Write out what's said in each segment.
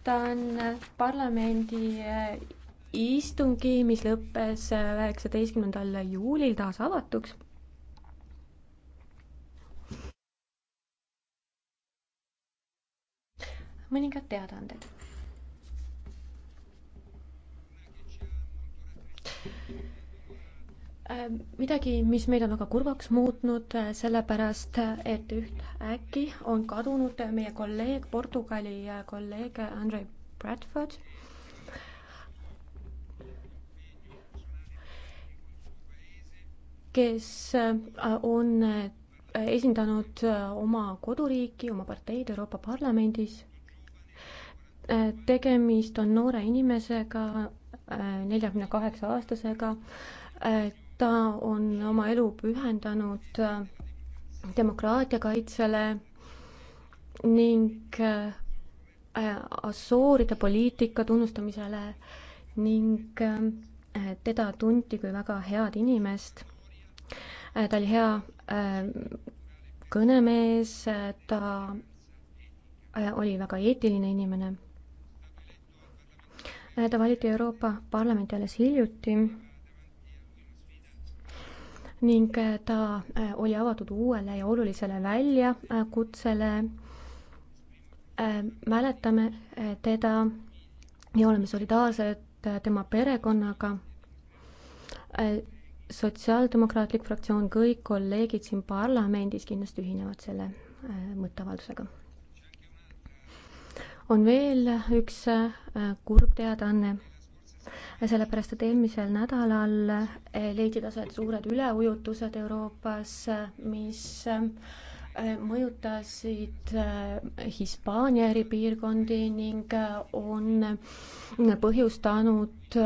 lõpetan parlamendi äh, istungi, mis lõppes äh, üheksateistkümnendal juulil taas avatuks. mõningad teadaanded Äh, midagi, mis meid on väga kurvaks muutnud, äh, sellepärast äh, et ühtäkki on kadunud meie kolleeg, Portugali kolleeg Andrei Bradford. kes on esindanud oma koduriiki, oma parteid Euroopa Parlamendis. tegemist on noore inimesega, neljakümne kaheksa aastasega ta on oma elu pühendanud äh, demokraatia kaitsele ning äh, Assooride poliitika tunnustamisele ning äh, teda tunti kui väga head inimest. ta oli hea kõnemees, ta oli väga eetiline inimene. ta valiti Euroopa Parlamenti alles hiljuti ning ta äh, oli avatud uuele ja olulisele väljakutsele. Äh, äh, mäletame teda ja oleme solidaarsed tema perekonnaga. sotsiaaldemokraatlik fraktsioon, kõik kolleegid siin parlamendis kindlasti ühinevad selle mõtteavaldusega. on veel üks kurb teadaanne sellepärast et eelmisel nädalal leidsid aset suured üleujutused Euroopas, mis äh, mõjutasid äh, Hispaania eri piirkondi ning äh, on põhjustanud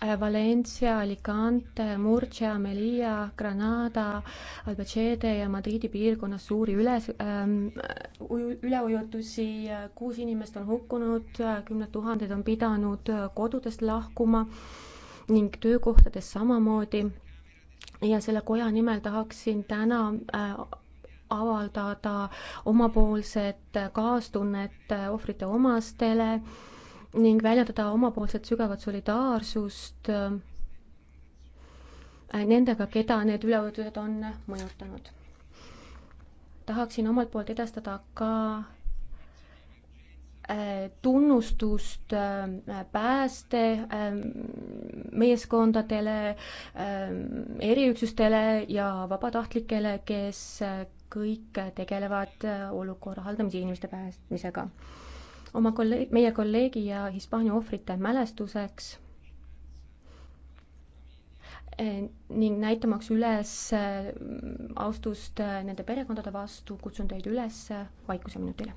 Äh, Valencia, Alicante, Murcia, Melilla, Granada, Albacete ja Madridi piirkonnas suuri üles ähm,, üleujutusi, kuus inimest on hukkunud, kümned tuhanded on pidanud äh, kodudest lahkuma ning töökohtades samamoodi. ja selle koja nimel tahaksin täna äh, avaldada omapoolset äh, kaastunnet ohvrite omastele äh, ning väljendada omapoolset sügavat solidaarsust äh, nendega, keda need üleujutused on mõjutanud. tahaksin omalt poolt edastada ka äh, tunnustust äh, päästemeeskondadele, eriüksustele ja vabatahtlikele, kes kõik tegelevad olukorra haldamise ja inimeste päästmisega oma kolleeg, meie kolleegi ja Hispaania ohvrite mälestuseks eh, ning näitamaks üles eh, austust eh, nende perekondade vastu, kutsun teid üles vaikuseminutile.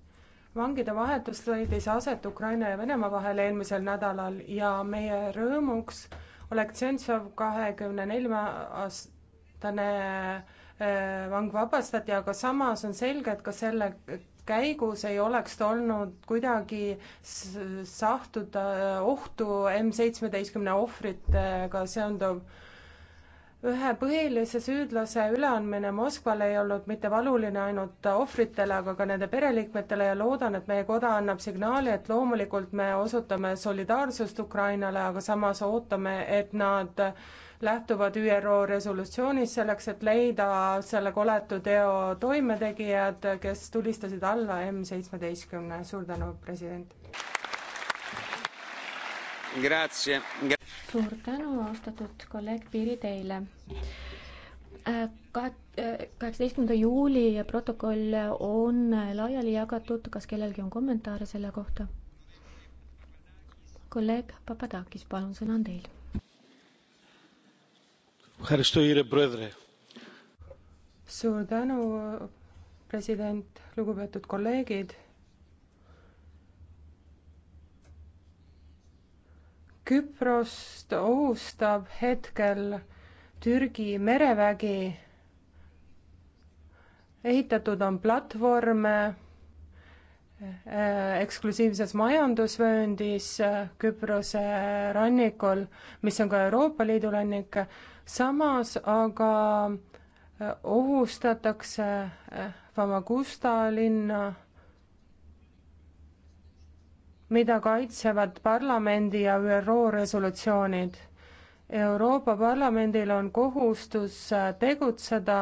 vangide vahetus leidis aset Ukraina ja Venemaa vahel eelmisel nädalal ja meie rõõmuks Oleg Tšentšov, kahekümne nelja aastane äh, vang vabastati, aga samas on selge, et ka selle käigus ei oleks olnud kuidagi sahtuda äh, ohtu M seitsmeteistkümne ohvritega seonduv ühe põhilise süüdlase üleandmine Moskvale ei olnud mitte valuline ainult ohvritele, aga ka nende pereliikmetele ja loodan, et meie koda annab signaali, et loomulikult me osutame solidaarsust Ukrainale, aga samas ootame, et nad lähtuvad ÜRO resolutsioonist selleks, et leida selle koletu teo toimetegijad, kes tulistasid alla M seitsmeteistkümne. suur tänu, president! suur tänu, austatud kolleeg Piiri teile äh, kahe, äh, kaheksateistkümnenda juuli protokoll on laiali jagatud, kas kellelgi on kommentaare selle kohta? kolleeg Papadakis, palun, sõna on teil. suur tänu, president, lugupeetud kolleegid Küprost ohustab hetkel Türgi merevägi. ehitatud on platvorme äh, eksklusiivses majandusvööndis äh, Küprose rannikul, mis on ka Euroopa Liidu rannik, samas aga äh, ohustatakse Famagusta linna mida kaitsevad parlamendi ja ÜRO resolutsioonid. Euroopa Parlamendil on kohustus äh, tegutseda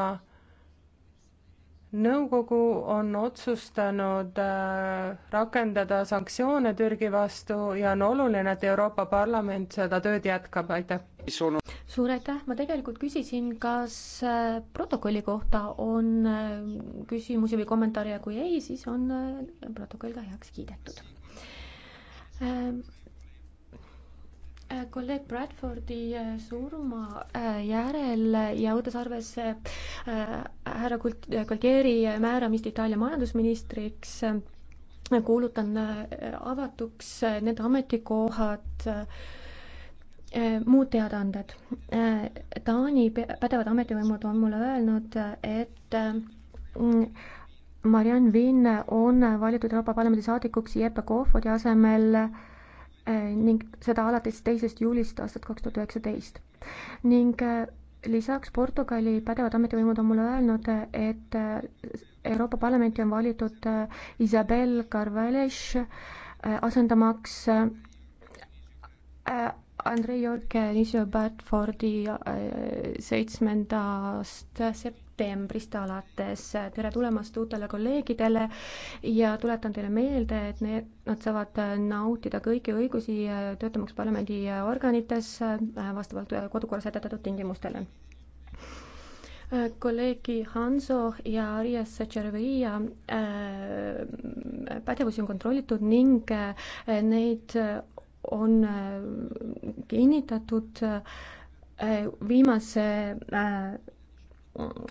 nõukogu on otsustanud äh, rakendada sanktsioone Türgi vastu ja on oluline, et Euroopa Parlament seda tööd jätkab, aitäh. suur aitäh, ma tegelikult küsisin, kas äh, protokolli kohta on küsimusi või kommentaare ja kui ei, siis on protokoll ka heaks kiidetud Ähm, äh, kolleeg Bradfordi äh, surma äh, järel ja võttes arvesse härra Gualtieri määramist Itaalia majandusministriks, kuulutan avatuks need ametikohad muud teadaanded. Taani pädevad ametivõimud on mulle öelnud, et Marianne Vinn on valitud Euroopa Parlamendi saadikuks Jeppe Kohvodi asemel eh, ning seda alates teisest juulist aastat kaks tuhat üheksateist. ning eh, lisaks Portugali pädevad ametivõimud on mulle öelnud, et eh, Euroopa Parlamenti on valitud Isabel Carvalhes asendamaks Andrei Jorge Elisio Bedfordi seitsmendast sept-, septembrist alates. tere tulemast uutele kolleegidele ja tuletan teile meelde, et need, nad saavad nautida kõiki õigusi töötamaks parlamendi organites äh, vastavalt äh, kodukorra sätetatud tingimustele. Äh, kolleegi Hanso ja Arias Tšerveia pädevusi on kontrollitud ning neid on kinnitatud viimase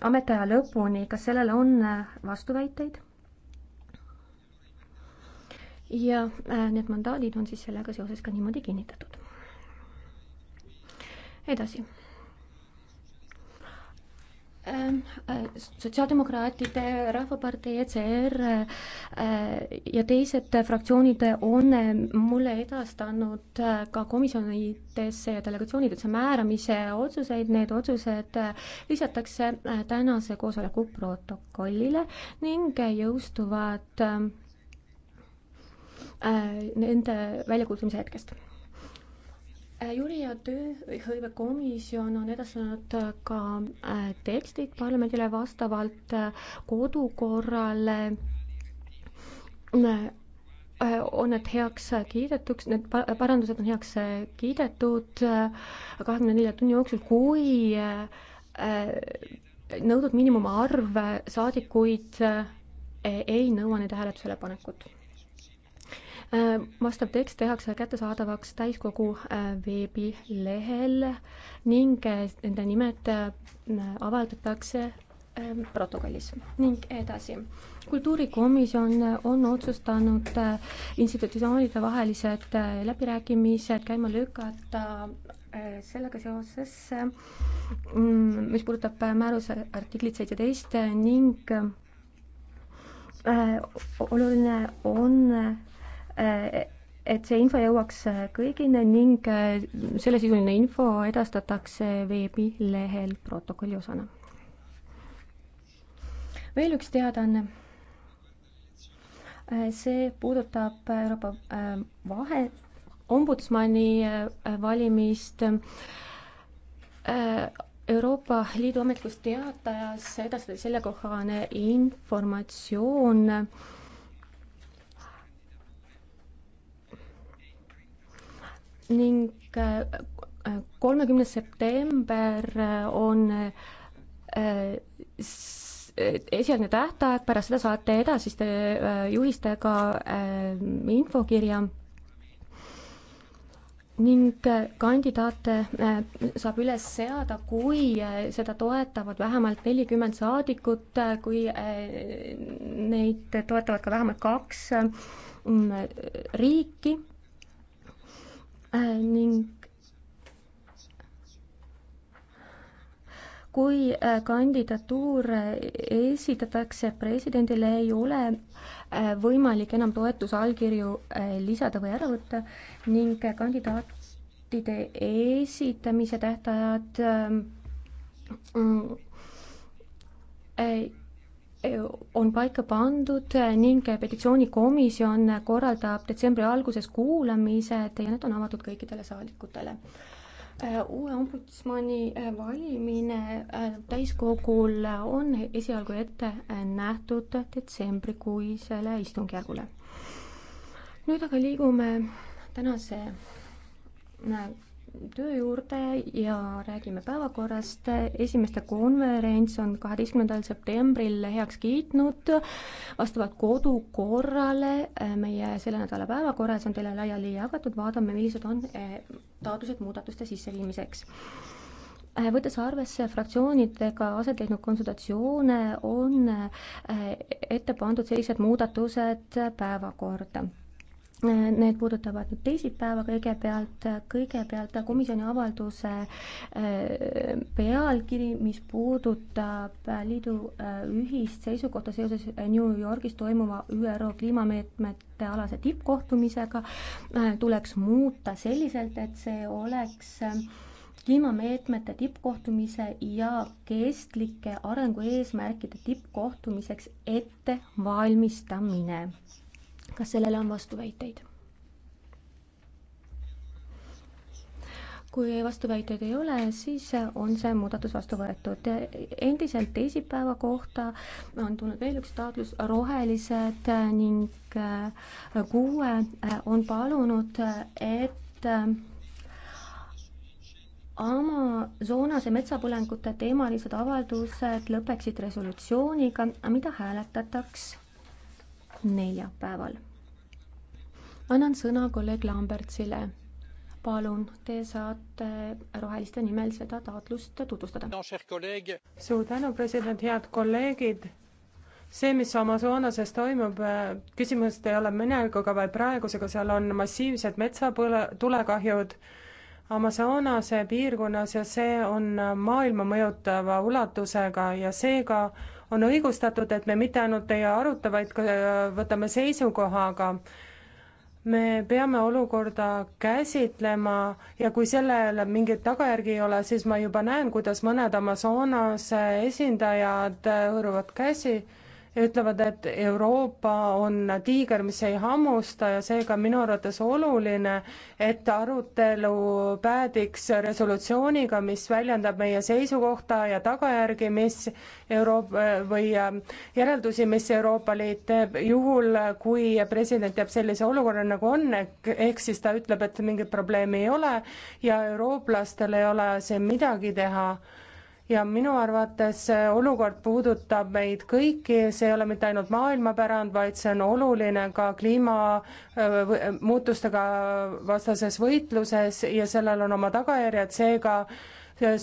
ametiaja lõpuni, kas sellele on äh, vastuväiteid? ja äh, need mandaadid on siis sellega seoses ka niimoodi kinnitatud. edasi Ähm, äh, sotsiaaldemokraatide Rahvapartei ECR äh, ja teised fraktsioonid on äh, mulle edastanud ka komisjonidesse ja delegatsioonidesse määramise otsuseid, need otsused lisatakse tänase koosoleku protokollile ning jõustuvad nende väljakutsumise hetkest Äh, Juri ja tööhõivekomisjon on edastanud äh, ka äh, tekstid parlamendile vastavalt kodukorrale. on need heaks kiidetuks, need parandused on heaks kiidetud kahekümne nelja tunni jooksul, kui nõudnud miinimumarv saadikuid ei nõua nende hääletusele panekut Äh, vastav tekst tehakse kättesaadavaks täiskogu äh, veebilehel ning äh, nende nimed avaldatakse ähm, protokollis ning edasi. kultuurikomisjon on otsustanud institutsioonide vahelised läbirääkimised käima lükata sellega seoses, mm, mis puudutab määruse artiklit seitseteist ning oluline on et see info jõuaks äh, kõigini ning äh, sellesisuline info edastatakse veebilehel protokolli osana. veel üks teadaanne. Äh, see puudutab Euroopa vahe, ombudsmani valimist. Euroopa Liidu ametlikus teatajas edastati sellekohane informatsioon ning äh, kolmekümnes september äh, on äh, esialgne tähtaeg, pärast seda saate edasiste juhistega infokirja ning kandidaate saab üles seada, kui seda toetavad vähemalt nelikümmend saadikut, kui neid toetavad ka vähemalt kaks riiki Äh, ning kui äh, kandidatuur esitatakse presidendile, ei ole äh, võimalik enam toetuse allkirju lisada või ära võtta ning kandidaatide esitamise tähtajad ähm, mm, on paika pandud ning petitsioonikomisjon korraldab detsembri alguses kuulamised ja need on avatud kõikidele saadikutele. uue ombudsmani valimine täiskogul on esialgu ette nähtud detsembrikuisele istungjärgule. nüüd aga liigume tänase töö juurde ja räägime päevakorrast. esimeste konverents on kaheteistkümnendal septembril heaks kiitnud vastavalt kodukorrale äh, meie selle nädala päevakorra ja see on teile laiali jagatud, vaatame, millised on äh, taotlused muudatuste sisseviimiseks äh, võttes arvesse fraktsioonidega aset leidnud konsultatsioone, on ette pandud sellised muudatused päevakorda Need puudutavad nüüd teisipäeva kõigepealt, kõigepealt komisjoni avalduse äh, pealkiri, mis puudutab liidu äh, ühist seisukohta seoses New Yorgis toimuva ÜRO kliimameetmete alase tippkohtumisega, äh, tuleks muuta selliselt, et see oleks kliimameetmete tippkohtumise ja kestlike arengueesmärkide tippkohtumiseks ettevalmistamine kas sellele on vastuväiteid? kui vastuväiteid ei ole, siis on see muudatus vastu võetud. endiselt teisipäeva kohta on tulnud veel üks taotlus, rohelised ning äh, kuue äh, on palunud, et äh, Amazonase metsapõlengute teemalised avaldused lõpeksid resolutsiooniga, mida hääletataks neljapäeval annan sõna kolleeg Lambertsile. palun, te saate Roheliste nimel seda taotlust tutvustada. suur tänu, president, head kolleegid. see, mis Amazonases toimub, äh, küsimus ei ole minevikuga, vaid praegusega, seal on massiivsed metsapõle, tulekahjud Amazonase piirkonnas ja see on äh, maailma mõjutava ulatusega ja seega on õigustatud, et me mitte ainult ei aruta, vaid ka äh, võtame seisukoha, aga me peame olukorda käsitlema ja kui sellel mingeid tagajärgi ei ole, siis ma juba näen, kuidas mõned Amazonase esindajad hõõruvad käsi ütlevad, et Euroopa on tiiger, mis ei hammusta ja seega on minu arvates oluline, et arutelu päädiks resolutsiooniga, mis väljendab meie seisukohta ja tagajärgi, mis Euroopa või äh, järeldusi, mis Euroopa Liit teeb juhul, kui president jääb sellise olukorra, nagu on, ehk siis ta ütleb, et mingit probleemi ei ole ja eurooplastel ei ole siin midagi teha ja minu arvates see olukord puudutab meid kõiki, see ei ole mitte ainult maailmapärand, vaid see on oluline ka kliimamuutustega äh, vastases võitluses ja sellel on oma tagajärjed, seega äh,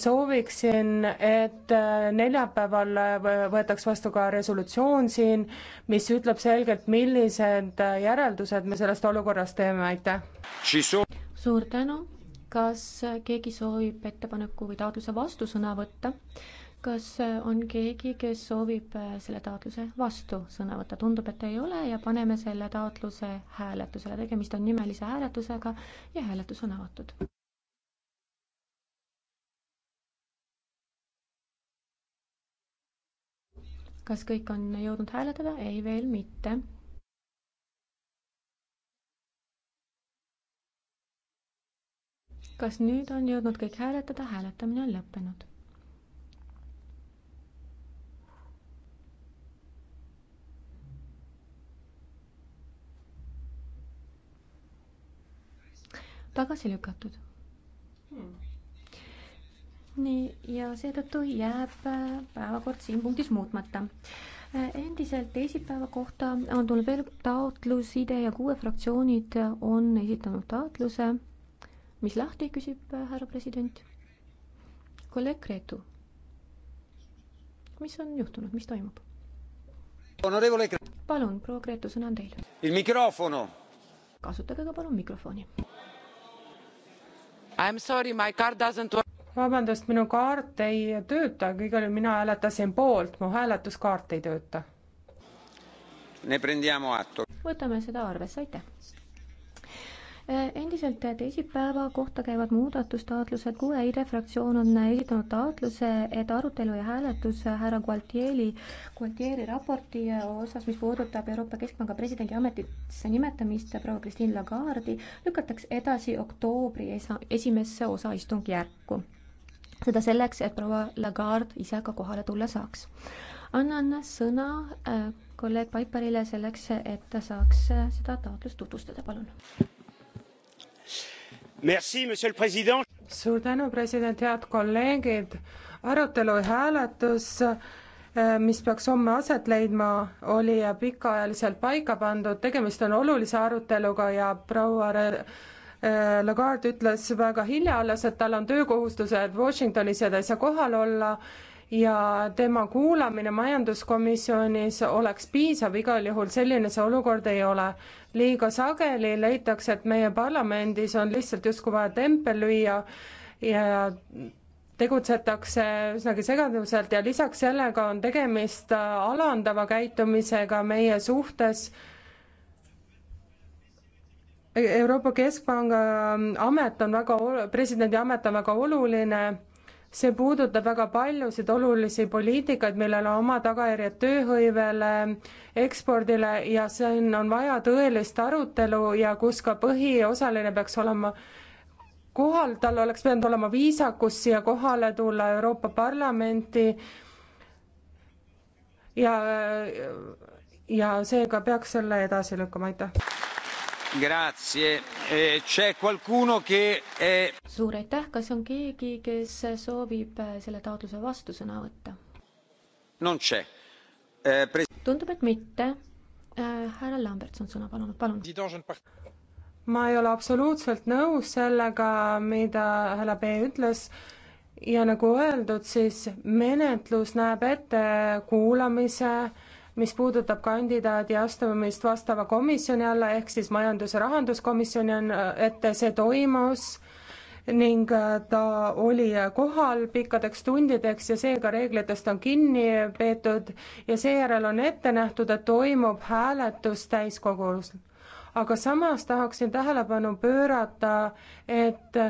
sooviksin, et äh, neljapäeval võetaks vastu ka resolutsioon siin, mis ütleb selgelt, millised järeldused me sellest olukorrast teeme, aitäh. suur tänu kas keegi soovib ettepaneku või taotluse vastu sõna võtta? kas on keegi, kes soovib äh, selle taotluse vastu sõna võtta? tundub, et ei ole ja paneme selle taotluse hääletusele. tegemist on nimelise hääletusega ja hääletus on avatud. kas kõik on jõudnud hääletada? ei, veel mitte kas nüüd on jõudnud kõik hääletada, hääletamine on lõppenud. tagasi lükatud hmm nii, ja seetõttu jääb äh, päevakord siin punktis muutmata. Äh, endiselt teisipäeva kohta on tulnud veel taotlus, IDE ja kuue fraktsioonid on esitanud taotluse mis lahti, küsib äh, härra president. kolleeg Gretu. mis on juhtunud, mis toimub? palun, proua Gretu, sõna on teil. kasutage ka palun mikrofoni. I am sorry, my card doesn't work vabandust, minu kaart ei tööta, igal juhul mina hääletasin poolt, mu hääletuskaart ei tööta. võtame seda arvesse, aitäh. Äh, endiselt teisipäeva kohta käivad muudatustaotlused, kuue ID fraktsioon on esitanud taotluse, et arutelu ja hääletus härra Gualtieri, Gualtieri raporti osas, mis puudutab Euroopa Keskpanga presidendi ametisse nimetamist, proua Christine Lagarde'i, lükatakse edasi oktoobri esa, esimesse osaistungjärku. seda selleks, et proua Lagarde ise ka kohale tulla saaks. annan sõna äh, kolleeg Paiparile selleks, et ta saaks äh, seda taotlust tutvustada, palun suur tänu, president, head kolleegid. arutelu ja hääletus, eh, mis peaks homme aset leidma, oli pikaajaliselt paika pandud, tegemist on olulise aruteluga ja proua eh, Lagarde ütles väga hilja alles, et tal on töökohustused Washingtonis ja ta ei saa kohal olla ja tema kuulamine majanduskomisjonis oleks piisav, igal juhul selline see olukord ei ole. liiga sageli leitakse, et meie parlamendis on lihtsalt justkui vaja tempel lüüa ja tegutsetakse üsnagi segaduselt ja lisaks sellega on tegemist alandava käitumisega meie suhtes Euroopa Keskpanga amet on väga, presidendi amet on väga oluline see puudutab väga paljusid olulisi poliitikaid, millel on oma tagajärjed tööhõivele, ekspordile ja siin on vaja tõelist arutelu ja kus ka põhiosaline peaks olema kohal, tal oleks pidanud olema viisakus siia kohale tulla Euroopa Parlamenti ja, ja seega peaks selle edasi lükkama, aitäh. Eh, che... suur aitäh, kas on keegi, kes soovib eh, selle taotluse vastu sõna võtta? Eh, tundub, et mitte. härra Lamberts on sõna palunud, palun. ma ei ole absoluutselt nõus sellega, mida härra B ütles ja nagu öeldud, siis menetlus näeb ette kuulamise äh, mis puudutab kandidaadi astumist vastava komisjoni alla, ehk siis majandus- ja rahanduskomisjoni on äh, ette, see toimus ning äh, ta oli kohal pikkadeks tundideks ja seega reeglitest on kinni peetud ja seejärel on ette nähtud, et toimub hääletus täiskogus. aga samas tahaksin tähelepanu pöörata, et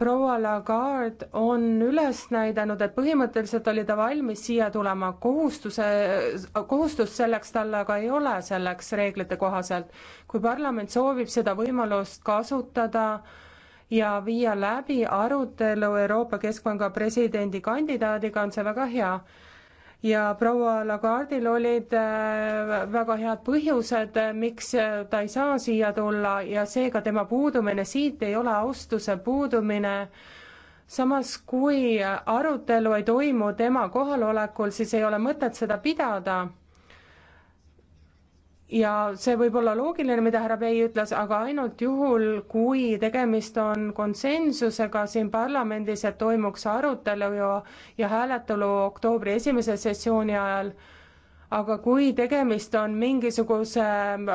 proua Lagarde on üles näidanud, et põhimõtteliselt oli ta valmis siia tulema, kohustuse, kohustust selleks tal aga ei ole, selleks reeglite kohaselt. kui parlament soovib seda võimalust kasutada ja viia läbi arutelu Euroopa Keskpanga presidendikandidaadiga, on see väga hea ja proua Lagardil olid äh, väga head põhjused, äh, miks äh, ta ei saa siia tulla ja seega tema puudumine siit ei ole austuse puudumine. samas, kui arutelu ei toimu tema kohalolekul, siis ei ole mõtet seda pidada ja see võib olla loogiline, mida härra Bey ütles, aga ainult juhul, kui tegemist on konsensusega siin parlamendis, et toimuks arutelu ja, ja hääletelu oktoobri esimese sessiooni ajal, aga kui tegemist on mingisuguse ähm,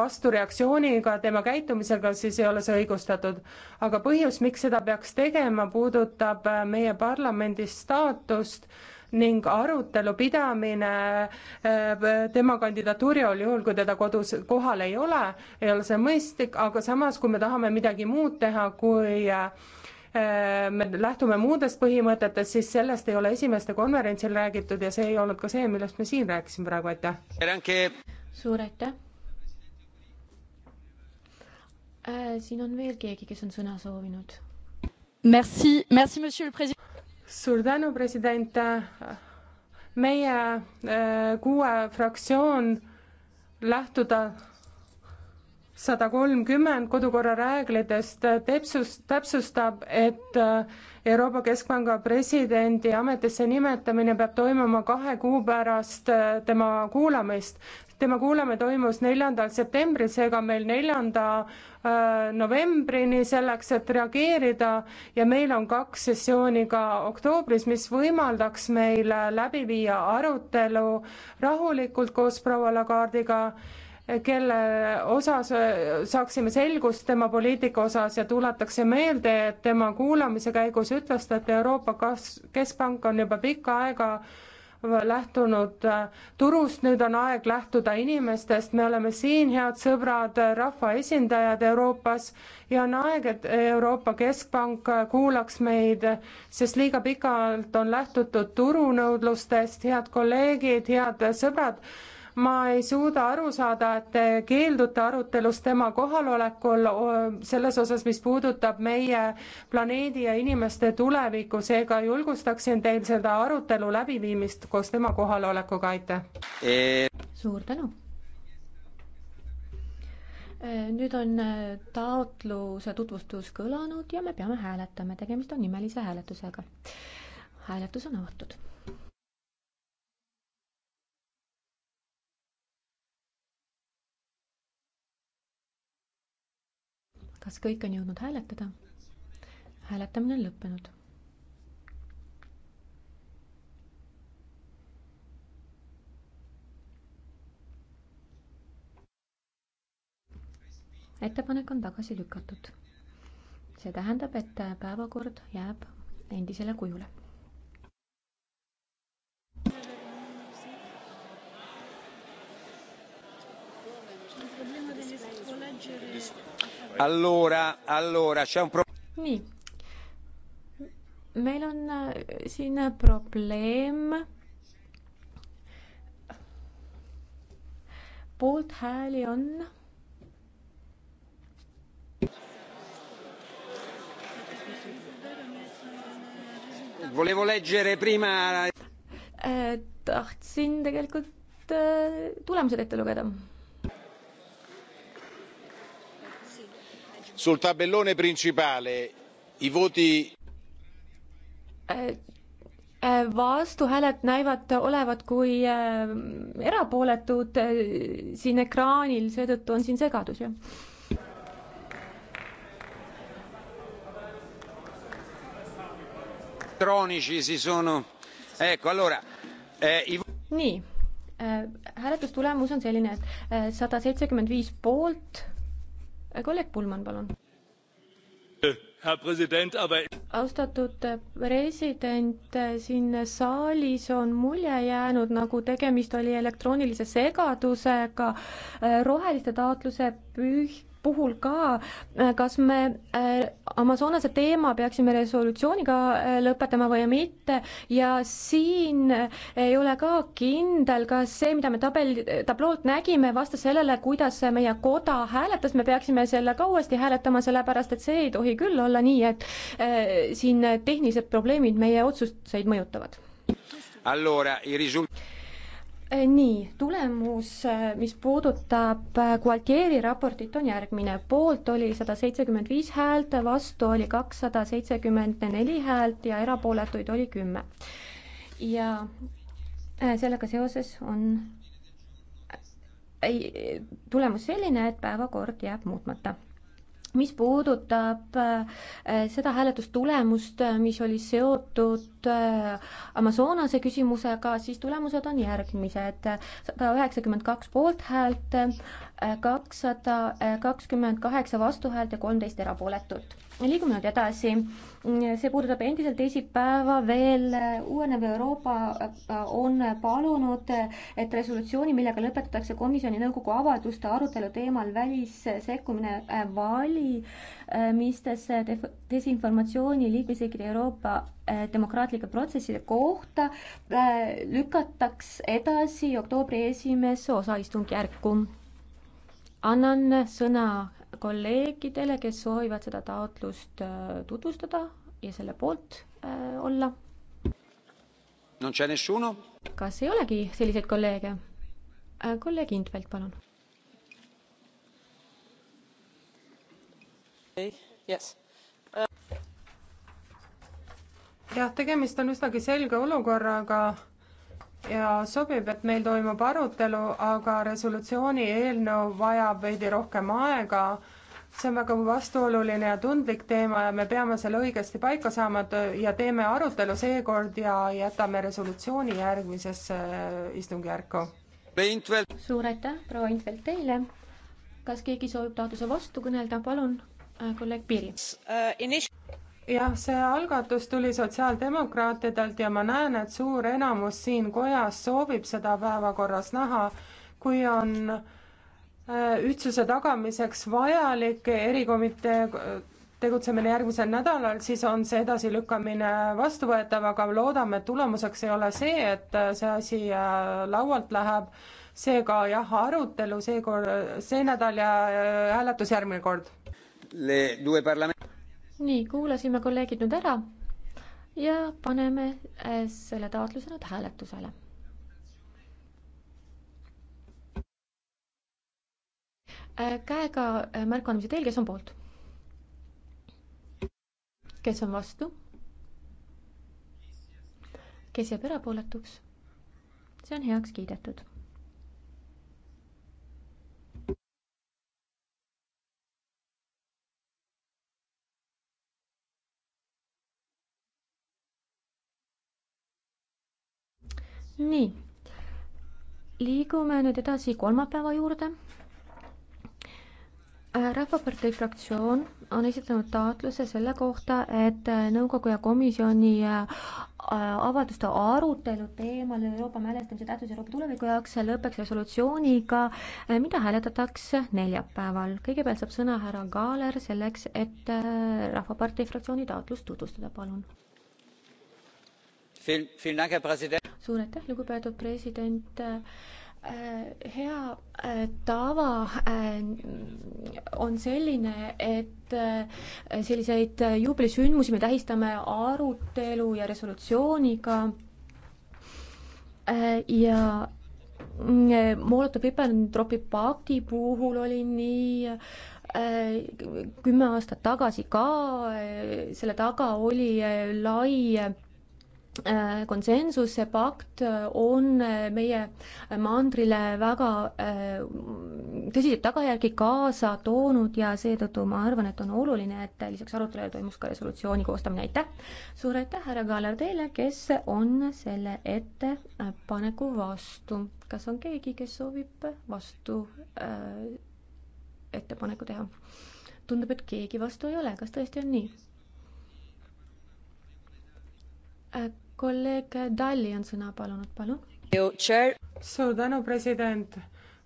vastureaktsiooniga tema käitumisega, siis ei ole see õigustatud. aga põhjus, miks seda peaks tegema, puudutab äh, meie parlamendi staatust ning arutelu pidamine äh, tema kandidatuuri all, juhul kui teda kodus kohal ei ole, ei ole see mõistlik, aga samas, kui me tahame midagi muud teha, kui äh, me lähtume muudest põhimõtetest, siis sellest ei ole esimeste konverentsil räägitud ja see ei olnud ka see, millest me siin rääkisime praegu, aitäh. suur aitäh. Äh, siin on veel keegi, kes on sõna soovinud. Merci, merci, monsieur le president suur tänu, president. meie äh, kuue fraktsioon lähtuda sada kolmkümmend kodukorra reeglitest äh, täpsus, täpsustab, et äh, Euroopa Keskpanga presidendi ametisse nimetamine peab toimuma kahe kuu pärast tema kuulamist tema kuulamine toimus neljandal septembril, seega meil neljanda äh, novembrini selleks, et reageerida ja meil on kaks sessiooni ka oktoobris, mis võimaldaks meil läbi viia arutelu rahulikult koos proua Lagardiga kelle osas äh, saaksime selgust tema poliitika osas ja tuletakse meelde, et tema kuulamise käigus ütles ta, et Euroopa Keskpank on juba pikka aega lähtunud äh, turust, nüüd on aeg lähtuda inimestest, me oleme siin, head sõbrad, äh, rahvaesindajad Euroopas ja on aeg, et Euroopa Keskpank äh, kuulaks meid, sest liiga pikalt on lähtutud turunõudlustest, head kolleegid, head sõbrad ma ei suuda aru saada, et te keeldute arutelust tema kohalolekul selles osas, mis puudutab meie planeedi ja inimeste tulevikku, seega julgustaksin teil seda arutelu läbiviimist koos tema kohalolekuga, aitäh! suur tänu! nüüd on äh, taotluse tutvustus kõlanud ja me peame hääletama, tegemist on nimelise hääletusega. hääletus on avatud kas kõik on jõudnud hääletada? hääletamine on lõppenud. ettepanek on tagasi lükatud. see tähendab, et päevakord jääb endisele kujule. Problema delle scuole Allora, allora, c'è un pro-. nii. meil on äh, siin probleem. poolthääli on. Volevo leggere prima. Äh, tahtsin tegelikult äh, tulemused ette lugeda sul tabellone principale i voti eh, eh, vastuhääled näivad olevat kui eh, erapooletud siin ekraanil, seetõttu on siin segadus, jah. nii, hääletustulemus on selline, et sada seitsekümmend viis poolt kolleeg Pullmann, palun. Aber... austatud president, siin saalis on mulje jäänud, nagu tegemist oli elektroonilise segadusega roheliste taotluse püh-, puhul ka, äh, kas me äh, Amazonase teema peaksime resolutsiooniga äh, lõpetama või mitte ja siin ei ole ka kindel, kas see, mida me tabel, tabloolt nägime, vastas sellele, kuidas meie koda hääletas, me peaksime selle ka uuesti hääletama, sellepärast et see ei tohi küll olla nii, et siin tehnilised probleemid meie otsuseid mõjutavad. Allora, i risultati Äh, nii, tulemus, äh, mis puudutab äh, Gualtieri raportit, on järgmine. poolt oli sada seitsekümmend viis häält, vastu oli kakssada seitsekümmend neli häält ja erapooletuid oli kümme. ja sellega seoses on tulemus selline, et päevakord jääb muutmata mis puudutab äh, seda hääletustulemust, äh, mis oli seotud äh, Amazonase küsimusega, siis tulemused on järgmised. sada üheksakümmend kaks poolthäält, kakssada kakskümmend kaheksa vastuhäält ja kolmteist erapooletut liigume nüüd edasi. see puudutab endiselt teisipäeva veel. uuenev Euroopa äh, on palunud, et resolutsiooni, millega lõpetatakse komisjoni nõukogu avalduste arutelu teemal välissekkumine äh, valimistesse äh, desinformatsiooni liikmesriikide Euroopa demokraatlike protsesside kohta, lükataks edasi oktoobri esimese osaistungjärku. annan sõna kolleegidele, kes soovivad seda taotlust äh, tutvustada ja selle poolt äh, olla. kas ei olegi selliseid kolleege? Äh, kolleeg Intvelt, palun. Yes jah, tegemist on üsnagi selge olukorraga ja sobib, et meil toimub arutelu, aga resolutsiooni eelnõu vajab veidi rohkem aega. see on väga vastuoluline ja tundlik teema ja me peame selle õigesti paika saama ja teeme arutelu seekord ja jätame resolutsiooni järgmisesse äh, istungjärku. suur aitäh, proua Intvelt teile. kas keegi soovib taotluse vastu kõnelda, palun, äh, kolleeg Piiri. Äh, jah, see algatus tuli sotsiaaldemokraatidelt ja ma näen, et suur enamus siin kojas soovib seda päevakorras näha, kui on äh, ühtsuse tagamiseks vajalik erikomitee äh, tegutsemine järgmisel nädalal, siis on see edasilükkamine vastuvõetav, aga loodame, et tulemuseks ei ole see, et äh, see asi laualt läheb. seega jah, arutelu seekord, see nädal ja hääletus järgmine kord nii, kuulasime kolleegid nüüd ära ja paneme äh, selle taotluse nüüd hääletusele. Äh, käega äh, märkuandmise teel, kes on poolt? kes on vastu? kes jääb erapooletuks? see on heaks kiidetud nii, liigume nüüd edasi kolmapäeva juurde. Äh, rahvapartei fraktsioon on esitanud taotluse selle kohta, et äh, nõukogu ja komisjoni äh, avalduste arutelu teemal Euroopa mälestamise tähtsus Euroopa tuleviku jaoks lõpeks resolutsiooniga, mida hääletatakse neljapäeval. kõigepealt saab sõna härra Kaaler selleks, et Rahvapartei fraktsiooni taotlust tutvustada, palun suur aitäh, lugupeetud president äh, hea äh, tava äh, on selline, et selliseid juubelisündmusi me tähistame arutelu ja resolutsiooniga ja mm, Molotovi-Ribbentropi pakti puhul oli nii, kümme aastat tagasi ka, selle taga oli lai Äh, konsensuse pakt äh, on äh, meie mandrile väga tõsiseid tagajärgi kaasa toonud ja seetõttu ma arvan, et on oluline, et lisaks arutelule toimus ka resolutsiooni koostamine, aitäh! suur aitäh, härra Kaaler, teile, kes on selle ettepaneku vastu. kas on keegi, kes soovib vastu äh, ettepaneku teha? tundub, et keegi vastu ei ole, kas tõesti on nii äh,? kolleeg Dalli on sõna palunud, palun. suur tänu, president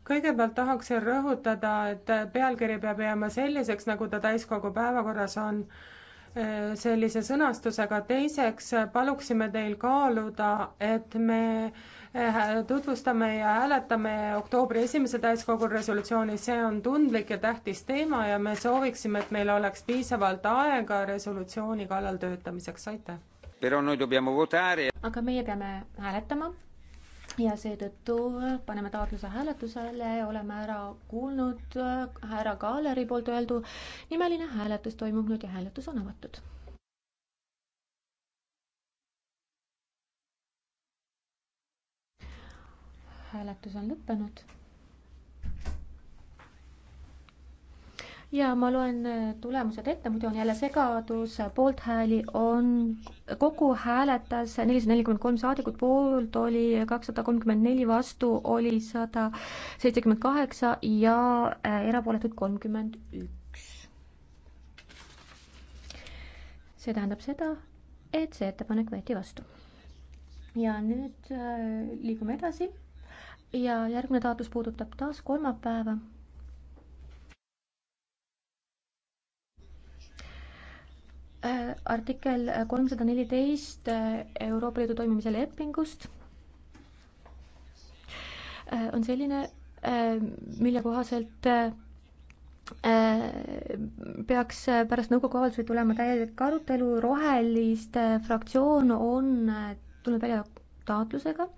kõigepealt tahaksin rõhutada, et pealkiri peab jääma selliseks, nagu ta täiskogu päevakorras on, äh, sellise sõnastusega. teiseks paluksime teil kaaluda, et me äh, tutvustame ja hääletame oktoobri esimese täiskogu resolutsiooni, see on tundlik ja tähtis teema ja me sooviksime, et meil oleks piisavalt aega resolutsiooni kallal töötamiseks, aitäh aga meie peame hääletama ja seetõttu paneme taotluse hääletusele ja oleme ära kuulnud härra äh, Kaaleri poolt öeldu. nimeline hääletus toimub nüüd ja hääletus on avatud. hääletus on lõppenud ja ma loen äh, tulemused ette, muidu on jälle segadus, poolthääli on, kokku hääletas nelisada nelikümmend kolm saadikut, poolt oli kakssada kolmkümmend neli, vastu oli sada seitsekümmend kaheksa ja äh, erapooletuid kolmkümmend üks. see tähendab seda, et see ettepanek võeti vastu. ja nüüd äh, liigume edasi ja järgmine taotlus puudutab taas kolmapäeva Äh, artikkel kolmsada neliteist äh, Euroopa Liidu toimimise lepingust äh, on selline, mille kohaselt peaks pärast nõukogu avaldusi tulema täielik arutelu, Roheliste fraktsioon on tulnud välja taotlusega,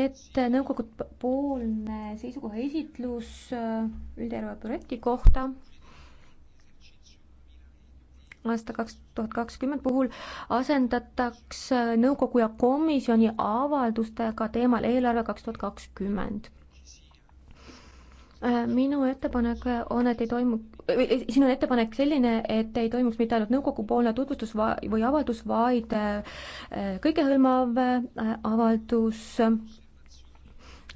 et nõukogu poolne seisukoha esitlus üldeelarve projekti kohta aasta kaks tuhat kakskümmend puhul asendataks nõukogu ja komisjoni avaldustega teemal eelarve kaks tuhat kakskümmend äh, minu ettepanek on, et ei toimu, siin on ettepanek selline, et ei toimuks mitte ainult nõukogupoolne tutvustus va-, või avaldus, vaid äh, kõikehõlmav äh, avaldus.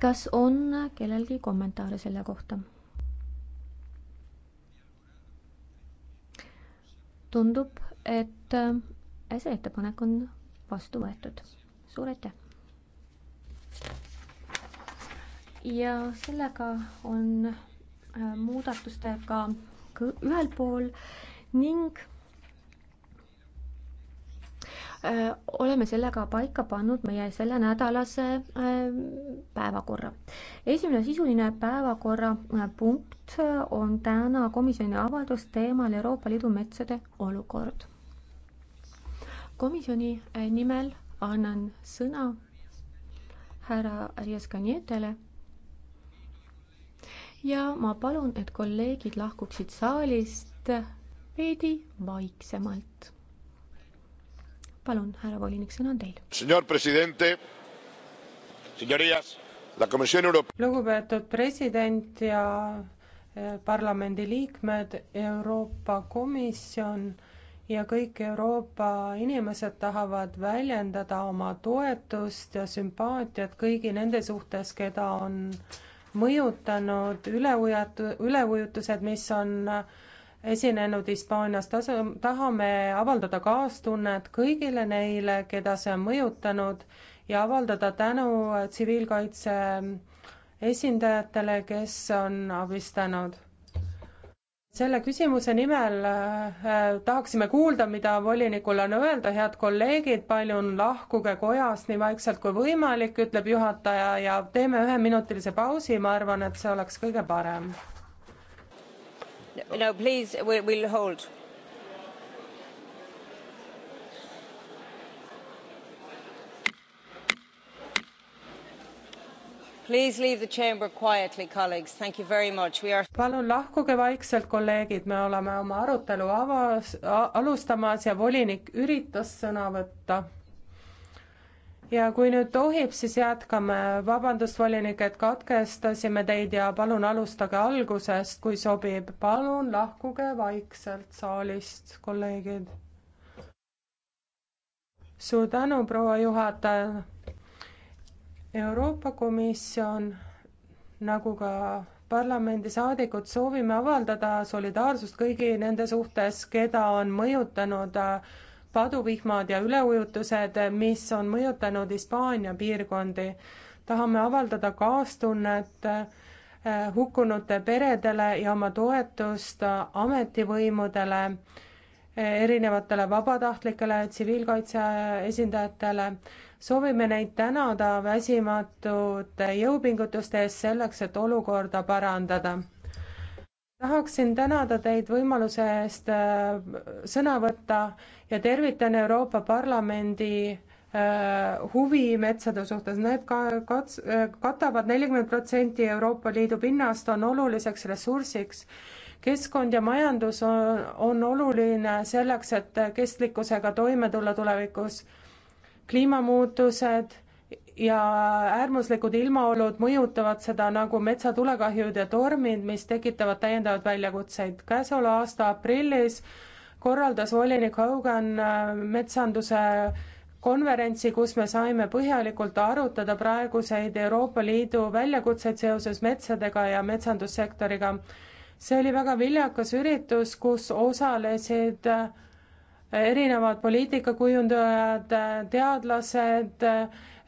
kas on kellelgi kommentaare selle kohta? tundub, et äh, see ettepanek on vastu võetud. suur aitäh! ja sellega on äh, muudatustega ühel pool ning Äh, oleme sellega paika pannud meie sellenädalase äh, päevakorra. esimene sisuline päevakorrapunkt äh, on täna komisjoni avaldus teemal Euroopa Liidu metsade olukord. komisjoni nimel annan sõna härra Arias Canietele ja ma palun, et kolleegid lahkuksid saalist veidi vaiksemalt palun, härra volinik, sõna on teil. lugupeetud president ja eh, parlamendi liikmed, Euroopa Komisjon ja kõik Euroopa inimesed tahavad väljendada oma toetust ja sümpaatiat kõigi nende suhtes, keda on mõjutanud üleujutu-, üleujutused, mis on äh, esinenud Hispaanias, tahame avaldada kaastunnet kõigile neile, keda see on mõjutanud ja avaldada tänu tsiviilkaitse esindajatele, kes on abistanud. selle küsimuse nimel äh, tahaksime kuulda, mida volinikul on öelda, head kolleegid, palun lahkuge kojast nii vaikselt kui võimalik, ütleb juhataja ja teeme üheminutilise pausi, ma arvan, et see oleks kõige parem no please we will hold. Please leave the chamber quietly, colleagues. Thank you very much. We are... palun lahkuge vaikselt, kolleegid, me oleme oma arutelu avas, alustamas ja volinik üritas sõna võtta ja kui nüüd tohib, siis jätkame. vabandust, volinik, et katkestasime teid ja palun alustage algusest, kui sobib. palun lahkuge vaikselt saalist, kolleegid. suur tänu, proua juhataja. Euroopa Komisjon nagu ka parlamendisaadikud soovime avaldada solidaarsust kõigi nende suhtes, keda on mõjutanud äh, paduvihmad ja üleujutused, mis on mõjutanud Hispaania piirkondi. tahame avaldada kaastunnet eh, hukkunute peredele ja oma toetust ametivõimudele, eh, erinevatele vabatahtlikele, tsiviilkaitse esindajatele. soovime neid tänada väsimatute jõupingutuste eest selleks, et olukorda parandada tahaksin tänada teid võimaluse eest äh, sõna võtta ja tervitan Euroopa Parlamendi äh, huvi metsade suhtes, need ka-, kats-, äh, katavad nelikümmend protsenti Euroopa Liidu pinnast, on oluliseks ressursiks. keskkond ja majandus on, on oluline selleks, et kestlikkusega toime tulla tulevikus. kliimamuutused ja äärmuslikud ilmaolud mõjutavad seda nagu metsatulekahjud ja tormid, mis tekitavad täiendavaid väljakutseid. käesoleva aasta aprillis korraldas volinik Hogan äh, metsanduse konverentsi, kus me saime põhjalikult arutada praeguseid Euroopa Liidu väljakutseid seoses metsadega ja metsandussektoriga. see oli väga viljakas üritus, kus osalesid äh, erinevad poliitikakujundajad, teadlased,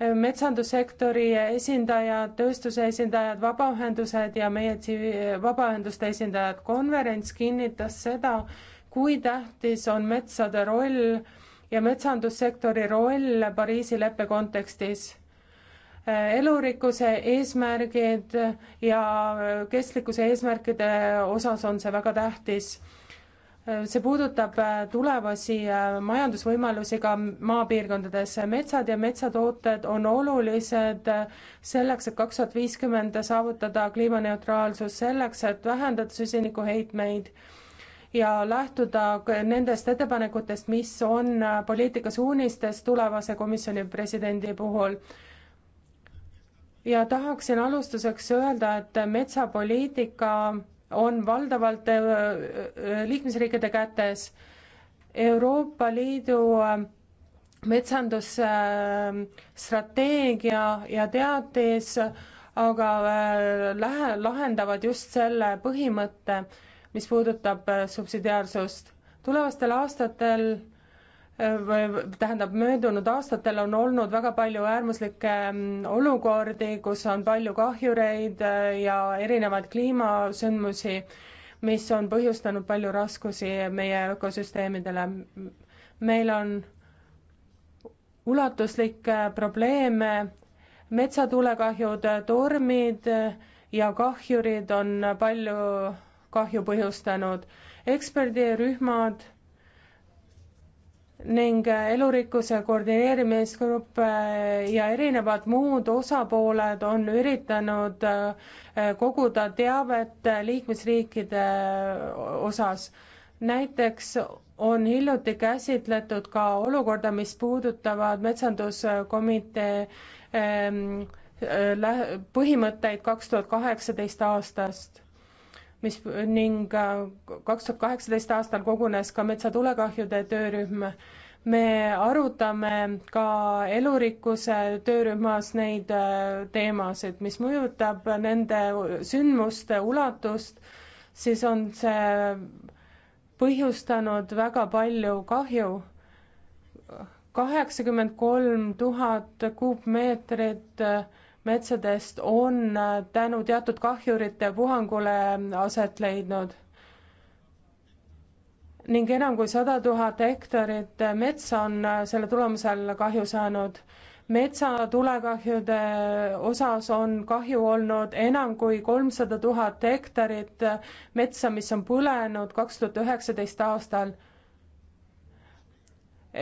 metsandussektori esindajad, tööstuse esindajad, vabaühendused ja meie tsivi-, vabaühenduste esindajad. konverents kinnitas seda, kui tähtis on metsade roll ja metsandussektori roll Pariisi leppe kontekstis. elurikkuse eesmärgid ja kestlikkuse eesmärkide osas on see väga tähtis see puudutab äh, tulevasi äh, majandusvõimalusi ka maapiirkondades. metsad ja metsatooted on olulised äh, selleks, et kaks tuhat viiskümmend saavutada kliimaneutraalsus, selleks, et vähendada süsinikuheitmeid ja lähtuda nendest ettepanekutest, mis on poliitikasuunistes tulevase komisjoni presidendi puhul ja tahaksin alustuseks öelda, et metsapoliitika on valdavalt äh, äh, liikmesriikide kätes. Euroopa Liidu äh, metsandusstrateegia ja teatis aga lähe, lahendavad just selle põhimõtte, mis puudutab subsidiaarsust. tulevastel aastatel tähendab, möödunud aastatel on olnud väga palju äärmuslikke mm, olukordi, kus on palju kahjureid äh, ja erinevaid kliimasündmusi, mis on põhjustanud palju raskusi meie ökosüsteemidele. meil on ulatuslikke probleeme, metsatulekahjud, tormid äh, ja kahjurid on palju kahju põhjustanud. eksperdirühmad ning elurikkuse koordineerimisgrupp äh, ja erinevad muud osapooled on üritanud äh, koguda teavet liikmesriikide äh, osas. näiteks on hiljuti käsitletud ka olukorda, mis puudutavad metsanduskomitee ähm, põhimõtteid kaks tuhat kaheksateist aastast mis ning äh, kaks tuhat kaheksateist aastal kogunes ka metsatulekahjude töörühm. me arutame ka elurikkuse töörühmas neid äh, teemasid, mis mõjutab nende sündmuste ulatust, siis on see põhjustanud väga palju kahju. kaheksakümmend kolm tuhat kuupmeetrit äh, metsadest on äh, tänu teatud kahjurite puhangule aset leidnud ning enam kui sada tuhat hektarit metsa on äh, selle tulemusel kahju saanud. metsatulekahjude osas on kahju olnud enam kui kolmsada tuhat hektarit äh, metsa, mis on põlenud kaks tuhat üheksateist aastal.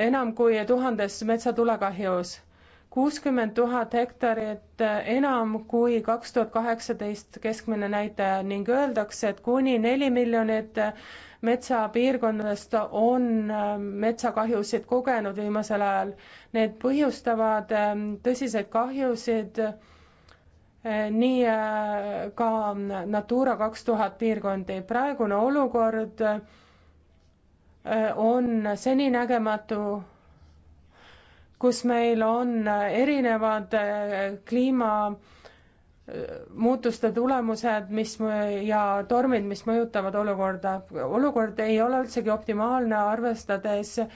enam kui tuhandes metsatulekahjus kuuskümmend tuhat hektarit eh, enam kui kaks tuhat kaheksateist keskmine näitaja ning öeldakse, et kuni neli miljonit eh, metsapiirkondadest on eh, metsakahjusid kogenud viimasel ajal. Need põhjustavad tõsiseid kahjusid nii ka Natura kaks tuhat piirkondi. praegune olukord on seninägematu kus meil on erinevad äh, kliimamuutuste äh, tulemused, mis ja tormid, mis mõjutavad olukorda. olukord ei ole üldsegi optimaalne, arvestades äh,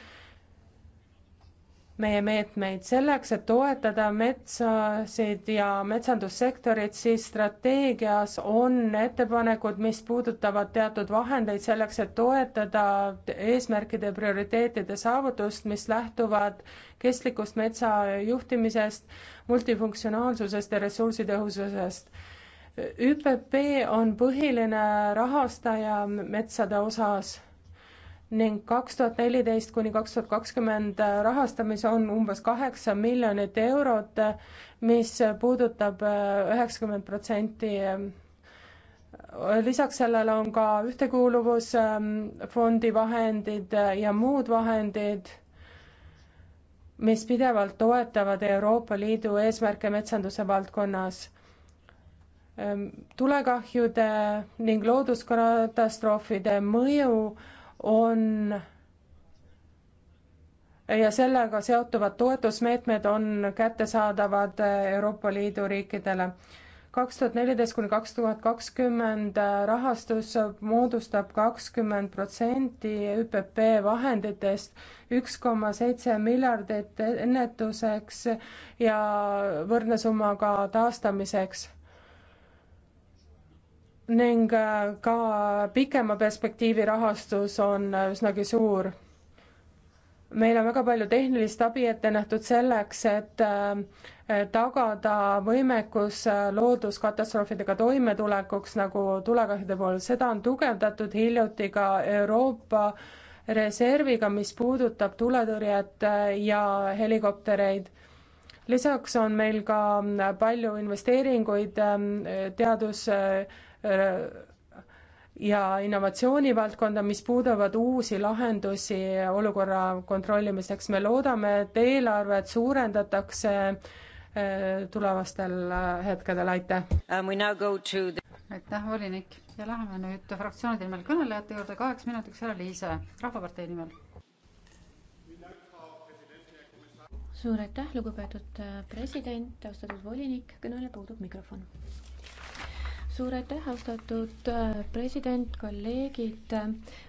meie meetmeid selleks, et toetada metsasid ja metsandussektorit, siis strateegias on ettepanekud, mis puudutavad teatud vahendeid selleks, et toetada eesmärkide ja prioriteetide saavutust, mis lähtuvad kestlikust metsa juhtimisest, multifunktsionaalsusest ja ressursitõhususest. ÜPP on põhiline rahastaja metsade osas ning kaks tuhat neliteist kuni kaks tuhat kakskümmend rahastamis on umbes kaheksa miljonit eurot, mis puudutab äh, üheksakümmend protsenti. lisaks sellele on ka ühtekuuluvusfondi vahendid ja muud vahendid, mis pidevalt toetavad Euroopa Liidu eesmärke metsanduse valdkonnas äh, tulekahjude ning looduskatastroofide mõju on ja sellega seotuvad toetusmeetmed on kättesaadavad Euroopa Liidu riikidele. kaks tuhat neliteist kuni kaks tuhat kakskümmend rahastus moodustab kakskümmend protsenti ÜPP vahenditest, üks koma seitse miljardit ennetuseks ja võrdne summa ka taastamiseks ning äh, ka pikema perspektiivi rahastus on äh, üsnagi suur. meil on väga palju tehnilist abi ette nähtud selleks, et äh, tagada võimekus looduskatastroofidega toimetulekuks nagu tulekahjude puhul, seda on tugevdatud hiljuti ka Euroopa reserviga, mis puudutab tuletõrjet ja helikoptereid lisaks on meil ka palju investeeringuid ähm, teadus- ja innovatsioonivaldkonda, mis puudavad uusi lahendusi olukorra kontrollimiseks. me loodame, et eelarvet suurendatakse tulevastel äh, hetkedel, aitäh! aitäh, volinik! ja läheme nüüd fraktsioonide nimel kõnelejate juurde, kaheks minutiks härra Liise Rahvapartei nimel. suur aitäh, lugupeetud äh, president, austatud volinik, kõnele puudub mikrofon suur aitäh, austatud äh, president, kolleegid.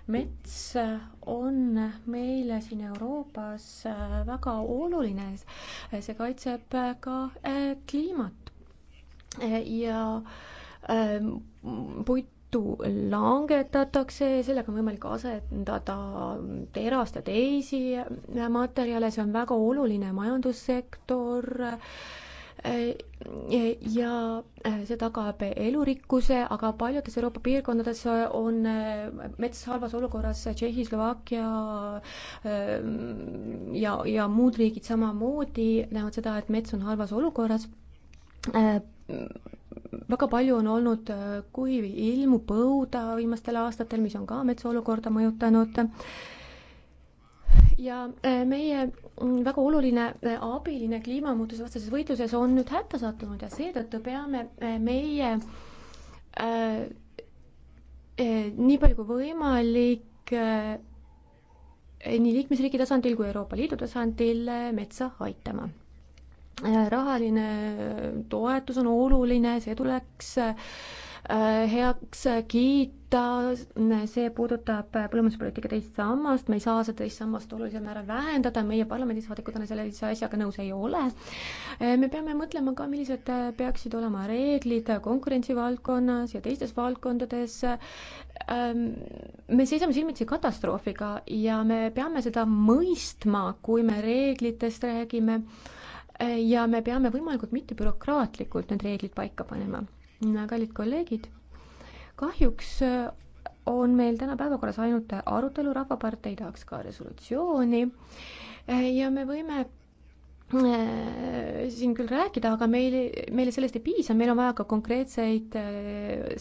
mets äh, on meile siin Euroopas äh, väga oluline, see kaitseb ka kliimat ja puitu langetatakse, sellega on võimalik asendada terast ja teisi materjale, see on väga oluline majandussektor Äh, ja äh, see tagab elurikkuse, aga paljudes Euroopa piirkondades on äh, mets halvas olukorras, Tšehhi, Slovakkia ja, ja muud riigid samamoodi näevad seda, et mets on halvas olukorras väga palju on olnud kuivi ilmu, põuda viimastel aastatel, mis on ka metsa olukorda mõjutanud ja äh, meie mm, väga oluline äh, abiline kliimamuutuse vastases võitluses on nüüd hätta sattunud ja seetõttu peame äh, meie äh, nii palju kui võimalik äh, nii liikmesriigi tasandil kui Euroopa Liidu tasandil metsa aitama äh,. rahaline toetus on oluline, see tuleks heaks kiita see puudutab põllumajanduspoliitika teist sammast, me ei saa seda teist sammast olulisel määral vähendada, meie parlamendisaadikutena sellise asjaga nõus ei ole. me peame mõtlema ka, millised peaksid olema reeglid konkurentsivaldkonnas ja teistes valdkondades. Ehm, me seisame silmitsi katastroofiga ja me peame seda mõistma, kui me reeglitest räägime ja me peame võimalikult mitte bürokraatlikult need reeglid paika panema. kallid kolleegid kahjuks äh, on meil täna päevakorras ainult arutelu, Rahvapartei tahaks ka resolutsiooni äh, ja me võime äh, siin küll rääkida, aga meil, meile sellest ei piisa, meil on vaja ka konkreetseid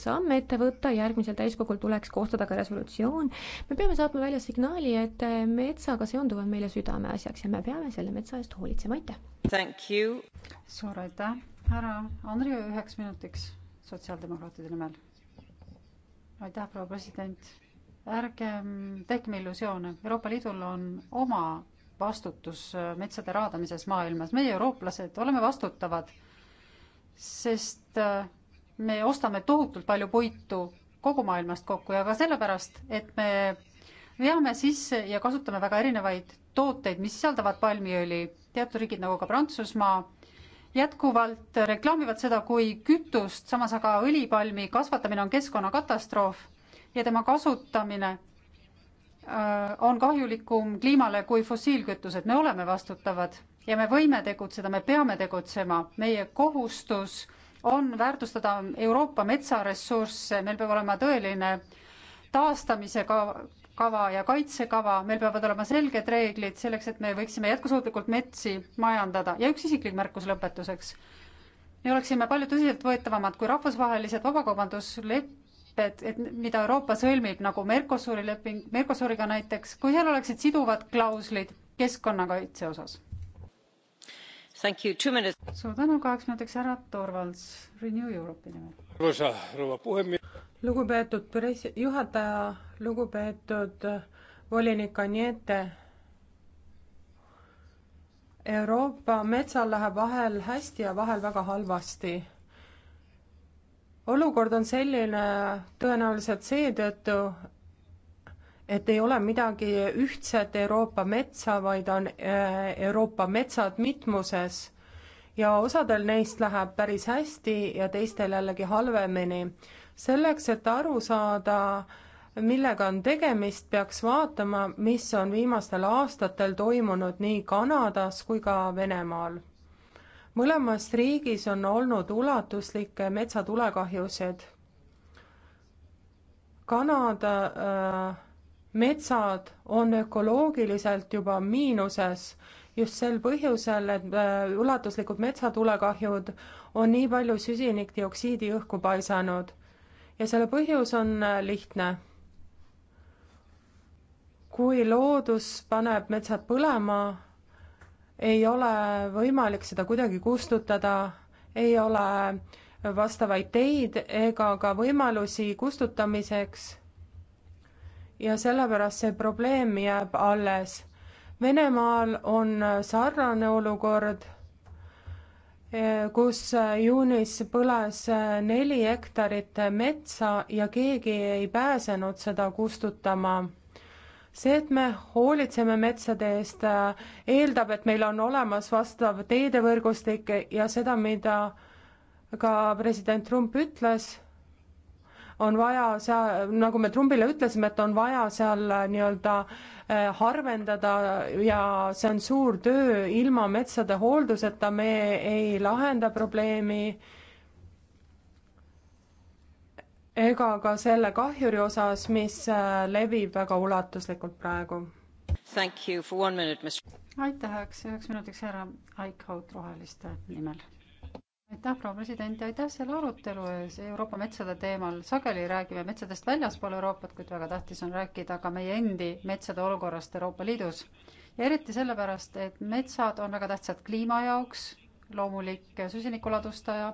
samme ette võtta, järgmisel täiskogul tuleks koostada ka resolutsioon. me peame saatma välja signaali, et metsaga seonduv on meile südameasjaks ja me peame selle metsa eest hoolitsema, aitäh! suur aitäh, härra Andrei, üheks minutiks sotsiaaldemokraatide nimel aitäh, proua president. ärgem tehkem illusioone, Euroopa Liidul on oma vastutus äh, metsade raadamises maailmas, meie, eurooplased, oleme vastutavad, sest äh, me ostame tohutult palju puitu kogu maailmast kokku ja ka sellepärast, et me veame sisse ja kasutame väga erinevaid tooteid, mis sisaldavad palmiõli. teatud riigid nagu ka Prantsusmaa jätkuvalt reklaamivad seda kui kütust, samas aga õlipalmi kasvatamine on keskkonnakatastroof ja tema kasutamine äh, on kahjulikum kliimale kui fossiilkütused, me oleme vastutavad ja me võime tegutseda, me peame tegutsema, meie kohustus on väärtustada Euroopa metsaressursse, meil peab olema tõeline taastamise ka kava ja kaitsekava, meil peavad olema selged reeglid selleks, et me võiksime jätkusuutlikult metsi majandada ja üks isiklik märkus lõpetuseks. me oleksime palju tõsiseltvõetavamad, kui rahvusvahelised vabakaubanduslepped, et mida Euroopa sõlmib, nagu Mercosuri leping, Mercosuriga näiteks, kui seal oleksid siduvad klauslid keskkonnakaitse osas. suur tänu, kaheks minutiks härra Torvalds Renew Europe'i nimel lugupeetud pres-, juhataja, lugupeetud volinik Anijete. Euroopa metsal läheb vahel hästi ja vahel väga halvasti. olukord on selline tõenäoliselt seetõttu, et ei ole midagi ühtset Euroopa metsa, vaid on äh, Euroopa metsad mitmuses ja osadel neist läheb päris hästi ja teistel jällegi halvemini. selleks, et aru saada, millega on tegemist, peaks vaatama, mis on viimastel aastatel toimunud nii Kanadas kui ka Venemaal. mõlemas riigis on olnud ulatuslikke metsatulekahjusid. Kanada äh, metsad on ökoloogiliselt juba miinuses just sel põhjusel, et äh, ulatuslikud metsatulekahjud on nii palju süsinikdioksiidi õhku paisanud. ja selle põhjus on äh, lihtne. kui loodus paneb metsad põlema, ei ole võimalik seda kuidagi kustutada, ei ole vastavaid teid ega ka võimalusi kustutamiseks. ja sellepärast see probleem jääb alles Venemaal on sarnane olukord, kus juunis põles neli hektarit metsa ja keegi ei pääsenud seda kustutama. see, et me hoolitseme metsade eest, eeldab, et meil on olemas vastav teedevõrgustik ja seda, mida ka president Trump ütles on vaja seal, nagu me Trumbile ütlesime, et on vaja seal äh, nii-öelda äh, harvendada ja see on suur töö, ilma metsade hoolduseta me ei lahenda probleemi ega ka selle kahjuri osas, mis äh, levib väga ulatuslikult praegu. aitäh, eks üheks minutiks härra Aikaut Roheliste nimel aitäh, proua president ja aitäh selle arutelu ees Euroopa metsade teemal. sageli räägime metsadest väljaspool Euroopat, kuid väga tähtis on rääkida ka meie endi metsade olukorrast Euroopa Liidus. ja eriti sellepärast, et metsad on väga tähtsad kliima jaoks, loomulik süsinikuladustaja,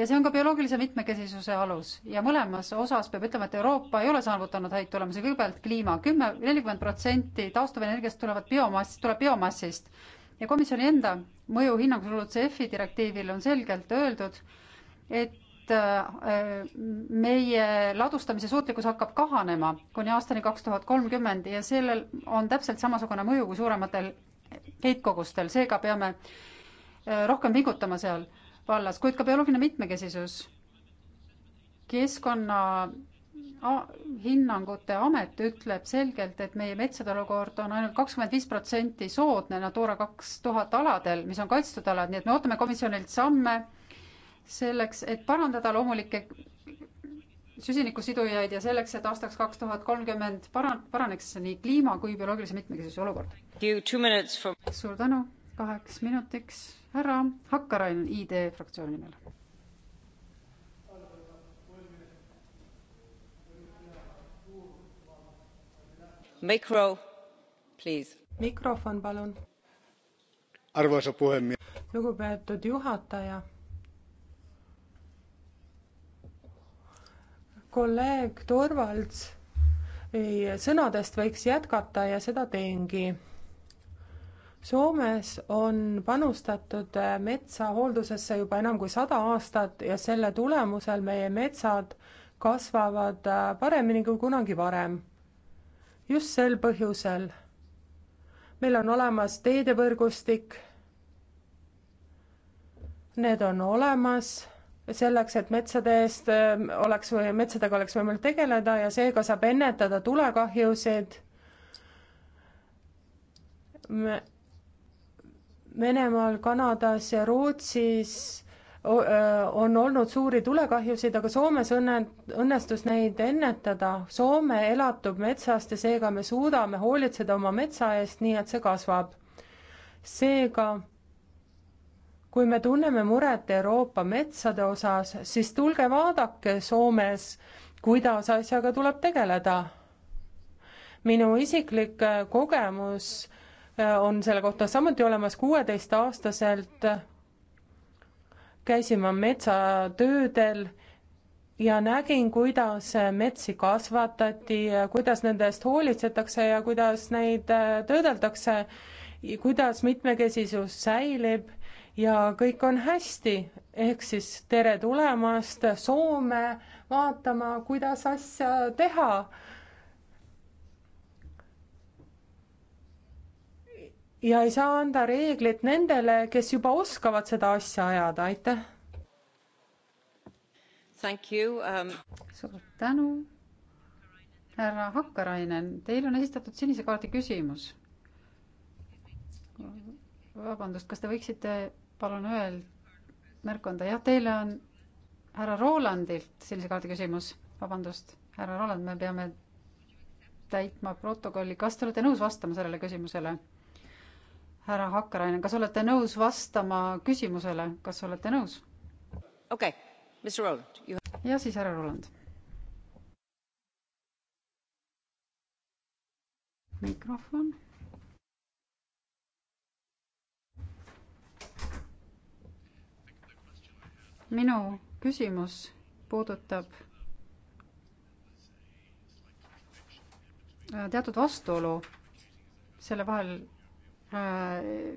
ja see on ka bioloogilise mitmekesisuse alus ja mõlemas osas peab ütlema, et Euroopa ei ole saavutanud häid tulemusi, kõigepealt kliima, kümme, nelikümmend protsenti taastuvenergiast tulevad biomass, tuleb biomassist ja komisjoni enda mõjuhinnangus LULUCF-i direktiivil on selgelt öeldud, et äh, meie ladustamise suutlikkus hakkab kahanema kuni aastani kaks tuhat kolmkümmend ja sellel on täpselt samasugune mõju kui suurematel heitkogustel, seega peame äh, rohkem pingutama seal vallas, kuid ka bioloogiline mitmekesisus, keskkonna hinnangute amet ütleb selgelt, et meie metsade olukord on ainult kakskümmend viis protsenti soodne Natura kaks tuhat aladel, mis on kaitstud alad, nii et me ootame komisjonilt samme selleks, et parandada loomulikke süsinikusidujaid ja selleks, et aastaks kaks tuhat kolmkümmend paran-, paraneks nii kliima kui bioloogilise mitmekesisuse olukord. For... suur tänu, kaheks minutiks härra Hakkarainen ID e fraktsiooni nimel Mikro, mikrofon palun. arvoisa puhemies lugupeetud juhataja kolleeg Torvalds ei, sõnadest võiks jätkata ja seda teengi. Soomes on panustatud metsahooldusesse juba enam kui sada aastat ja selle tulemusel meie metsad kasvavad paremini kui kunagi varem just sel põhjusel. meil on olemas teedevõrgustik. Need on olemas selleks, et metsade eest äh, oleks, metsadega oleks võimalik tegeleda ja seega saab ennetada tulekahjusid. Venemaal, Kanadas ja Rootsis on olnud suuri tulekahjusid, aga Soomes õnne, õnnestus neid ennetada. Soome elatub metsast ja seega me suudame hoolitseda oma metsa eest, nii et see kasvab. seega, kui me tunneme muret Euroopa metsade osas, siis tulge vaadake Soomes, kuidas asjaga tuleb tegeleda. minu isiklik kogemus on selle kohta samuti olemas kuueteistaastaselt käisin ma metsatöödel ja nägin, kuidas metsi kasvatati, kuidas nende eest hoolitsetakse ja kuidas neid äh, töödeldakse, kuidas mitmekesisus säilib ja kõik on hästi. ehk siis tere tulemast Soome vaatama, kuidas asja teha ja ei saa anda reeglit nendele, kes juba oskavad seda asja ajada, aitäh. Um... suur tänu. härra Hakkarainen, teil on esitatud sinise kaardi küsimus. vabandust, kas te võiksite palun öelda, märku anda, jah, teile on härra Rolandilt sinise kaardi küsimus, vabandust, härra Roland, me peame täitma protokolli, kas te olete nõus vastama sellele küsimusele? härra Hakkarainen, kas olete nõus vastama küsimusele, kas olete nõus? okei okay., Mr Roland you.... ja siis härra Roland. mikrofon. minu küsimus puudutab äh, teatud vastuolu selle vahel,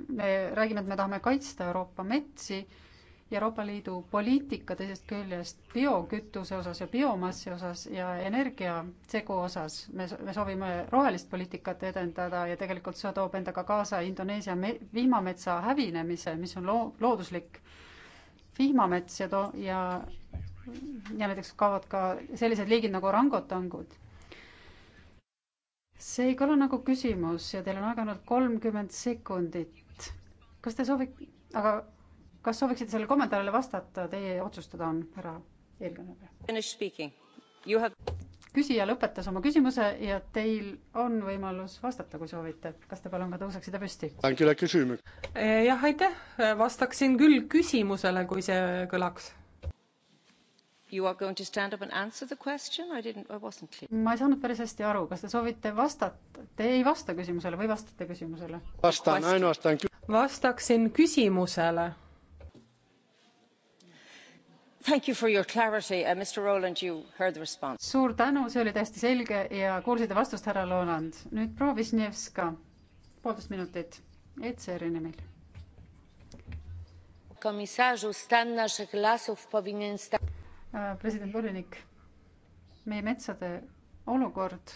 me räägime, et me tahame kaitsta Euroopa metsi, Euroopa Liidu poliitika teisest küljest biokütuse osas ja biomassi osas ja energiasegu osas, me, me soovime rohelist poliitikat edendada ja tegelikult see toob endaga kaasa Indoneesia me-, vihmametsa hävinemise, mis on loo-, looduslik vihmamets ja too- ja ja näiteks kaovad ka sellised liigid nagu orangotangud see ei kõla nagu küsimus ja teil on aega ainult kolmkümmend sekundit. kas te soovi-, aga kas sooviksite sellele kommentaarile vastata, teie otsustada on, härra eelkõneleja? küsija lõpetas oma küsimuse ja teil on võimalus vastata, kui soovite. kas te palun ka tõuseksite püsti? Eh, jah, aitäh, vastaksin küll küsimusele, kui see kõlaks You are going to stand up and answer the question? I didn't, I wasn't clear. ma ei saanud päris hästi aru, kas te soovite vastata, te ei vasta küsimusele või vastate küsimusele? vastan ainult. vastaksin küsimusele You uh, Roland, suur tänu, see oli täiesti selge ja kuulsite vastust, härra Roland. nüüd proua Višnjevska, poolteist minutit, ECR-i nimel. komissaržu stan naših lasov powinien sta-. Äh, president volinik, meie metsade olukord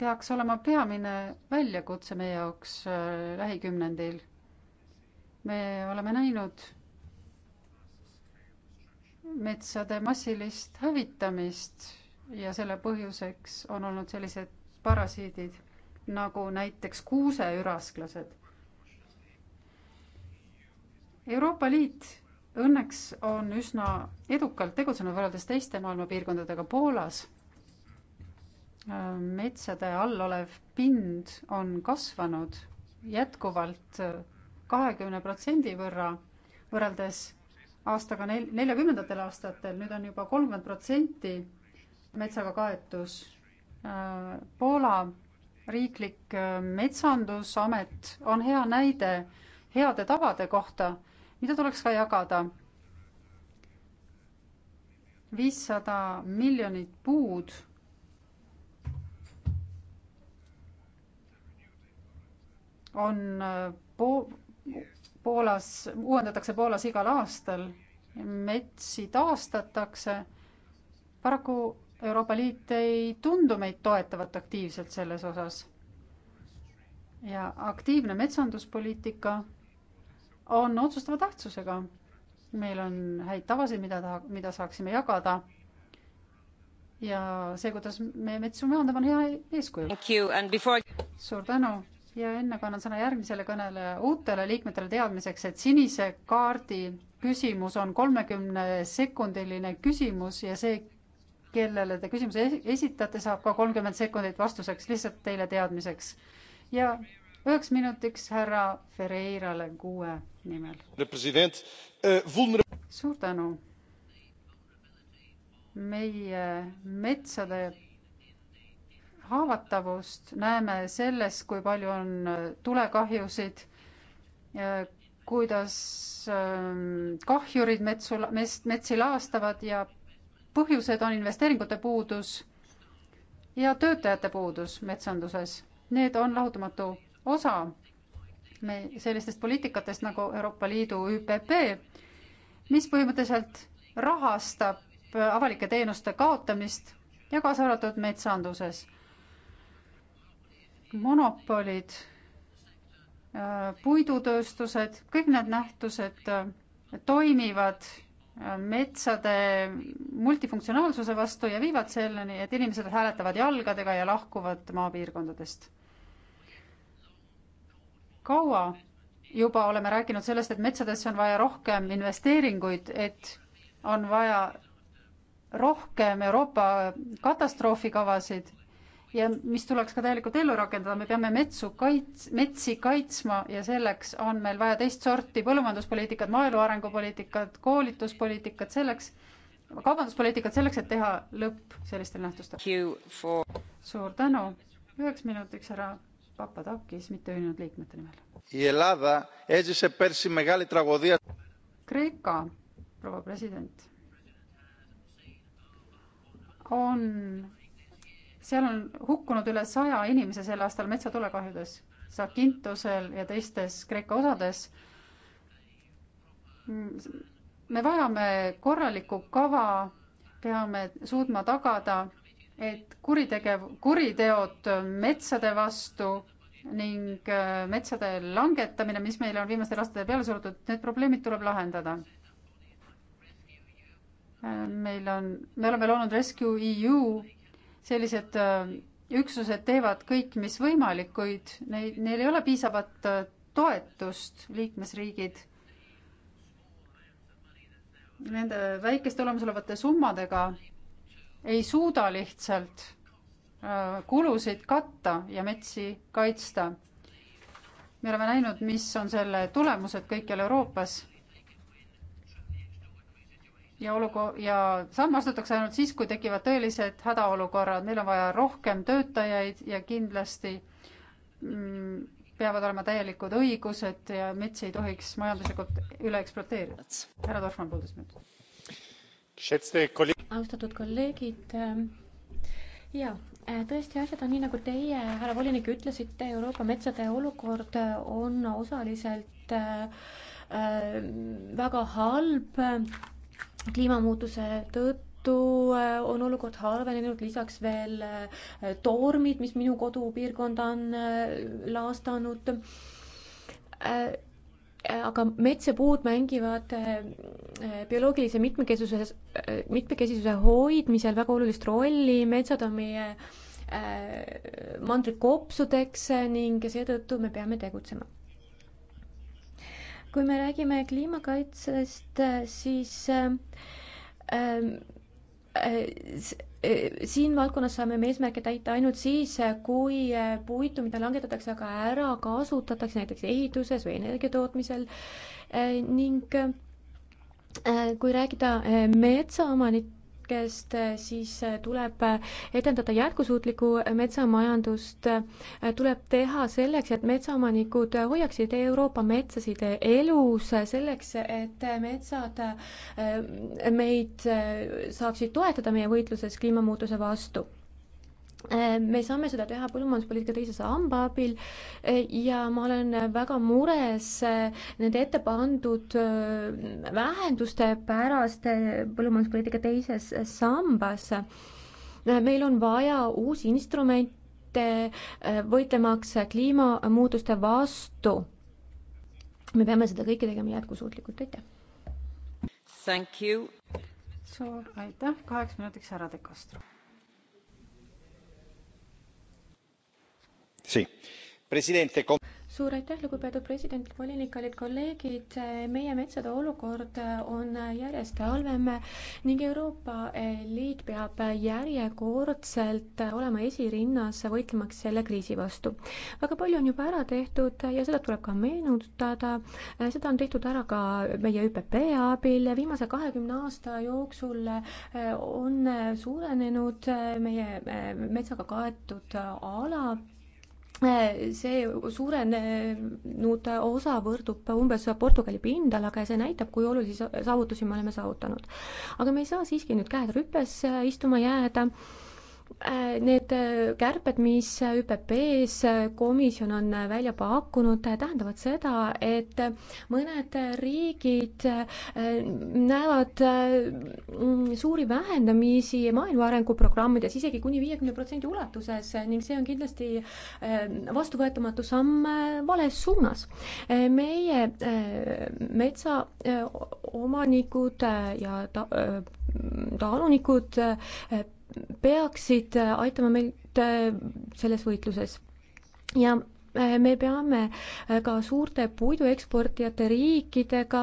peaks olema peamine väljakutse meie jaoks äh, lähikümnendil. me oleme näinud metsade massilist hävitamist ja selle põhjuseks on olnud sellised parasiidid nagu näiteks kuuseürasklased. Euroopa Liit õnneks on üsna edukalt tegutsenud võrreldes teiste maailma piirkondadega Poolas. Äh, metsade all olev pind on kasvanud jätkuvalt äh, kahekümne protsendi võrra võrreldes aastaga nel-, neljakümnendatel aastatel, nüüd on juba kolmkümmend protsenti metsaga kaetus. Äh, Poola riiklik metsandusamet on hea näide heade tavade kohta mida tuleks ka jagada. viissada miljonit puud on äh, po-, Poolas, uuendatakse Poolas igal aastal, metsi taastatakse, paraku Euroopa Liit ei tundu meid toetavat aktiivselt selles osas. ja aktiivne metsanduspoliitika on otsustava tähtsusega. meil on häid tavasid, mida taha, mida saaksime jagada. ja see, kuidas me metsi majandame, on hea eeskuju. Before... suur tänu ja enne kannan sõna järgmisele kõnele uutele liikmetele teadmiseks, et sinise kaardi küsimus on kolmekümne sekundiline küsimus ja see, kellele te küsimuse esitate, saab ka kolmkümmend sekundit vastuseks, lihtsalt teile teadmiseks. ja üheks minutiks härra Ferreirale kuue nimel. Eh, suur tänu. meie metsade haavatavust näeme selles, kui palju on eh, tulekahjusid, eh, kuidas kahjurid metsu, mets, metsi laastavad ja põhjused on investeeringute puudus ja töötajate puudus metsanduses. Need on lahutamatu osa me sellistest poliitikatest nagu Euroopa Liidu ÜPP, mis põhimõtteliselt rahastab avalike teenuste kaotamist ja kaasa arvatud metsanduses. monopolid, äh, puidutööstused, kõik need nähtused äh, toimivad äh, metsade multifunktsionaalsuse vastu ja viivad selleni, et inimesed hääletavad jalgadega ja lahkuvad maapiirkondadest kaua juba oleme rääkinud sellest, et metsadesse on vaja rohkem investeeringuid, et on vaja rohkem Euroopa katastroofikavasid ja mis tuleks ka täielikult ellu rakendada, me peame metsu kaits-, metsi kaitsma ja selleks on meil vaja teist sorti põllumajanduspoliitikat, maaelu arengupoliitikat, koolituspoliitikat, selleks, kaubanduspoliitikat selleks, et teha lõpp sellistele nähtustele. suur tänu, üheks minutiks härra Papadakis mitteühinenud liikmete nimel. Kreeka, proua president, on, seal on hukkunud üle saja inimese sel aastal metsatulekahjudes, Sakintusel ja teistes Kreeka osades mm, me vajame korralikku kava, peame suutma tagada et kuritegev, kuriteod metsade vastu ning äh, metsade langetamine, mis meile on viimastel aastatel peale surutud, need probleemid tuleb lahendada. Äh, meil on, me oleme loonud Rescue EU, sellised äh, üksused teevad kõik, mis võimalik, kuid neid, neil ei ole piisavat toetust, liikmesriigid nende väikeste olemasolevate summadega ei suuda lihtsalt äh, kulusid katta ja metsi kaitsta. me oleme näinud, mis on selle tulemused kõikjal Euroopas. ja olukor- ja samme astutakse ainult siis, kui tekivad tõelised hädaolukorrad, meil on vaja rohkem töötajaid ja kindlasti mm, peavad olema täielikud õigused ja metsi ei tohiks majanduslikult üle ekspluateerida. härra Dorfmann, puudus minut austatud kolleegid äh, jaa, äh, tõesti, asjad on nii, nagu teie, härra volinik, ütlesite, Euroopa metsade olukord äh, on osaliselt väga halb kliimamuutuse tõttu on olukord halvenenud, lisaks veel tormid, mis minu kodupiirkonda on laastanud aga mets ja puud mängivad äh, äh, bioloogilise mitmekesisuse, äh, mitmekesisuse hoidmisel väga olulist rolli, metsad on meie mandrikopsudeks ning seetõttu me peame tegutsema. kui me räägime kliimakaitsest, siis Äh, äh, siin valdkonnas saame me eesmärke täita ainult siis, kui äh, puitu, mida langetatakse, aga ära kasutatakse näiteks ehituses või energia tootmisel ning kui rääkida metsaomanik-, hetkest, siis tuleb edendada jätkusuutlikku metsamajandust, tuleb teha selleks, et metsaomanikud hoiaksid Euroopa metsasid elus, selleks, et metsad meid saaksid toetada meie võitluses kliimamuutuse vastu Ehm, me saame seda teha põllumajanduspoliitika teise samba abil eh, ja ma olen väga mures eh, nende ette pandud eh, vähenduste pärast põllumajanduspoliitika teises sambas. meil on vaja uusi instrumente võitlemaks kliimamuutuste vastu. me peame seda kõike tegema jätkusuutlikult, aitäh. Thank you. suur aitäh, kaheks minutiks härra De Castro suur aitäh lugupeetud president volinik kallid kolleegid meie metsade olukord on järjest halvem ning euroopa liit peab järjekordselt olema esirinnas võitlemaks selle kriisi vastu väga palju on juba ära tehtud ja seda tuleb ka meenutada seda on tehtud ära ka meie ÜPP abil viimase kahekümne aasta jooksul on suurenenud meie metsaga kaetud ala see suurenenud osa võrdub umbes Portugali pindalaga ja see näitab, kui olulisi saavutusi me oleme saavutanud. aga me ei saa siiski nüüd käed rüpes istuma jääda Äh, need äh, kärped, mis ÜPP-s äh, komisjon on välja pakkunud, tähendavad seda, et mõned riigid näevad mm, suuri vähendamisi maailma arenguprogrammides isegi kuni viiekümne protsendi ulatuses ning see on kindlasti vastuvõetamatu samm vales suunas. meie metsaomanikud ja ta-, talunikud peaksid äh, aitama meid äh, selles võitluses. ja äh, me peame ka suurte puidueksportijate riikidega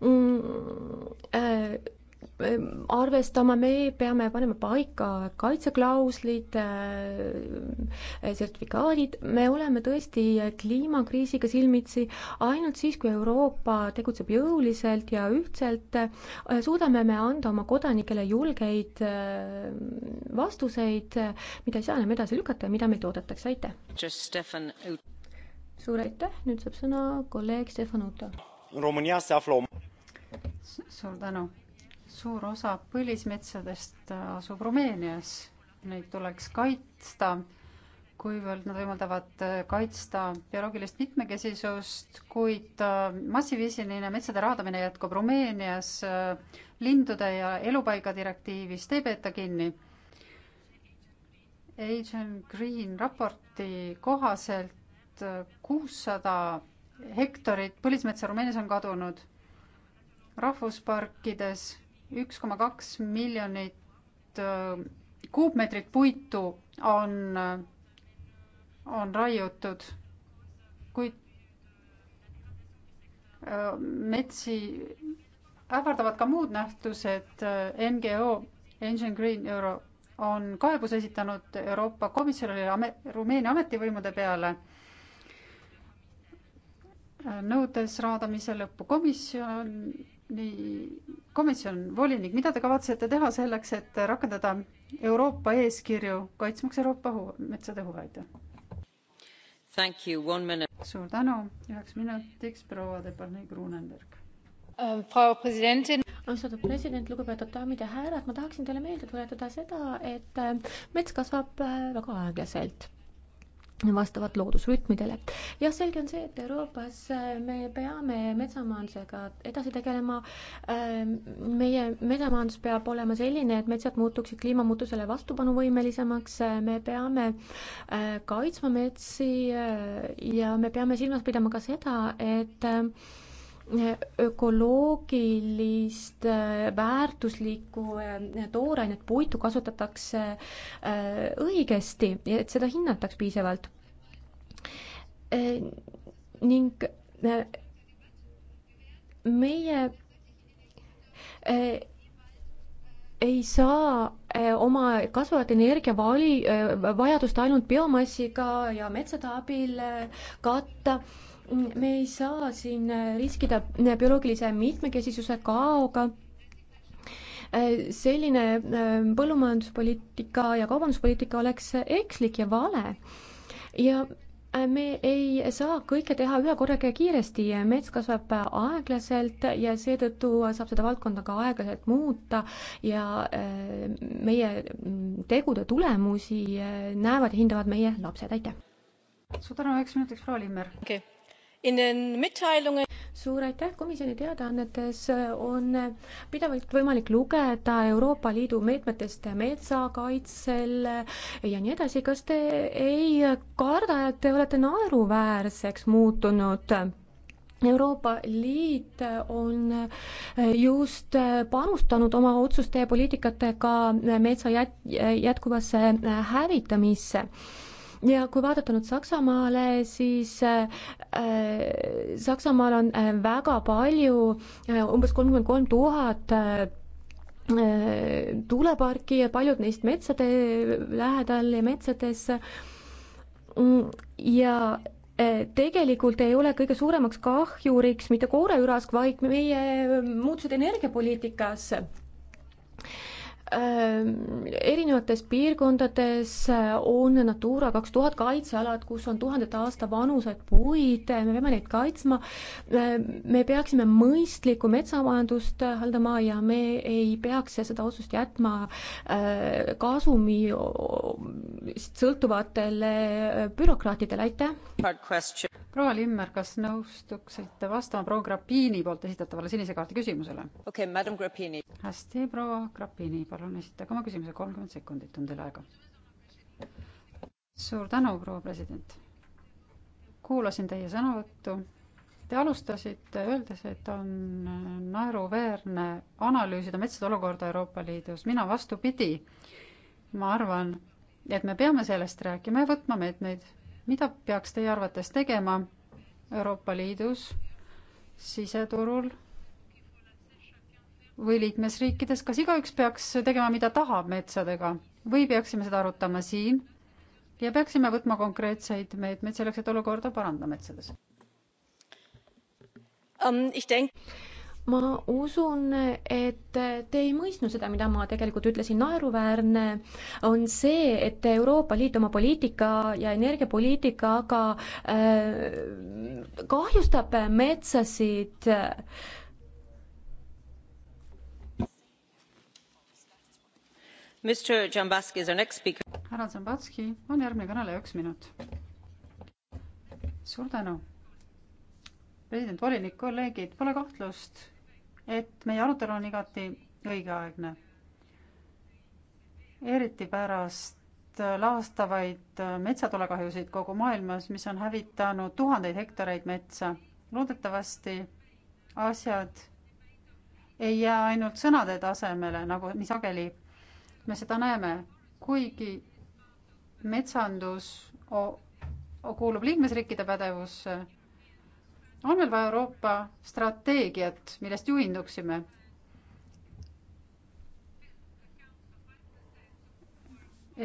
mm, Ehm, arvestama, me peame panema paika kaitseklauslid, äh, sertifikaadid, me oleme tõesti kliimakriisiga silmitsi, ainult siis, kui Euroopa tegutseb jõuliselt ja ühtselt, äh, suudame me anda oma kodanikele julgeid äh, vastuseid, mida ei saa enam edasi lükata ja mida meilt oodatakse, aitäh! suur aitäh, nüüd saab sõna kolleeg Stefan Uta. Suur tänu suur osa põlismetsadest äh, asub Rumeenias, neid tuleks kaitsta, kuivõrd nad võimaldavad äh, kaitsta bioloogilist mitmekesisust, kuid äh, massiviisiline metsade raadamine jätkub Rumeenias, lindude ja elupaiga direktiivist ei peeta kinni. Agent Green raporti kohaselt kuussada hektarit põlismetsa Rumeenias on kadunud rahvusparkides üks koma kaks miljonit äh, kuupmeetrit puitu on, äh, on raiutud, kuid äh, metsi ähvardavad ka muud nähtused. NGO Engine Green Euro on kaebuse esitanud Euroopa Komisjonile ja Rumeenia ametivõimude peale, nõudes raadamise lõppu. komisjon nii, komisjon, volinik, mida te kavatsete teha selleks, et rakendada Euroopa eeskirju kaitsmaks Euroopa hu-, metsade huve, aitäh! suur tänu, üheks minutiks proua Deparnei Kruunenberg ähm,. Frau Präsidentin! austatud president, lugupeetud daamid ja härrad, ma tahaksin teile meelde tuletada seda, et äh, mets kasvab äh, väga aeglaselt vastavalt loodusrütmidele. jah, selge on see, et Euroopas äh, me peame metsamajandusega edasi tegelema. Äh, meie metsamajandus peab olema selline, et metsad muutuksid kliimamuutusele vastupanuvõimelisemaks, äh, me peame kaitsma metsi ja me peame silmas pidama ka seda, et ökoloogilist väärtuslikku toorainet, puitu kasutatakse õigesti, et seda hinnataks piisavalt. Äh, ning äh, meie äh, ei saa oma kasvavat energiavali, vajadust ainult biomassiga ja metsade abil katta. me ei saa siin riskida bioloogilise mitmekesisuse kaoga. selline põllumajanduspoliitika ja kaubanduspoliitika oleks ekslik ja vale ja me ei saa kõike teha ühekorraga ja kiiresti, mets kasvab aeglaselt ja seetõttu saab seda valdkonda ka aeglaselt muuta ja äh, meie mm, tegude tulemusi äh, näevad ja hindavad meie lapsed, aitäh! suur tänu, üheks minutiks proua Limmer okay suur aitäh, komisjoni teadaannetes on pidevalt võimalik lugeda Euroopa Liidu meetmetest metsakaitsel ja nii edasi, kas te ei karda, et te olete naeruväärseks muutunud? Euroopa Liit on just panustanud oma otsuste ja poliitikatega metsa jät-, jätkuvasse hävitamisse ja kui vaadata nüüd Saksamaale, siis äh, Saksamaal on äh, väga palju äh,, umbes kolmkümmend kolm tuhat äh, tuuleparki ja paljud neist metsade lähedal ja metsades ja äh, tegelikult ei ole kõige suuremaks kahjuriks mitte kooreürask, vaid meie äh, muutused energiapoliitikas Ähm, erinevates piirkondades äh, on Natura kaks tuhat kaitsealad, kus on tuhandete aasta vanused puid, me peame neid kaitsma. Ähm, me peaksime mõistlikku metsamajandust äh, haldama ja me ei peaks seda otsust jätma äh, kasumi sõltuvatele bürokraatidele, aitäh. proua Limmer, kas nõustuksite vastama proua Grapini poolt esitatavale sinise kaardi küsimusele? okei okay,, madam Grapini. hästi, proua Grapini, palun palun esitage oma küsimuse, kolmkümmend sekundit on teil aega. suur tänu, proua president. kuulasin teie sõnavõttu. Te alustasite öeldes, et on naeruväärne analüüsida metsade olukorda Euroopa Liidus. mina vastupidi, ma arvan, et me peame sellest rääkima ja võtma meetmeid. mida peaks teie arvates tegema Euroopa Liidus siseturul või liikmesriikides, kas igaüks peaks tegema, mida tahab metsadega või peaksime seda arutama siin ja peaksime võtma konkreetseid meetmeid selleks, et olukorda parandada metsades um,? Denk... ma usun, et te ei mõistnud seda, mida ma tegelikult ütlesin, naeruväärne on see, et Euroopa Liit oma poliitika ja energiapoliitikaga äh, kahjustab metsasid äh, härra Džambatski on järgmine kõneleja, üks minut. suur tänu. president, volinik, kolleegid, pole kahtlust, et meie arutelu on igati õigeaegne. eriti pärast laastavaid metsatulekahjusid kogu maailmas, mis on hävitanud tuhandeid hektareid metsa. loodetavasti asjad ei jää ainult sõnade tasemele, nagu nii sageli me seda näeme, kuigi metsandus kuulub liikmesriikide pädevusse, on meil vaja Euroopa strateegiat, millest juhinduksime.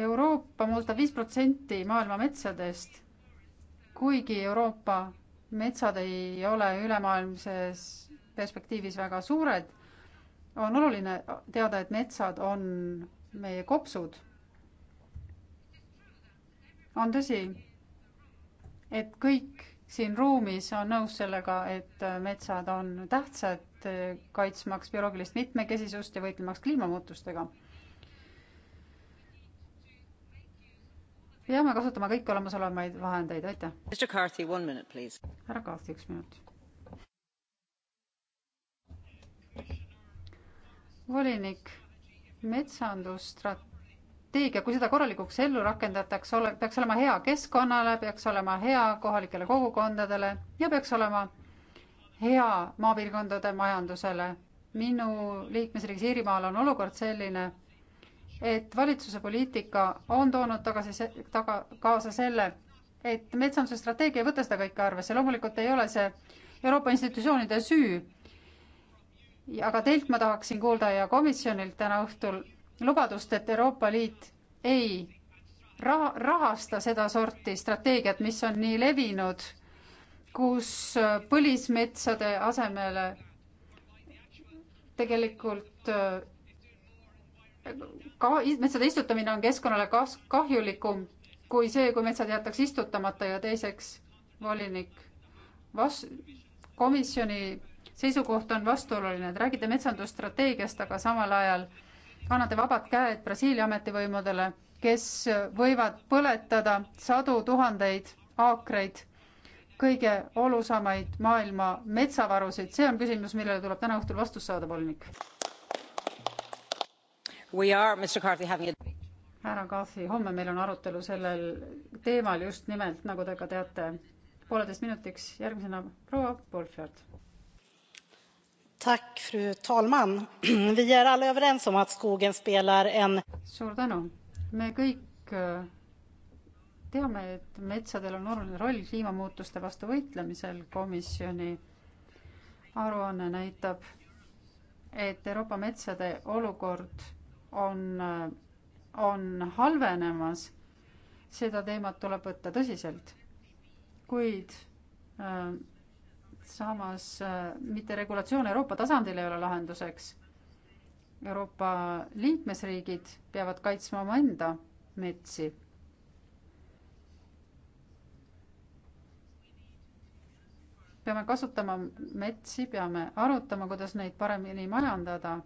Euroopa moodustab viis protsenti maailma metsadest, kuigi Euroopa metsad ei ole ülemaailmses perspektiivis väga suured, on oluline teada, et metsad on meie kopsud. on tõsi, et kõik siin ruumis on nõus sellega, et metsad on tähtsad kaitsmaks bioloogilist mitmekesisust ja võitlemaks kliimamuutustega. peame kasutama kõiki olemasolevaid vahendeid, aitäh. härra Carthy, üks minut. volinik metsandusstrateegia, kui seda korralikuks ellu rakendatakse, ole, peaks olema hea keskkonnale, peaks olema hea kohalikele kogukondadele ja peaks olema hea maapiirkondade majandusele. minu liikmesriigis Iirimaal on olukord selline, et valitsuse poliitika on toonud tagasi, taga, kaasa selle, et metsanduse strateegia ei võta seda kõike arvesse, loomulikult ei ole see Euroopa institutsioonide süü aga teilt ma tahaksin kuulda ja komisjonilt täna õhtul lubadust, et Euroopa Liit ei raha, rahasta sedasorti strateegiat, mis on nii levinud, kus põlismetsade asemele tegelikult äh, ka metsade istutamine on keskkonnale kas-, kahjulikum kui see, kui metsad jäetakse istutamata ja teiseks volinik vas-, komisjoni seisukoht on vastuoluline, te räägite metsandusstrateegiast, aga samal ajal annate vabad käed Brasiilia ametivõimudele, kes võivad põletada sadu tuhandeid aakreid kõige olusamaid maailma metsavarusid, see on küsimus, millele tuleb täna õhtul vastus saada, volinik. härra Kaafi, homme meil on arutelu sellel teemal just nimelt, nagu te ka teate, pooleteist minutiks, järgmisena proua Wolfjord. Fru talman! Vi är alla överens om att skogen spelar en... suur tänu! me kõik eh, teame, et metsadel on oluline roll kliimamuutuste vastu võitlemisel. komisjoni aruanne näitab, et Euroopa metsade olukord on, eh, on halvenemas. seda teemat tuleb võtta tõsiselt. kuid eh, samas äh, mitte regulatsioon Euroopa tasandil ei ole lahenduseks. Euroopa liikmesriigid peavad kaitsma omaenda metsi. peame kasutama metsi, peame arutama, kuidas neid paremini majandada.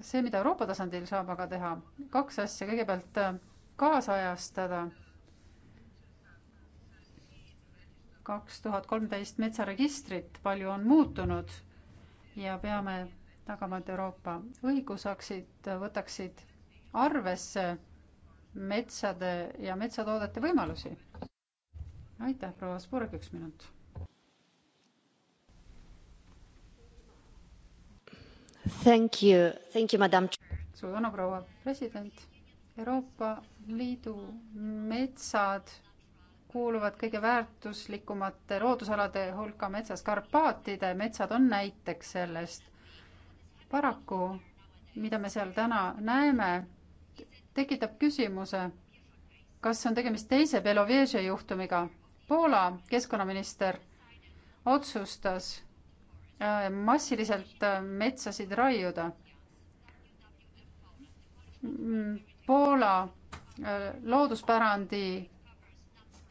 see, mida Euroopa tasandil saab aga teha, kaks asja, kõigepealt äh, kaasajastada kaks tuhat kolmteist metsaregistrit, palju on muutunud ja peame tagama, et Euroopa õigusaktid võtaksid arvesse metsade ja metsatoodete võimalusi. aitäh, proua Spurg, üks minut. Thank you, thank you, madam. suur tänu, proua president. Euroopa Liidu metsad kuuluvad kõige väärtuslikumate loodusalade hulka metsas. Karpaatide metsad on näiteks sellest. paraku, mida me seal täna näeme, tekitab küsimuse, kas on tegemist teise Beloveže juhtumiga. Poola keskkonnaminister otsustas äh, massiliselt äh, metsasid raiuda. Mm, Poola äh, looduspärandi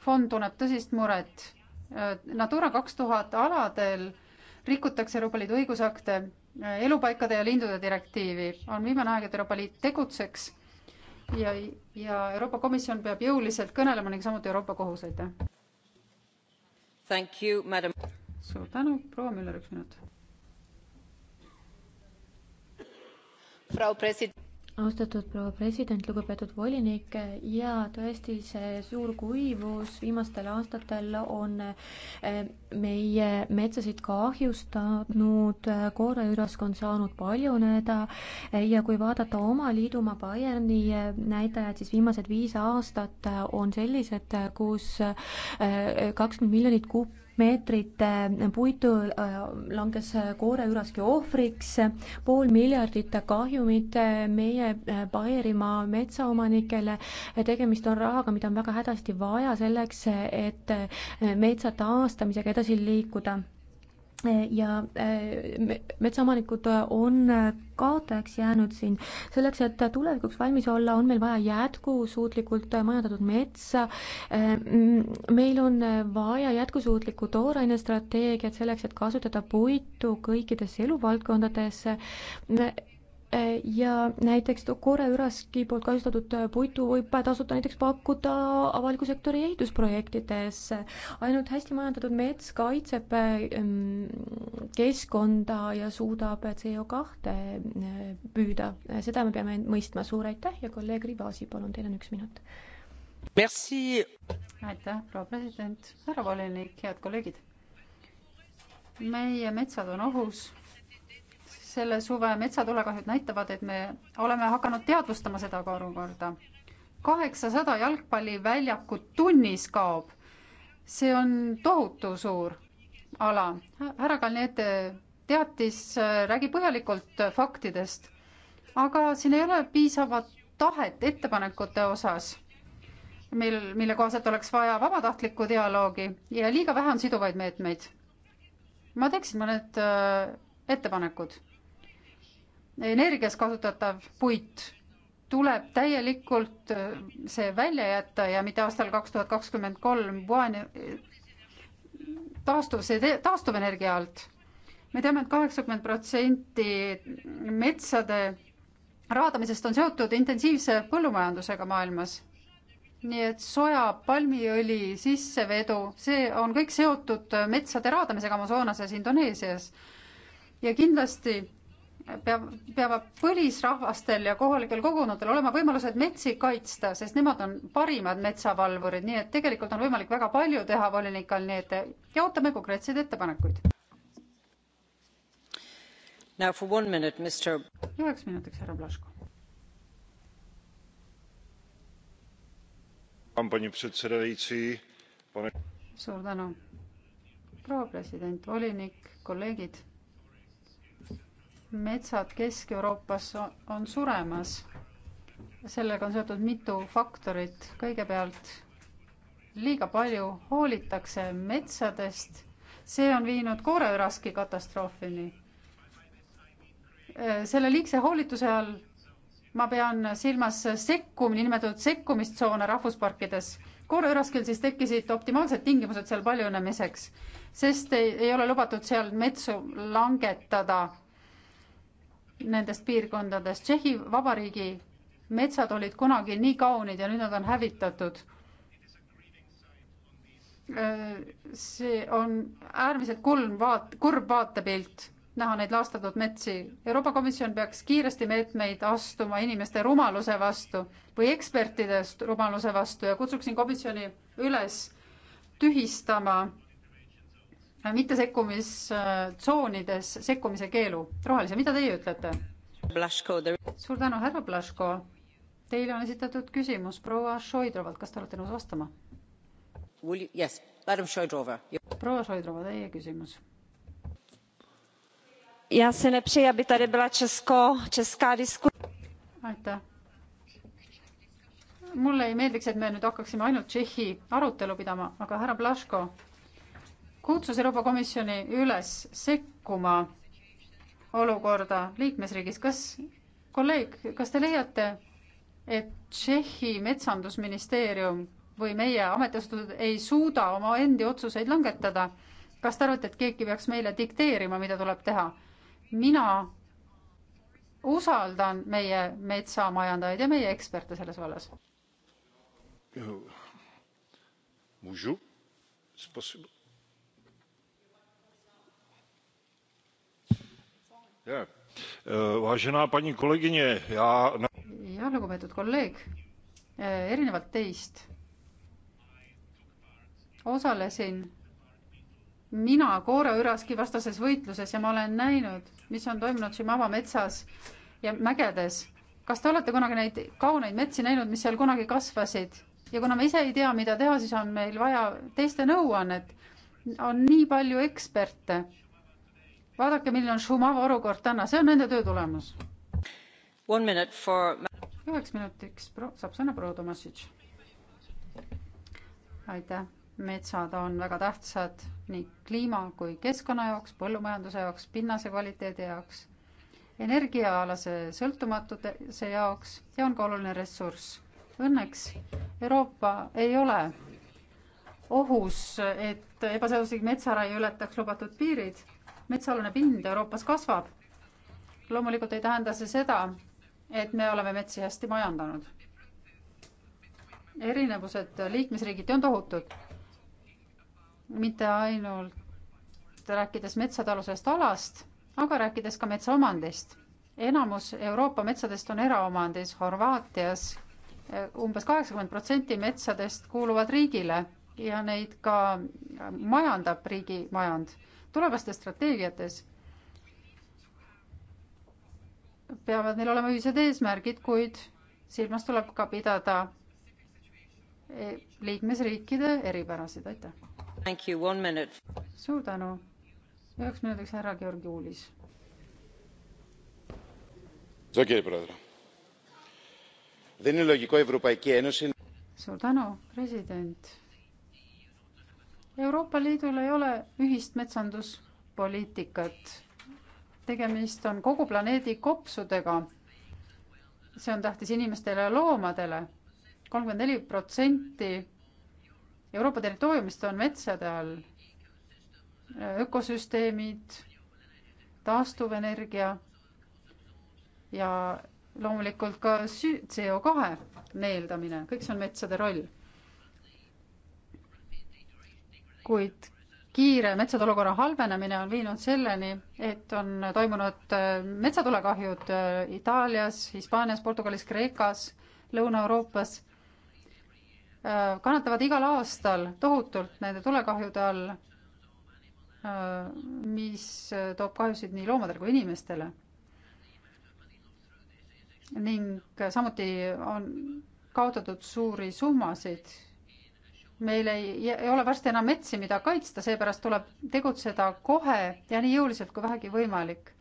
fond tunneb tõsist muret. Natura kaks tuhat aladel rikutakse Euroopa Liidu õigusakte, elupaikade ja lindude direktiivi. on viimane aeg, et Euroopa Liit tegutseks ja, ja Euroopa Komisjon peab jõuliselt kõnelema ning samuti Euroopa Kohus, aitäh. suur tänu, proua Müller, üks minut austatud proua president, lugupeetud volinik ja tõesti see suur kuivus viimastel aastatel on eh, meie metsasid kahjustanud, kooreürask on saanud paljuneda eh, ja kui vaadata oma liidumaa Bayerni eh, näitajad, siis viimased viis aastat on sellised, kus kakskümmend miljonit kuup-, meetrit puitu äh, langes kooreüraski ohvriks, pool miljardit kahjumit äh, meie äh, Baierimaa metsaomanikele, tegemist on rahaga, mida on väga hädasti vaja selleks, et metsa taastamisega edasi liikuda ja äh, metsaomanikud on kaotajaks jäänud siin. selleks, et tulevikuks valmis olla, on meil vaja jätkusuutlikult majandatud metsa, äh, meil on vaja jätkusuutlikku tooraine strateegiat selleks, et kasutada puitu kõikides eluvaldkondades ja näiteks Kore Üraski poolt kasutatud puitu võib tasuta näiteks pakkuda avaliku sektori ehitusprojektides. ainult hästi majandatud mets kaitseb ehm, keskkonda ja suudab CO kahte ehm, püüda, seda me peame mõistma. suur aitäh ja kolleeg Rivasi, palun, teil on üks minut. Merci. aitäh, proua president, härra volinik, head kolleegid. meie metsad on ohus selle suve metsatulekahjud näitavad, et me oleme hakanud teadvustama seda olukorda. kaheksasada jalgpalliväljakut tunnis kaob. see on tohutu suur ala. härra Kalniete teatis, räägi põhjalikult faktidest, aga siin ei ole piisavat tahet ettepanekute osas, mil, mille kohaselt oleks vaja vabatahtlikku dialoogi ja liiga vähe on siduvaid meetmeid. ma teeksin mõned äh, ettepanekud energias kasutatav puit tuleb täielikult äh, see välja jätta ja mitte aastal kaks tuhat kakskümmend kolm taastuv, see taastuvenergia alt. me teame et, et kaheksakümmend protsenti metsade raadamisest on seotud intensiivse põllumajandusega maailmas. nii et soja, palmiõli sissevedu, see on kõik seotud metsade raadamisega Amazonases, Indoneesias. ja kindlasti peab, peavad põlisrahvastel ja kohalikel kogunejatel olema võimalused metsi kaitsta, sest nemad on parimad metsavalvurid, nii et tegelikult on võimalik väga palju teha volinikal, nii et ja ootame konkreetseid ettepanekuid. üheks minutiks, härra Blaško. suur tänu, proua president, volinik, kolleegid metsad Kesk-Euroopas on suremas. sellega on seotud mitu faktorit. kõigepealt liiga palju hoolitakse metsadest. see on viinud kooreüraski katastroofini. Äh, selle liigse hoolituse all ma pean silmas sekkumine, niinimetatud sekkumistsoone rahvusparkides. kooreüraskil siis tekkisid optimaalsed tingimused seal paljunemiseks, sest ei, ei ole lubatud seal metsu langetada nendest piirkondadest. Tšehhi Vabariigi metsad olid kunagi nii kaunid ja nüüd nad on hävitatud. Äh, see on äärmiselt kulm vaat-, kurb vaatepilt, näha neid laastatud metsi. Euroopa Komisjon peaks kiiresti meetmeid astuma inimeste rumaluse vastu või ekspertidest rumaluse vastu ja kutsuksin komisjoni üles tühistama mittesekkumistsoonides sekkumise keelu. rohelise, mida teie ütlete? suur tänu, härra Blaško. Teile on esitatud küsimus proua Šoidrovalt, kas te olete nõus vastama? Yes, proua Šoidrova, teie küsimus. aitäh mulle ei meeldiks, et me nüüd hakkaksime ainult Tšehhi arutelu pidama, aga härra Blaško, kutsus Euroopa Komisjoni üles sekkuma olukorda liikmesriigis. kas, kolleeg, kas te leiate, et Tšehhi metsandusministeerium või meie ametiasutused ei suuda omaendi otsuseid langetada? kas te arvate, et keegi peaks meile dikteerima, mida tuleb teha? mina usaldan meie metsamajandajaid ja meie eksperte selles vallas. Euh, jah, eh, lugupeetud kolleeg, eh, erinevalt teist osalesin mina kooreüraski vastases võitluses ja ma olen näinud, mis on toimunud Šimava metsas ja mägedes. kas te olete kunagi neid kauneid metsi näinud, mis seal kunagi kasvasid? ja kuna me ise ei tea, mida teha, siis on meil vaja teiste nõuannet. on nii palju eksperte vaadake, milline on Šumava olukord täna, see on nende töö tulemus. For... üheks minutiks pro, saab sõna proua Tomasic. aitäh, metsad on väga tähtsad nii kliima kui keskkonna jaoks, põllumajanduse jaoks, pinnase kvaliteedi jaoks, energiaalase sõltumatuse jaoks ja on ka oluline ressurss. Õnneks Euroopa ei ole ohus, et ebaseaduslik metsaraie ületaks lubatud piirid metsaalune pind Euroopas kasvab. loomulikult ei tähenda see seda, et me oleme metsi hästi majandanud. erinevused liikmesriigiti on tohutud. mitte ainult rääkides metsatalusest alast, aga rääkides ka metsaomandist. enamus Euroopa metsadest on eraomandis, Horvaatias eh, umbes kaheksakümmend protsenti metsadest kuuluvad riigile ja neid ka majandab riigi majand tulevastes strateegiates peavad neil olema ühised eesmärgid, kuid silmas tuleb ka pidada e, liikmesriikide eripärasid, aitäh. suur tänu. üheks minutiks härra Georgi Uulis. suur tänu, president Euroopa Liidul ei ole ühist metsanduspoliitikat. tegemist on kogu planeedi kopsudega. see on tähtis inimestele ja loomadele. kolmkümmend neli protsenti Euroopa territooriumist on metsade all. ökosüsteemid, taastuvenergia ja loomulikult ka CO kahe neeldamine, kõik see on metsade roll kuid kiire metsade olukorra halvenemine on viinud selleni, et on toimunud äh, metsatulekahjud äh, Itaalias, Hispaanias, Portugalis, Kreekas, Lõuna-Euroopas. Äh, kannatavad igal aastal tohutult nende tulekahjude all, mis toob kahjusid nii loomadele kui inimestele. ning samuti on kaotatud suuri summasid meil ei, ei ole varsti enam metsi, mida kaitsta, seepärast tuleb tegutseda kohe ja nii jõuliselt kui vähegi võimalik.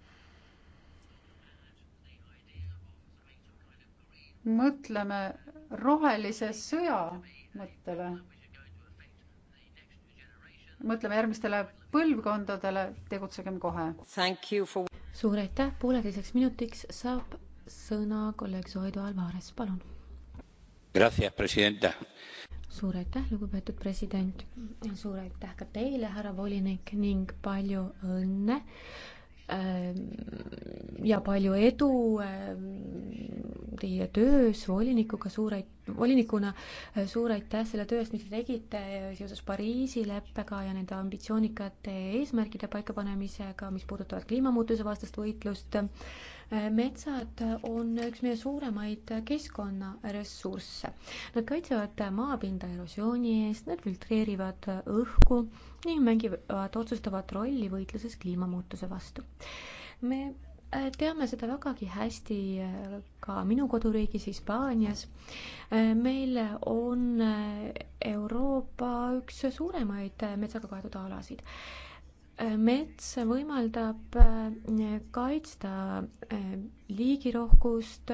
mõtleme rohelise sõja mõttele. mõtleme järgmistele põlvkondadele, tegutsegem kohe. For... suur aitäh, pooleteiseks minutiks saab sõna kolleeg Zoido Alvarez, palun. Gracias, presidenta suur aitäh, lugupeetud president, suur aitäh ka teile, härra volinik ning palju õnne Ehm, ja palju edu ehm, teie töös volinikuga, suur ait-, volinikuna, eh, suur aitäh selle töö eest, mis te tegite seoses Pariisi leppega ja nende ambitsioonikate eesmärkide paikapanemisega, mis puudutavad kliimamuutuse vastast võitlust. Eh, metsad on üks meie suuremaid keskkonnaressursse. Nad kaitsevad maapinda erosiooni eest, nad filtreerivad õhku ning mängivad otsustavat rolli võitluses kliimamuutuse vastu. me äh, teame seda vägagi hästi äh, ka minu koduriigis Hispaanias. Äh, meil on Euroopa üks suuremaid metsaga kaetud alasid mets võimaldab kaitsta liigirohkust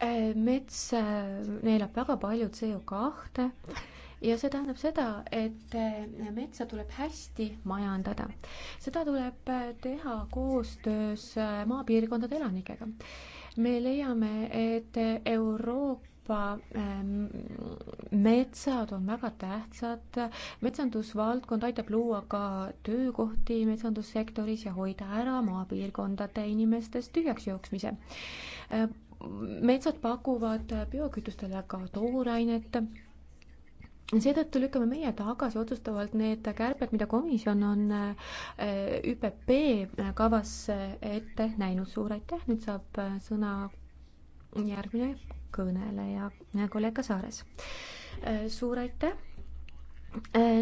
Äh, mets äh, neelab väga palju CO kahte ja see tähendab seda, et äh, metsa tuleb hästi majandada. seda tuleb teha koostöös maapiirkondade elanikega. me leiame, et Euroopa ähm, metsad on väga tähtsad, metsandusvaldkond aitab luua ka töökohti metsandussektoris ja hoida ära maapiirkondade inimestest tühjaks jooksmise metsad pakuvad biokütustele ka toorainet. seetõttu lükkame meie tagasi otsustavalt need kärped, mida komisjon on eh, ÜPP kavas ette näinud. suur aitäh, nüüd saab eh, sõna järgmine kõneleja, eh, kolleeg Kasaares. suur aitäh.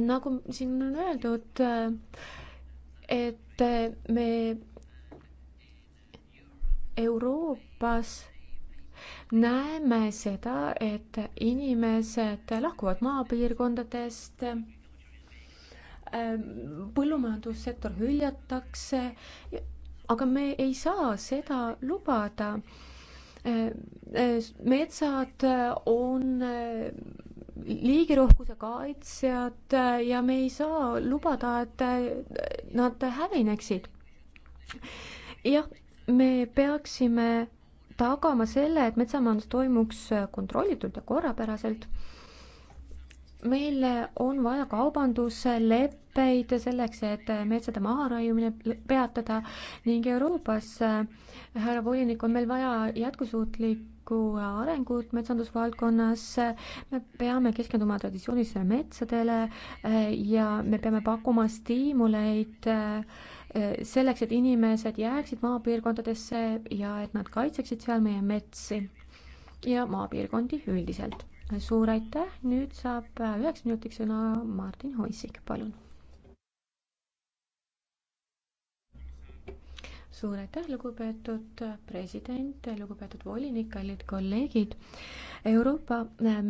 nagu siin on öeldud, et me Euroopas näeme seda, et inimesed lahkuvad maapiirkondadest, põllumajandussektor hüljatakse, aga me ei saa seda lubada. metsad on liigirohkuse kaitsjad ja me ei saa lubada, et nad hävineksid. jah, me peaksime tagama selle, et metsamajandus toimuks kontrollitult ja korrapäraselt. meil on vaja kaubandusleppeid selleks, et metsade maharaiumine peatada ning Euroopas, härra volinik, on meil vaja jätkusuutlik tuleviku arengut metsandusvaldkonnas, me peame keskenduma traditsioonilistele metsadele ja me peame pakkuma stiimuleid äh, selleks, et inimesed jääksid maapiirkondadesse ja et nad kaitseksid seal meie metsi ja maapiirkondi üldiselt. suur aitäh, nüüd saab üheks minutiks sõna Martin Hoisik, palun. suur aitäh, lugupeetud president, lugupeetud volinik, kallid kolleegid. Euroopa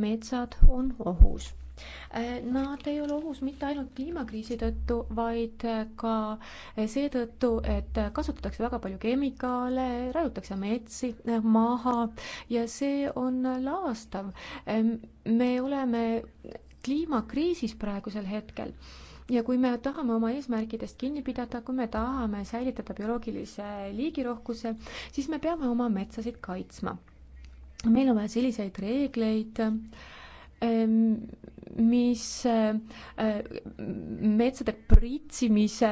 metsad on ohus Äh, nad ei ole ohus mitte ainult kliimakriisi tõttu, vaid äh, ka äh, seetõttu, et kasutatakse väga palju kemikaale, raiutakse metsi maha ja see on laastav. me oleme kliimakriisis praegusel hetkel ja kui me tahame oma eesmärkidest kinni pidada, kui me tahame säilitada bioloogilise liigirohkuse, siis me peame oma metsasid kaitsma. meil on vaja selliseid reegleid äh,, mis eh, metsade pritsimise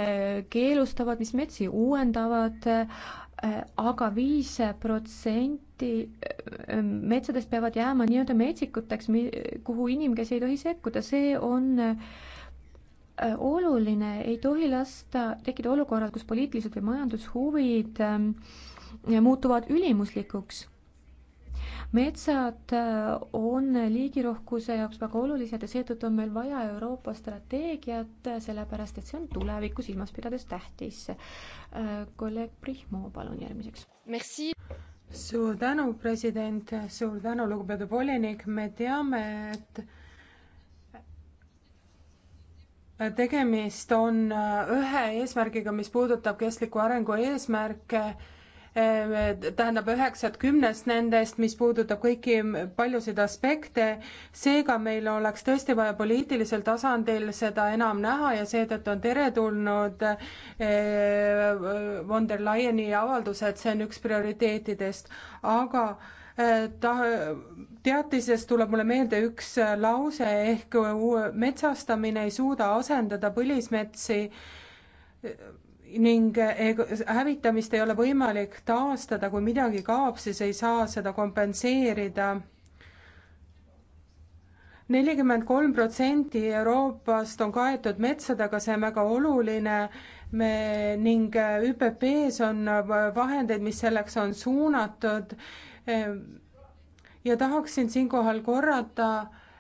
keelustavad, mis metsi uuendavad, eh, aga viis protsenti eh, metsadest peavad jääma nii-öelda metsikuteks, kuhu inimkesi ei tohi sekkuda, see on oluline, ei tohi lasta tekkida olukorrad, kus poliitilised või majandushuvid muutuvad ülimuslikuks metsad äh, on liigirohkuse jaoks väga olulised ja seetõttu on meil vaja Euroopa strateegiat, äh, sellepärast et see on tulevikku silmas pidades tähtis. Äh, kolleeg Prihmo, palun järgmiseks. suur tänu, president, suur tänu, lugupeetud volinik, me teame, et tegemist on ühe eesmärgiga, mis puudutab kestliku arengu eesmärke Ehm, tähendab üheksat kümnest nendest, mis puudutab kõiki paljusid aspekte. seega meil oleks tõesti vaja poliitilisel tasandil seda enam näha ja seetõttu on teretulnud ehm, von der Leyeni avaldus, et see on üks prioriteetidest, aga eh, ta, teatisest tuleb mulle meelde üks eh, lause ehk metsastamine ei suuda asendada põlismetsi ning hävitamist ei ole võimalik taastada, kui midagi kaob, siis ei saa seda kompenseerida. nelikümmend kolm protsenti Euroopast on kaetud metsadega, see on väga oluline me ning ÜPP-s on vahendeid, mis selleks on suunatud. ja tahaksin siinkohal korrata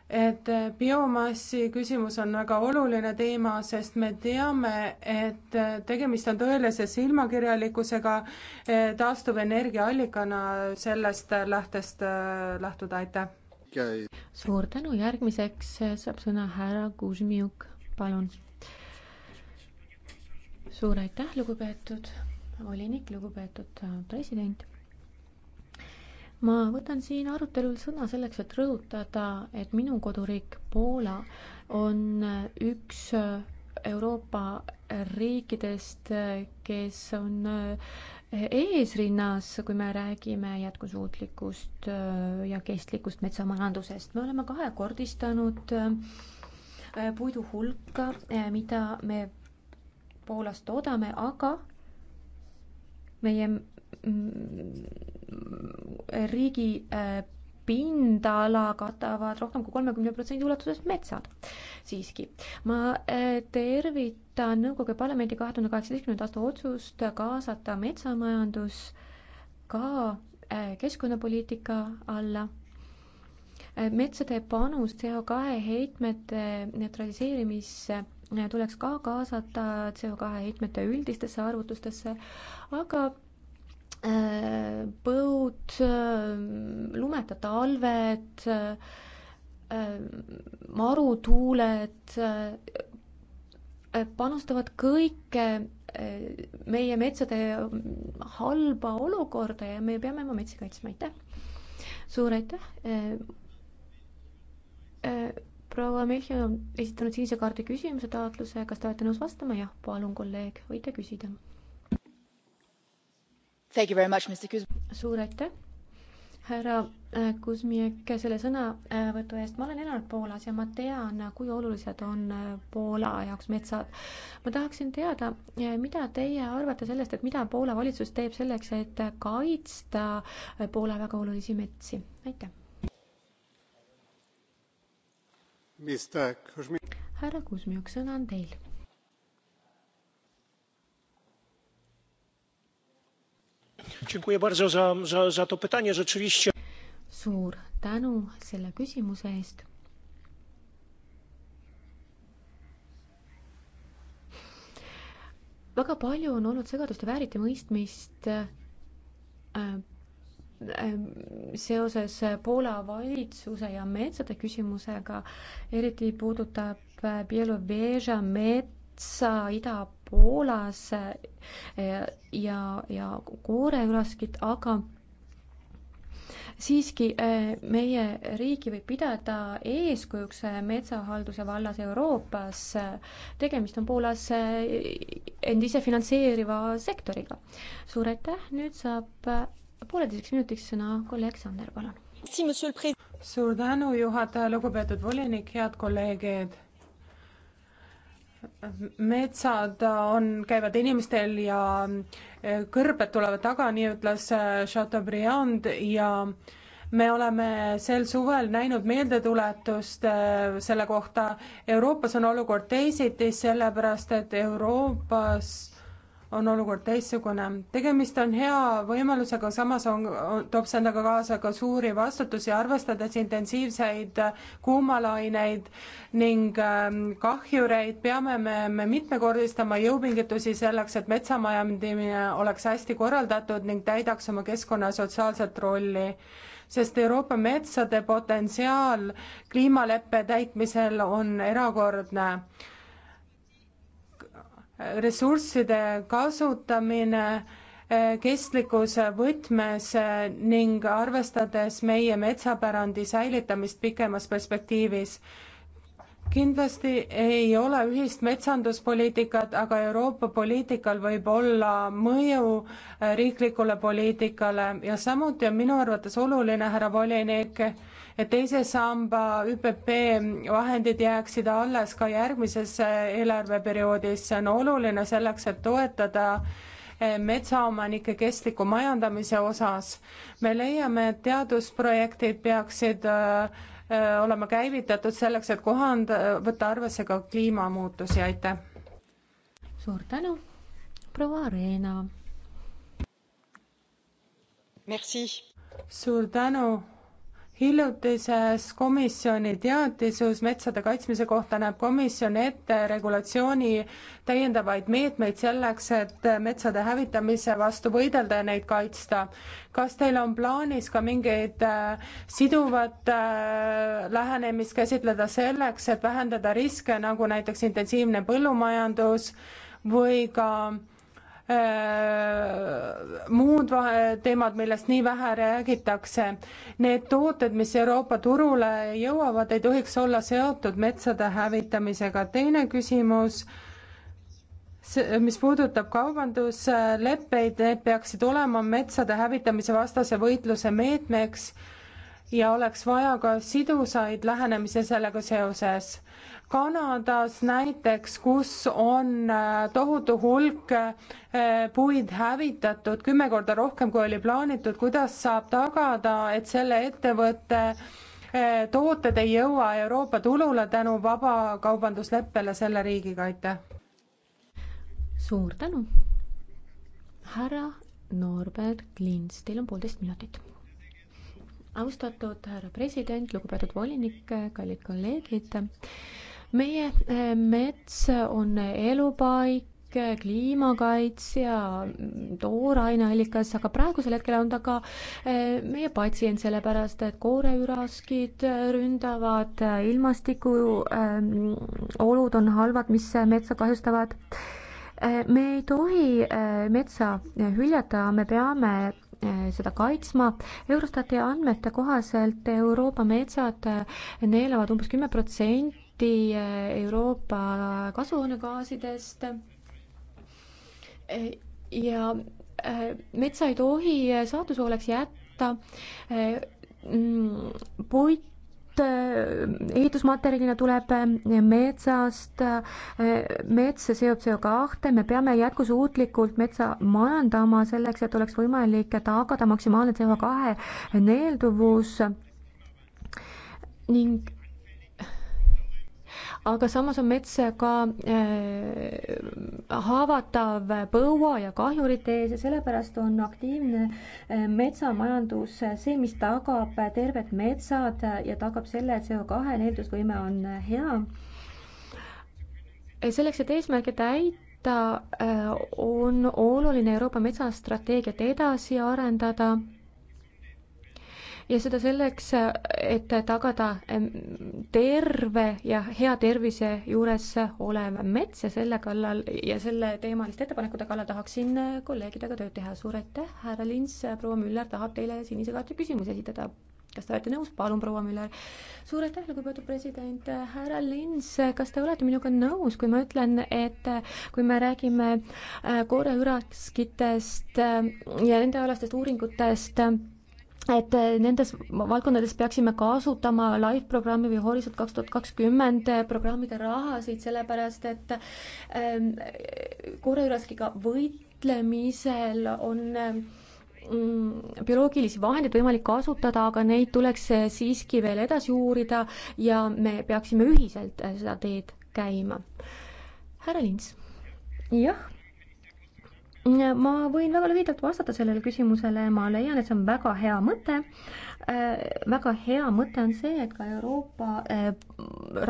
et biomassi küsimus on väga oluline teema, sest me teame, et tegemist on tõelise silmakirjalikkusega eh, taastuvenergiaallikana sellest lähtest eh, lähtuda, aitäh. suur tänu, järgmiseks eh, saab sõna härra Kuzmiuk, palun. suur aitäh, lugupeetud volinik, lugupeetud president ma võtan siin arutelul sõna selleks, et rõhutada, et minu koduriik Poola on üks Euroopa riikidest, kes on eesrinnas, kui me räägime jätkusuutlikust ja kestlikust metsamajandusest. me oleme kahekordistanud puidu hulka, mida me Poolast toodame, aga meie Mm, riigi äh, pindala katavad rohkem kui kolmekümne protsendi ulatuses metsad. siiski, ma äh, tervitan Nõukogu Parlamendi kahe tuhande kaheksateistkümnenda aasta otsust kaasata metsamajandus ka äh, keskkonnapoliitika alla. metsade panus CO kahe heitmete neutraliseerimisse tuleks ka kaasata CO kahe heitmete üldistesse arvutustesse, aga Äh, põud, äh, lumeta talved, äh, marutuuled panustavad kõike meie metsade halba olukorda ja me peame oma metsi kaitsma, aitäh. suur aitäh. proua Melchior on esitanud sinise kaardi küsimuse taotluse, kas te olete nõus vastama? jah, palun, kolleeg, võite küsida suur aitäh, härra äh, Kuzmiek, selle sõnavõtu eest. ma olen elanud Poolas ja ma tean, kui olulised on äh, Poola jaoks metsad. ma tahaksin teada, äh, mida teie arvate sellest, et mida Poola valitsus teeb selleks, et kaitsta Poola väga olulisi metsi? aitäh. härra Kuzmiuk, sõna on teil suur tänu selle küsimuse eest. väga palju on olnud segadust ja vääritimõistmist äh, äh, seoses Poola valitsuse ja metsade küsimusega, eriti puudutab äh, Bieloveža metsa ida Poolas eh, ja, ja Koore üraskit, aga siiski eh, meie riiki võib pidada eeskujuks eh, metsahalduse vallas Euroopas. tegemist on Poolas end ise finantseeriva sektoriga. suur aitäh, nüüd saab pooleteiseks minutiks sõna kolleeg Sander, palun. suur tänu, juhataja, lugupeetud volinik, head kolleegid metsad on, käivad inimestel ja eh, kõrbed tulevad taga, nii ütles eh, Chateaubriand ja me oleme sel suvel näinud meeldetuletust eh, selle kohta. Euroopas on olukord teisiti, sellepärast et Euroopas on olukord teistsugune. tegemist on hea võimalusega, samas on, toob see endaga kaasa ka suuri vastutusi, arvestades intensiivseid kuumalaineid ning ähm, kahjureid, peame me, me mitmekordistama jõupingutusi selleks, et metsamajandamine oleks hästi korraldatud ning täidaks oma keskkonna sotsiaalset rolli sest Euroopa metsade potentsiaal kliimaleppe täitmisel on erakordne ressursside kasutamine eh, kestlikkuse võtmes eh, ning arvestades meie metsapärandi säilitamist pikemas perspektiivis. kindlasti ei ole ühist metsanduspoliitikat, aga Euroopa poliitikal võib olla mõju eh, riiklikule poliitikale ja samuti on minu arvates oluline, härra volinik, et teise samba ÜPP vahendid jääksid alles ka järgmisesse äh, eelarveperioodisse, see on oluline selleks, et toetada äh, metsaomanike kestliku majandamise osas. me leiame, et teadusprojektid peaksid äh, olema käivitatud selleks, et kohand-, võtta arvesse ka kliimamuutusi, aitäh! suur tänu, proua Areena! suur tänu! hiljutises komisjoni teatises metsade kaitsmise kohta näeb komisjon ette regulatsiooni täiendavaid meetmeid selleks, et metsade hävitamise vastu võidelda ja neid kaitsta. kas teil on plaanis ka mingeid äh, siduvat äh, lähenemist käsitleda selleks, et vähendada riske, nagu näiteks intensiivne põllumajandus või ka Äh, muud teemad, millest nii vähe räägitakse. Need tooted, mis Euroopa turule jõuavad, ei tohiks olla seotud metsade hävitamisega. teine küsimus, mis puudutab kaubandusleppeid, need peaksid olema metsade hävitamise vastase võitluse meetmeks ja oleks vaja ka sidusaid lähenemisi sellega seoses Kanadas näiteks, kus on äh, tohutu hulk äh, puid hävitatud kümme korda rohkem, kui oli plaanitud, kuidas saab tagada, et selle ettevõtte äh, tooted ei jõua Euroopa tulule tänu vabakaubandusleppele selle riigiga, aitäh! suur tänu! härra Norbert Klints, teil on poolteist minutit. austatud härra president, lugupeetud volinik, kallid kolleegid meie eh, mets on elupaik, kliimakaitsja, tooraineallikas, aga praegusel hetkel on ta ka eh, meie patsient, sellepärast et kooreüraskid ründavad, eh, ilmastikuolud on halvad, mis metsa kahjustavad. me ei tohi metsa hüljata, me peame seda kaitsma. Eurostati andmete kohaselt Euroopa metsad neelavad umbes kümme protsenti samuti eh, Euroopa kasvuhoonegaasidest. Eh, ja eh, metsa ei tohi saatusooleks jätta. Mm, puit ehitusmaterjalina tuleb metsast, mets seob CO kahte, me peame jätkusuutlikult metsa majandama selleks, et oleks võimalik tagada maksimaalne CO kahe neelduvus ning aga samas on mets ka äh, haavatav põua ja kahjurite ees ja sellepärast on aktiivne äh, metsamajandus see, mis tagab terved metsad ja tagab selle, et CO2 neeldusvõime on hea. selleks, et eesmärke täita, äh, on oluline Euroopa metsastrateegiat edasi arendada ja seda selleks, et tagada terve ja hea tervise juures olev mets ja selle kallal ja selle teemaliste ettepanekute kallal tahaksin kolleegidega tööd teha. suur aitäh, härra Lins, proua Müller tahab teile sinise kaarti küsimusi esitada kas te olete nõus, palun, proua Müller. suur aitäh, lugupeetud president, härra Lins, kas te olete minuga nõus, kui ma ütlen, et kui me räägime äh, kooreüraskitest äh, ja nendealastest uuringutest, et äh, nendes valdkondades peaksime kasutama live programmi või Horisont kaks tuhat kakskümmend äh, programmide rahasid, sellepärast et ähm, korraüraskiga võitlemisel on ähm, mm, bioloogilisi vahendeid võimalik kasutada, aga neid tuleks äh, siiski veel edasi uurida ja me peaksime ühiselt seda teed käima. härra Lints. jah ma võin väga lühidalt vastata sellele küsimusele, ma leian, et see on väga hea mõte. Äh, väga hea mõte on see, et ka Euroopa äh,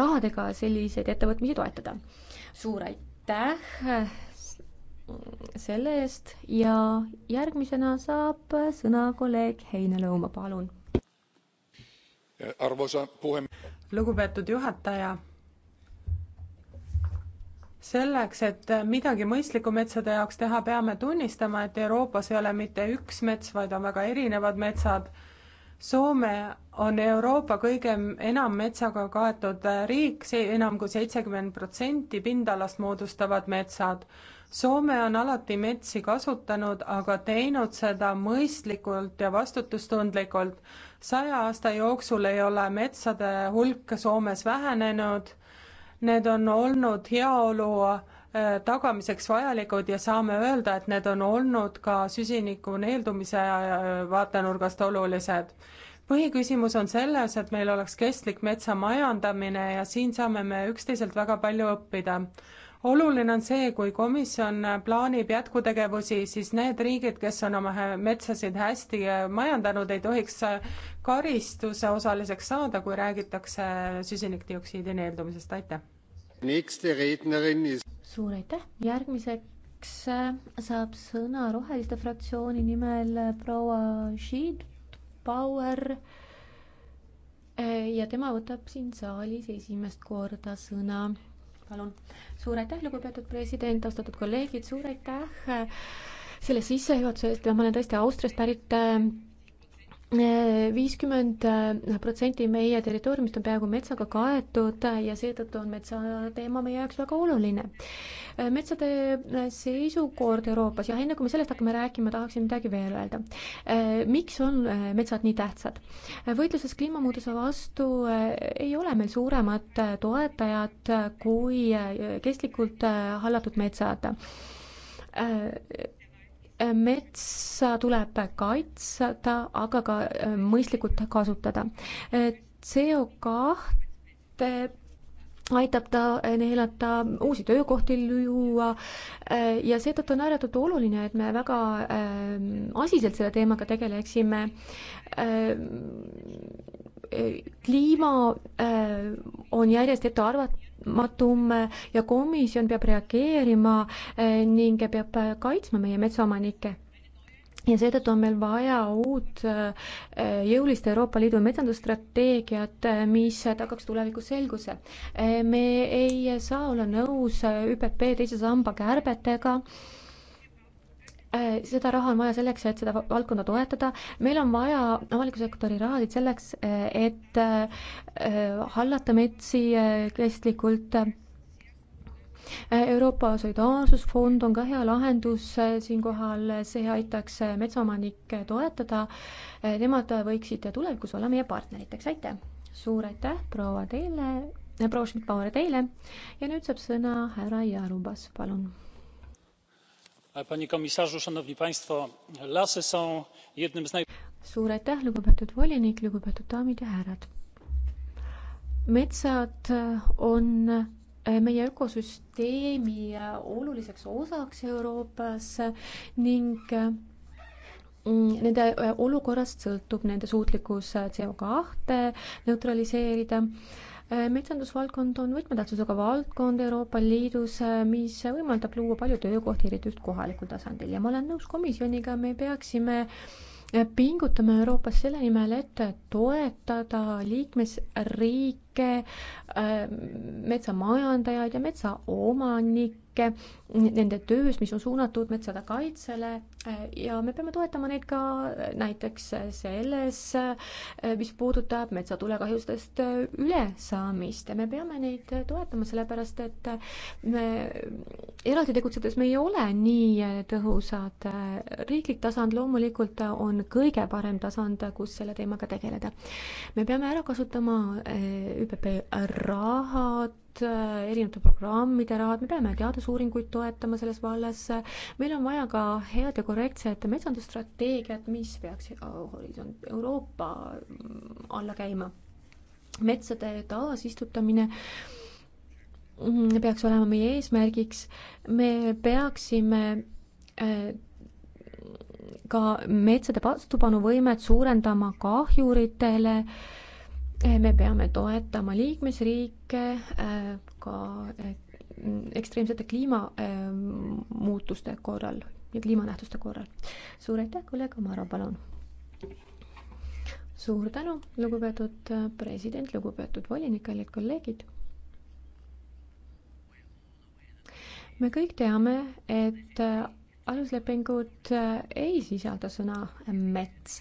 rahadega selliseid ettevõtmisi toetada. suur aitäh äh, selle eest ja järgmisena saab sõna kolleeg Heinelõuma, palun. arvoisa puhemees. lugupeetud juhataja selleks, et midagi mõistlikku metsade jaoks teha, peame tunnistama, et Euroopas ei ole mitte üks mets, vaid on väga erinevad metsad. Soome on Euroopa kõige enam metsaga kaetud riik, see enam kui seitsekümmend protsenti pindalast moodustavad metsad. Soome on alati metsi kasutanud, aga teinud seda mõistlikult ja vastutustundlikult. saja aasta jooksul ei ole metsade hulk Soomes vähenenud Need on olnud heaolu äh, tagamiseks vajalikud ja saame öelda, et need on olnud ka süsiniku neeldumise äh, vaatenurgast olulised. põhiküsimus on selles, et meil oleks kestlik metsa majandamine ja siin saame me üksteiselt väga palju õppida oluline on see, kui komisjon plaanib jätkutegevusi, siis need riigid, kes on oma metsasid hästi majandanud, ei tohiks karistuse osaliseks saada, kui räägitakse süsinikdioksiidi neeldumisest, aitäh. suur aitäh, järgmiseks äh, saab sõna Roheliste fraktsiooni nimel äh, proua Schiedbauer äh, ja tema võtab siin saalis esimest korda sõna palun. suur aitäh, lugupeetud president, austatud kolleegid, suur aitäh selle sissejuhatuse eest ja ma olen tõesti Austriast pärit viiskümmend protsenti meie territooriumist on peaaegu metsaga kaetud ja seetõttu on metsa teema meie jaoks väga oluline. metsade seisukord Euroopas, jah, enne kui me sellest hakkame rääkima, tahaksin midagi veel öelda. miks on metsad nii tähtsad? võitluses kliimamuutuse vastu ei ole meil suuremat toetajat kui kestlikult hallatud metsad metsa tuleb kaitsta, aga ka äh, mõistlikult kasutada. Äh, CO kahte äh, aitab ta neelata, uusi töökohti luua ja seetõttu on ääretult oluline, et me väga asiselt selle teemaga tegeleksime kliima on järjest ettearvat-, sõltumatum ja komisjon peab reageerima eh, ning peab eh, kaitsma meie metsaomanikke ja seetõttu on meil vaja uut eh, jõulist Euroopa Liidu metsandusstrateegiat, mis tagaks tulevikus selguse. me ei saa olla nõus ÜPP teise samba kärbetega Äh, seda raha on vaja selleks, et seda valdkonda toetada, meil on vaja avaliku sektori rahasid selleks, äh, et äh, hallata metsi kestlikult. Euroopa Solidaarsusfond on ka hea lahendus siinkohal, see aitaks metsaomanikke toetada. Nemad võiksid tulevikus olla meie partneriteks, aitäh! suur aitäh, proua teile, proua Schmidt-Bauer teile ja nüüd saab sõna härra Jarubas, palun panie komisarzu szanowni państwo! lasy są jednym z naj. suur aitäh lugupeetud volinik lugupeetud daamid ja härrad! metsad äh, on äh, meie ökosüsteemi äh, oluliseks osaks euroopas ning mm, nende olukorrast sõltub nende suutlikkus CO2 neutraliseerida Äh, metsandusvaldkond on võtmetähtsusega valdkond Euroopa Liidus, äh, mis võimaldab luua palju töökohti, eriti just kohalikul tasandil ja ma olen nõus komisjoniga, me peaksime äh, pingutame Euroopas selle nimel, et toetada liikmesriike metsaomanikke, äh, metsamajandajaid ja metsaomanikke nende töös, mis on suunatud metsade kaitsele äh, ja me peame toetama neid ka äh, näiteks selles, mis puudutab metsatulekahjustest ülesaamist ja me peame neid toetama, sellepärast et me eraldi tegutsedes me ei ole nii tõhusad. riiklik tasand loomulikult on kõige parem tasand, kus selle teemaga tegeleda. me peame ära kasutama ÜPP rahad, erinevate programmide rahad, me peame teadusuuringuid toetama selles vallas, meil on vaja ka head ja korrektset metsandusstrateegiat, mis peaks äh, Horisont Euroopa mm, alla käima. metsade taasistutamine mm, peaks olema meie eesmärgiks, me peaksime äh, ka metsade vastupanuvõimet suurendama kahjuritele ka Eh, me peame toetama liikmesriike eh, ka eh, ekstreemsete kliimamuutuste korral ja kliimanähtuste korral. suur aitäh, kolleeg Amaro, palun. suur tänu, lugupeetud president, lugupeetud volinik, kallid kolleegid. me kõik teame, et aluslepingud ei sisalda sõna mets,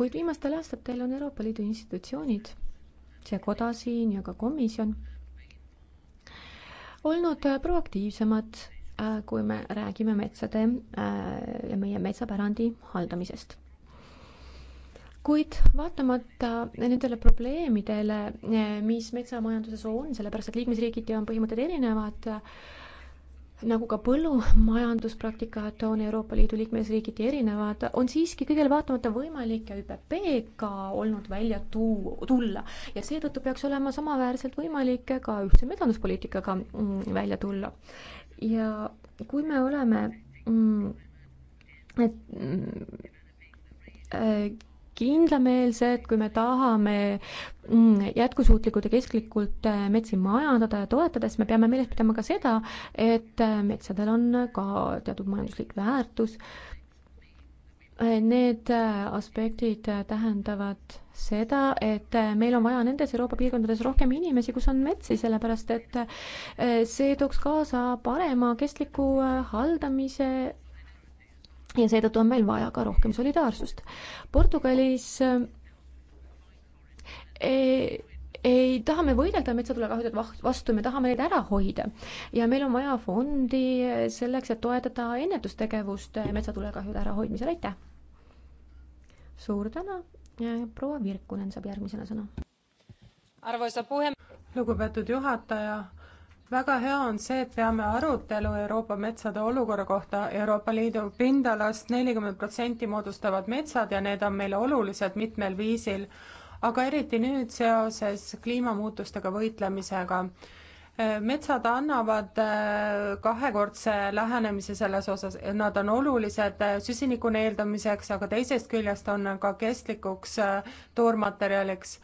kuid viimastel aastatel on Euroopa Liidu institutsioonid see koda siin ja ka komisjon olnud äh, proaktiivsemad, äh, kui me räägime metsade äh, ja meie metsapärandi haldamisest. kuid vaatamata nendele probleemidele, mis metsamajanduses on, sellepärast et liikmesriigiti on põhimõtted erinevad, nagu ka põllumajanduspraktikad on Euroopa Liidu liikmesriigiti erinevad, on siiski kõigele vaatamata võimalik ÜPP-ga olnud välja tuu-, tulla. ja seetõttu peaks olema samaväärselt võimalik ka ühtse metsanduspoliitikaga mm, välja tulla. ja kui me oleme mm, et, mm, äh, kindlameelsed, kui me tahame mm, jätkusuutlikult ja kestlikult äh, metsi majandada ja toetada, siis me peame meeles pidama ka seda, et äh, metsadel on ka teatud majanduslik väärtus. Äh, need aspektid tähendavad seda, et meil on vaja nendes Euroopa piirkondades rohkem inimesi, kus on metsi, sellepärast et see tooks kaasa parema kestliku haldamise ja seetõttu on meil vaja ka rohkem solidaarsust. Portugalis äh, ei, ei taha me võidelda metsatulekahjude vastu, me tahame neid ära hoida. ja meil on vaja fondi selleks, et toetada ennetustegevust metsatulekahjude ärahoidmisel, aitäh! suur tänu, proua Virkunen saab järgmisena sõna. lugupeetud juhataja väga hea on see, et peame arutelu Euroopa metsade olukorra kohta. Euroopa Liidu pindalast nelikümmend protsenti moodustavad metsad ja need on meile olulised mitmel viisil, aga eriti nüüd seoses kliimamuutustega võitlemisega. metsad annavad äh, kahekordse lähenemise selles osas, et nad on olulised äh, süsiniku neeldamiseks, aga teisest küljest on ka kestlikuks äh, toormaterjaliks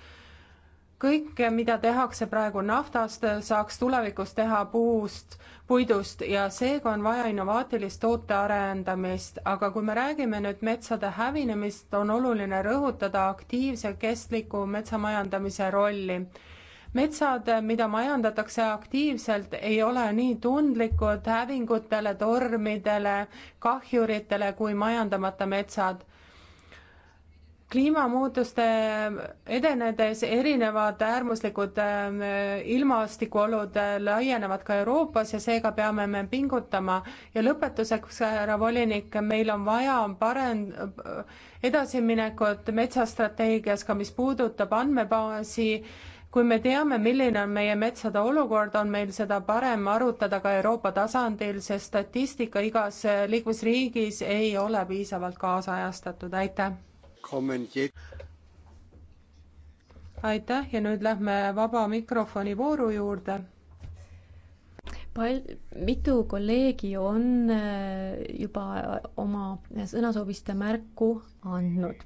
kõik, mida tehakse praegu naftast, saaks tulevikus teha puust, puidust ja seega on vaja innovaatilist toote arendamist, aga kui me räägime nüüd metsade hävinemist, on oluline rõhutada aktiivse kestliku metsamajandamise rolli. metsad, mida majandatakse aktiivselt, ei ole nii tundlikud hävingutele, tormidele, kahjuritele kui majandamata metsad kliimamuutuste edenedes erinevad äärmuslikud ähm, ilmastikuolud äh, laienevad ka Euroopas ja seega peame me pingutama. ja lõpetuseks, härra volinik, meil on vaja parem, äh, edasiminekut metsastrateegias ka, mis puudutab andmebaasi kui me teame, milline on meie metsade olukord, on meil seda parem arutada ka Euroopa tasandil, sest statistika igas liikmesriigis ei ole piisavalt kaasajastatud, aitäh! aitäh ja nüüd lähme vaba mikrofoni vooru juurde pal-, mitu kolleegi on äh, juba oma sõnasoovist märku andnud.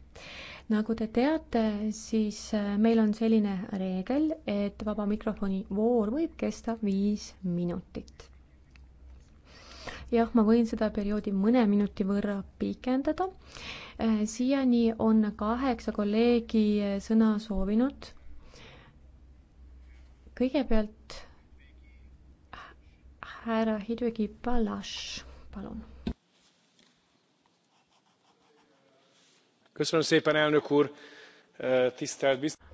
nagu te teate, siis äh, meil on selline reegel, et vaba mikrofoni voor võib kesta viis minutit jah, ma võin seda perioodi mõne minuti võrra pikendada. Äh, siiani on kaheksa kolleegi äh, sõna soovinud. kõigepealt härra Hidvegi Palaš, palun. Äh,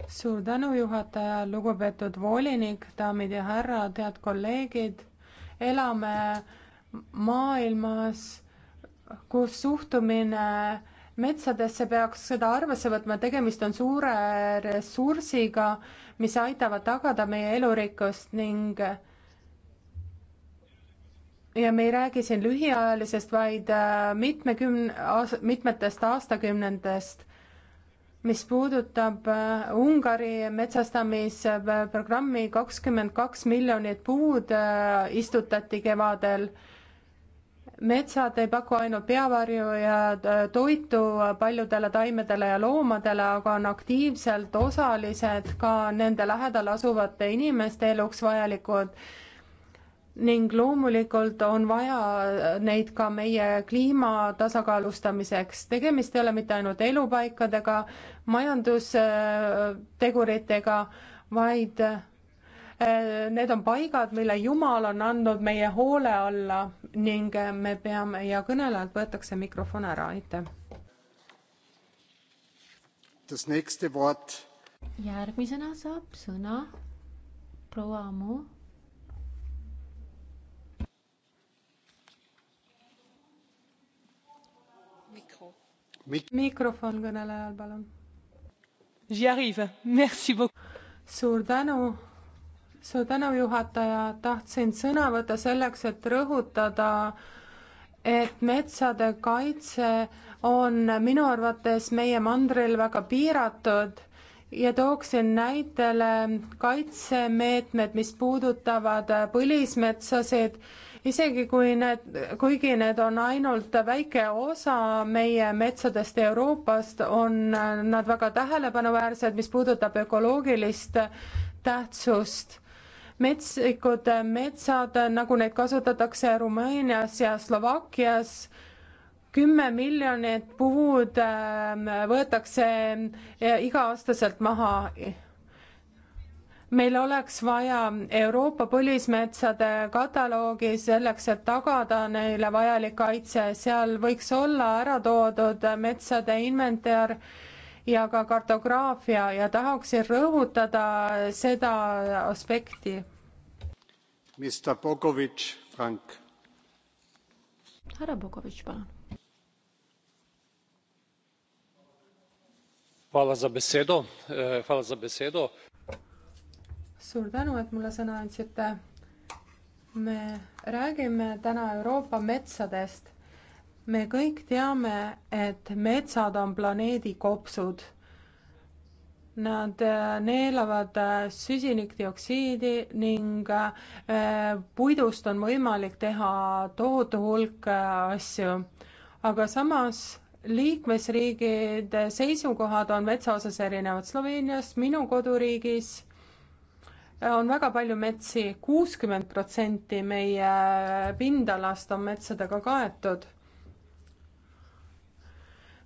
suur tänu, juhataja, lugupeetud volinik, daamid ja härrad, head kolleegid. elame maailmas, kus suhtumine metsadesse peaks seda arvesse võtma, tegemist on suure ressursiga, mis aitavad tagada meie elurikkust ning ja me ei räägi siin lühiajalisest, vaid äh, mitmekümne aas,, mitmetest aastakümnendest, mis puudutab äh, Ungari metsastamisprogrammi, äh, kakskümmend kaks miljonit puud istutati kevadel metsad ei paku ainult peavarju ja äh, toitu paljudele taimedele ja loomadele, aga on aktiivselt osalised ka nende lähedal asuvate inimeste eluks vajalikud ning loomulikult on vaja neid ka meie kliima tasakaalustamiseks. tegemist ei ole mitte ainult elupaikadega, majandusteguritega, vaid Äh, need on paigad, mille Jumal on andnud meie hoole alla ning äh, me peame ja kõnelejalt võetakse mikrofon ära, aitäh. järgmisena saab sõna proua Amu mikrofon kõnelejal palun. suur tänu suur tänu, juhataja, tahtsin sõna võtta selleks, et rõhutada, et metsade kaitse on minu arvates meie mandril väga piiratud ja tooksin näitele kaitsemeetmed, mis puudutavad põlismetsasid, isegi kui need, kuigi need on ainult väike osa meie metsadest Euroopast, on nad väga tähelepanuväärsed, mis puudutab ökoloogilist tähtsust metsikud metsad, nagu neid kasutatakse Rumeenias ja Slovakkias, kümme miljonit puud ähm, võetakse äh, iga-aastaselt maha meil oleks vaja Euroopa põlismetsade kataloogi selleks, et tagada neile vajalik kaitse, seal võiks olla ära toodud metsade inventar ja ka kartograafia ja tahaksin rõhutada seda aspekti. härra Bogovič, palun. E, suur tänu, et mulle sõna andsite. me räägime täna Euroopa metsadest me kõik teame, et metsad on planeedi kopsud. Nad äh, neelavad äh, süsinikdioksiidi ning äh, puidust on võimalik teha tohutu hulk asju. aga samas liikmesriigide seisukohad on metsa osas erinevad. Sloveenias, minu koduriigis on väga palju metsi, kuuskümmend protsenti meie pindalast on metsadega kaetud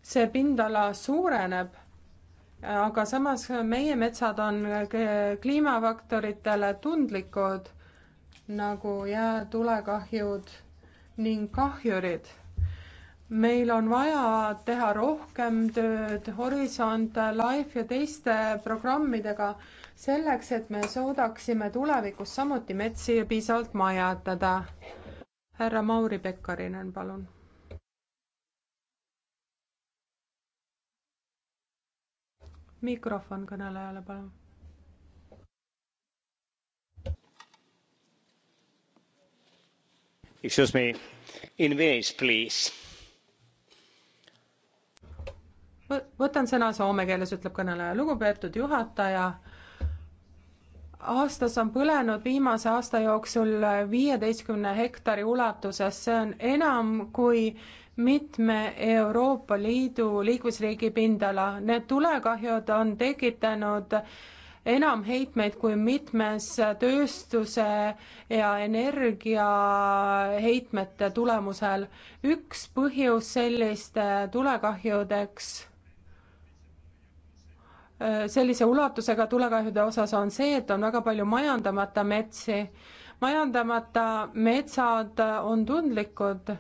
see pindala suureneb, aga samas meie metsad on kliimafaktoritele tundlikud, nagu jää, tulekahjud ning kahjurid. meil on vaja teha rohkem tööd Horisont Life ja teiste programmidega selleks, et me suudaksime tulevikus samuti metsi piisavalt majatada. härra Mauri Pekkarinen, palun mikrofon kõnelejale, palun. Excuse me, in Venice please. võtan sõna soome keeles, ütleb kõneleja, lugupeetud juhataja aastas on põlenud viimase aasta jooksul viieteistkümne hektari ulatuses, see on enam kui mitme Euroopa Liidu liikmesriigi pindala. Need tulekahjud on tekitanud enam heitmeid kui mitmes tööstuse ja energiaheitmete tulemusel. üks põhjus selliste tulekahjudeks sellise ulatusega tulekahjude osas on see, et on väga palju majandamata metsi. majandamata metsad on tundlikud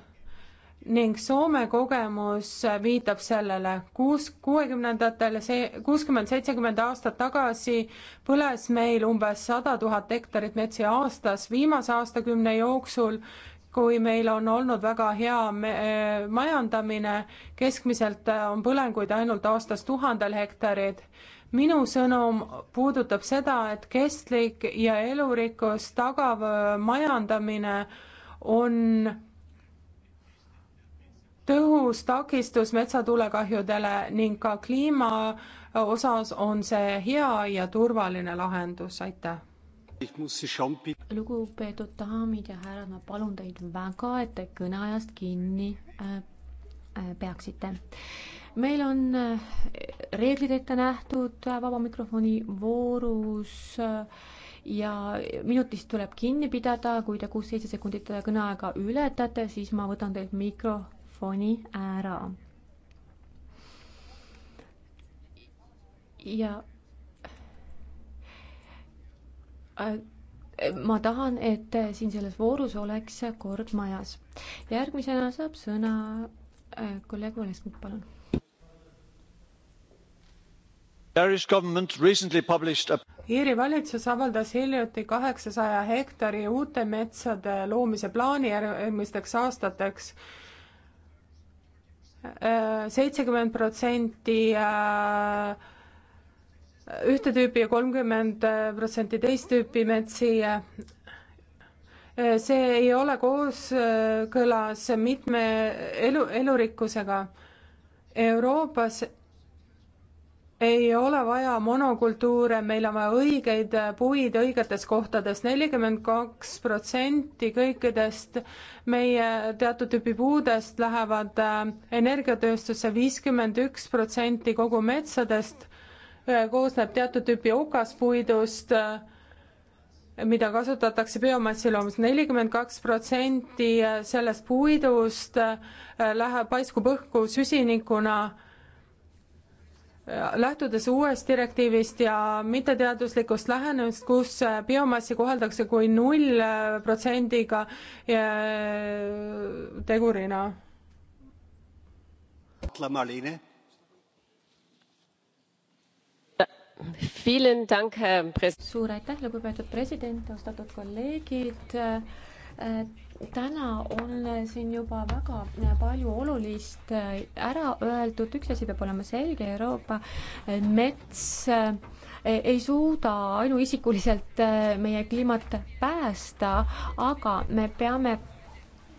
ning Soome kogemus viitab sellele. kuus, kuuekümnendatel, see kuuskümmend, seitsekümmend aastat tagasi põles meil umbes sada tuhat hektarit metsi aastas. viimase aastakümne jooksul, kui meil on olnud väga hea majandamine, keskmiselt on põlenguid ainult aastas tuhandel hektarid minu sõnum puudutab seda, et kestlik ja elurikkus tagav majandamine on tõhus takistus metsatulekahjudele ning ka kliima osas on see hea ja turvaline lahendus, aitäh! lugupeetud daamid ja härrad, ma palun teid väga, et te kõneajast kinni äh, äh, peaksite. meil on äh, reeglid ette nähtud vaba mikrofoni voorus ja minutist tuleb kinni pidada, kui te kuus-seitse sekundit kõneaega ületate, siis ma võtan teilt mikro telefoni ära. ja äh, ma tahan, et siin selles voorus oleks kord majas. järgmisena saab sõna äh, kolleeg Valeskog, palun. Iiri valitsus avaldas hiljuti kaheksasaja hektari uute metsade loomise plaani järgmisteks aastateks seitsekümmend protsenti äh, ühte tüüpi ja kolmkümmend protsenti teist tüüpi metsi. Äh, see ei ole kooskõlas mitme elu, elurikkusega. Euroopas ei ole vaja monokultuure, meil on vaja õigeid puid õigetes kohtades. nelikümmend kaks protsenti kõikidest meie teatud tüüpi puudest lähevad äh, energiatööstusse, viiskümmend üks protsenti kogu metsadest äh, koosneb teatud tüüpi okaspuidust, äh, mida kasutatakse biomassi loomas. nelikümmend kaks protsenti sellest puidust läheb, paiskub õhku süsinikuna lähtudes uuest direktiivist ja mitteteaduslikust lähenemist, kus biomassi koheldakse kui null protsendiga eh, tegurina. suur aitäh, lugupeetud president, austatud kolleegid eh, täna on siin juba väga palju olulist äh, ära öeldud, üks asi peab olema selge, Euroopa äh, mets äh, ei suuda ainuisikuliselt meie kliimat päästa, aga me peame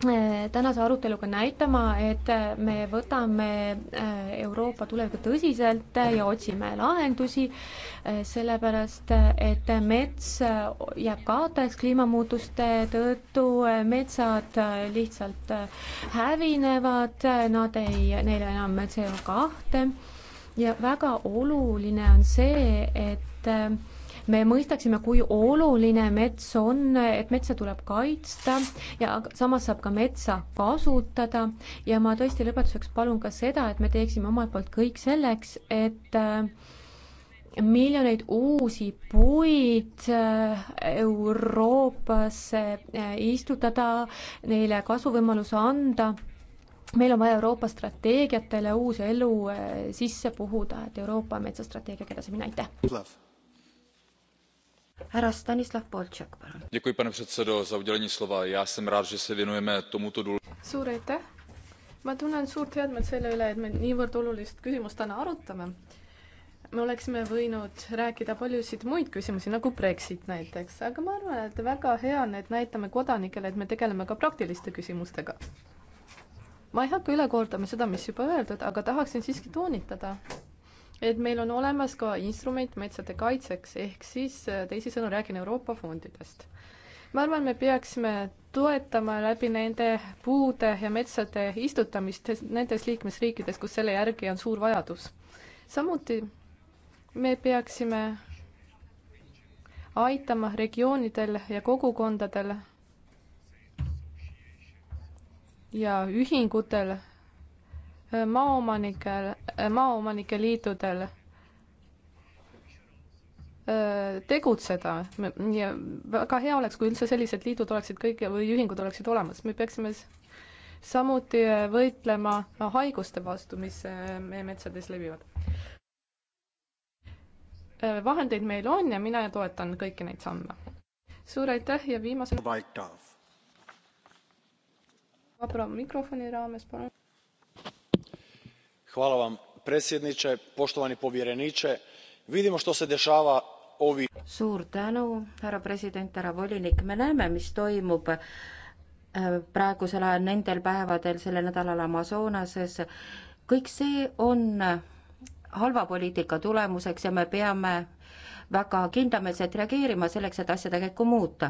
Äh, tänase aruteluga näitama, et äh, me võtame äh, Euroopa tulevikku tõsiselt ja otsime lahendusi, sellepärast et mets jääb kaotajaks kliimamuutuste tõttu, metsad lihtsalt hävinevad, nad ei, neil enam CO kahte ja väga oluline on see, et me mõistaksime, kui oluline mets on, et metsa tuleb kaitsta ja samas saab ka metsa kasutada ja ma tõesti lõpetuseks palun ka seda, et me teeksime omalt poolt kõik selleks, et äh, miljoneid uusi puid äh, Euroopasse äh, istutada, neile kasvuvõimaluse anda meil on vaja Euroopa strateegiatele uus elu sisse puhuda, et Euroopa metsastrateegiaga edasi minna, aitäh! Děkuji, pane předsedo, za udělení slova. Já jsem rád, že se věnujeme tomuto důležitému. Suur aitäh! Ma tunnen suurt headmeelt selle üle, et me niivõrd olulist küsimust täna arutame. me oleksime võinud rääkida paljusid muid küsimusi, nagu Brexit näiteks, aga ma arvan, et väga hea on, et näitame kodanikele, et me tegeleme ka praktiliste küsimustega. ma ei hakka üle kordama seda, mis juba öeldud, aga tahaksin siiski toonitada, et meil on olemas ka instrument metsade kaitseks, ehk siis äh, teisisõnu räägin Euroopa fondidest. ma arvan, me peaksime toetama läbi nende puude ja metsade istutamist nendes liikmesriikides, kus selle järgi on suur vajadus. samuti me peaksime aitama regioonidel ja kogukondadel ja ühingutel maaomanikel, maaomanike liitudel tegutseda ja väga hea oleks, kui üldse sellised liidud oleksid kõik või ühingud oleksid olemas, me peaksime samuti võitlema haiguste vastu, mis meie metsades levivad. vahendeid meil on ja mina toetan kõiki neid samme. suur aitäh ja viimasena vaba mikrofoni raames palun poštovani predsjedavajući poštovani povjereniče vidimo što se dešava ovih. suur tänu härra president härra volinik me näeme mis toimub äh, praegusel ajal nendel päevadel sellel nädalal amazonases kõik see on äh, halva poliitika tulemuseks ja me peame väga kindlameelselt reageerima selleks, et asjade käiku muuta.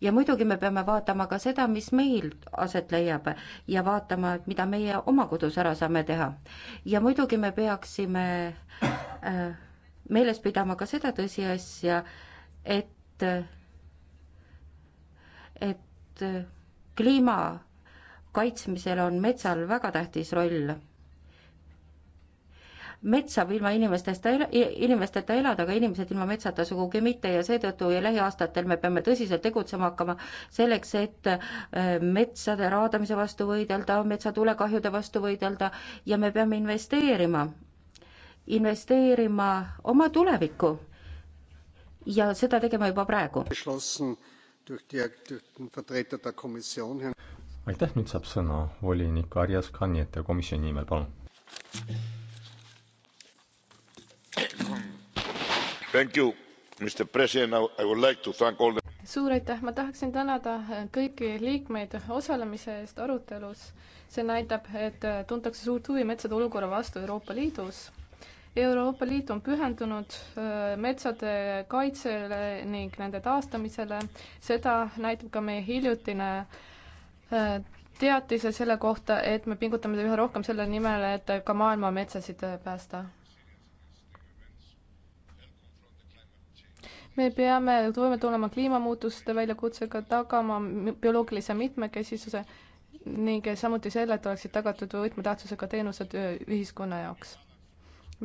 ja muidugi me peame vaatama ka seda, mis meil aset leiab ja vaatama, et mida meie oma kodus ära saame teha. ja muidugi me peaksime äh, meeles pidama ka seda tõsiasja, et, et kliima kaitsmisel on metsal väga tähtis roll metsa ilma inimestest, inimesteta elada, aga inimesed ilma metsata sugugi mitte ja seetõttu ja lähiaastatel me peame tõsiselt tegutsema hakkama selleks, et äh, metsade raadamise vastu võidelda, metsatulekahjude vastu võidelda ja me peame investeerima, investeerima oma tulevikku ja seda tegema juba praegu. aitäh, nüüd saab sõna volinik Arias Kanjete komisjoni nimel, palun. suur aitäh, ma tahaksin tänada eh, kõiki liikmeid osalemise eest arutelus. see näitab, et eh, tuntakse suurt huvi metsade olukorra vastu Euroopa Liidus. Euroopa Liit on pühendunud eh, metsade kaitsele ning nende taastamisele, seda näitab ka meie hiljutine teatise selle kohta, et me pingutame üha rohkem selle nimel, et ka maailma metsasid päästa me peame toime tulema kliimamuutuste väljakutsega, tagama bioloogilise mitmekesisuse ning samuti selle, et oleksid tagatud võtmetähtsusega teenused ühiskonna jaoks.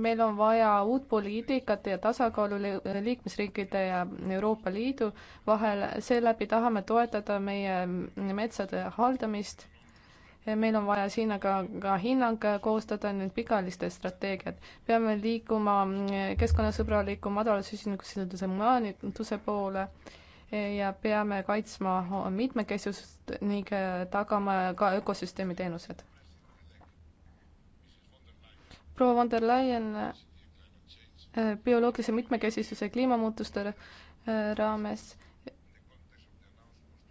meil on vaja uut poliitikat ja tasakaalu liikmesriikide ja Euroopa Liidu vahel, seeläbi tahame toetada meie metsade haldamist meil on vaja siin aga ka hinnang koostada, need pikaajalised strateegiad. peame liikuma keskkonnasõbraliku madala süsinikusisalduse majanduse poole ja peame kaitsma mitmekesisust ning tagama ka ökosüsteemi teenused. proua von der Leyen bioloogilise mitmekesisuse kliimamuutuste raames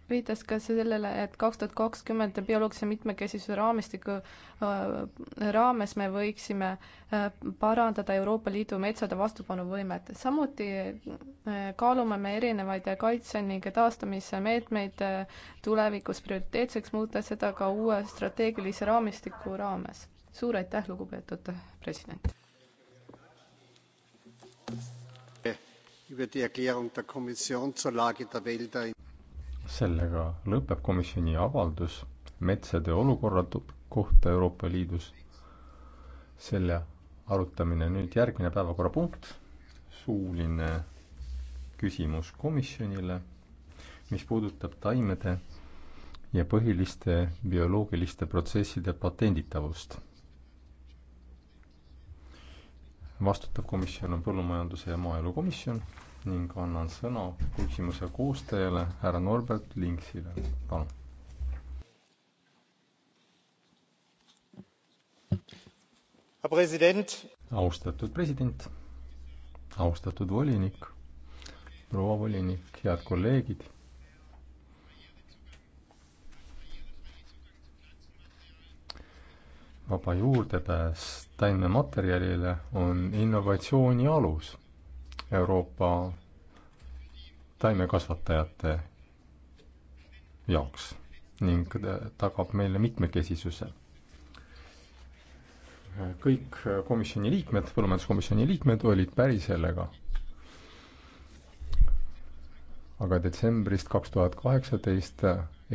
viitas ka sellele, et kaks tuhat kakskümmend bioloogilise mitmekesisuse raamistiku äh, raames me võiksime äh, parandada Euroopa Liidu metsade vastupanuvõimet. samuti äh, kaalume me erinevaid kaitse ning taastamise meetmeid tulevikus prioriteetseks, muutes seda ka uue strateegilise raamistiku raames. suur aitäh, lugupeetud president! über die erklärung der kommission zur lage der wälder sellega lõpeb komisjoni avaldus metsade olukorra kohta Euroopa Liidus. selle arutamine nüüd järgmine päevakorrapunkt, suuline küsimus komisjonile, mis puudutab taimede ja põhiliste bioloogiliste protsesside patenditavust. vastutav komisjon on Põllumajanduse ja Maaelukomisjon ning annan sõna küsimuse koostajale, härra Norbert Linksile, palun. austatud president, austatud volinik, proua volinik, head kolleegid. vaba juurdepääs taimematerjalile on innovatsiooni alus Euroopa taimekasvatajate jaoks ning tagab meile mitmekesisuse. kõik komisjoni liikmed, põllumajanduskomisjoni liikmed olid päri sellega. aga detsembrist kaks tuhat kaheksateist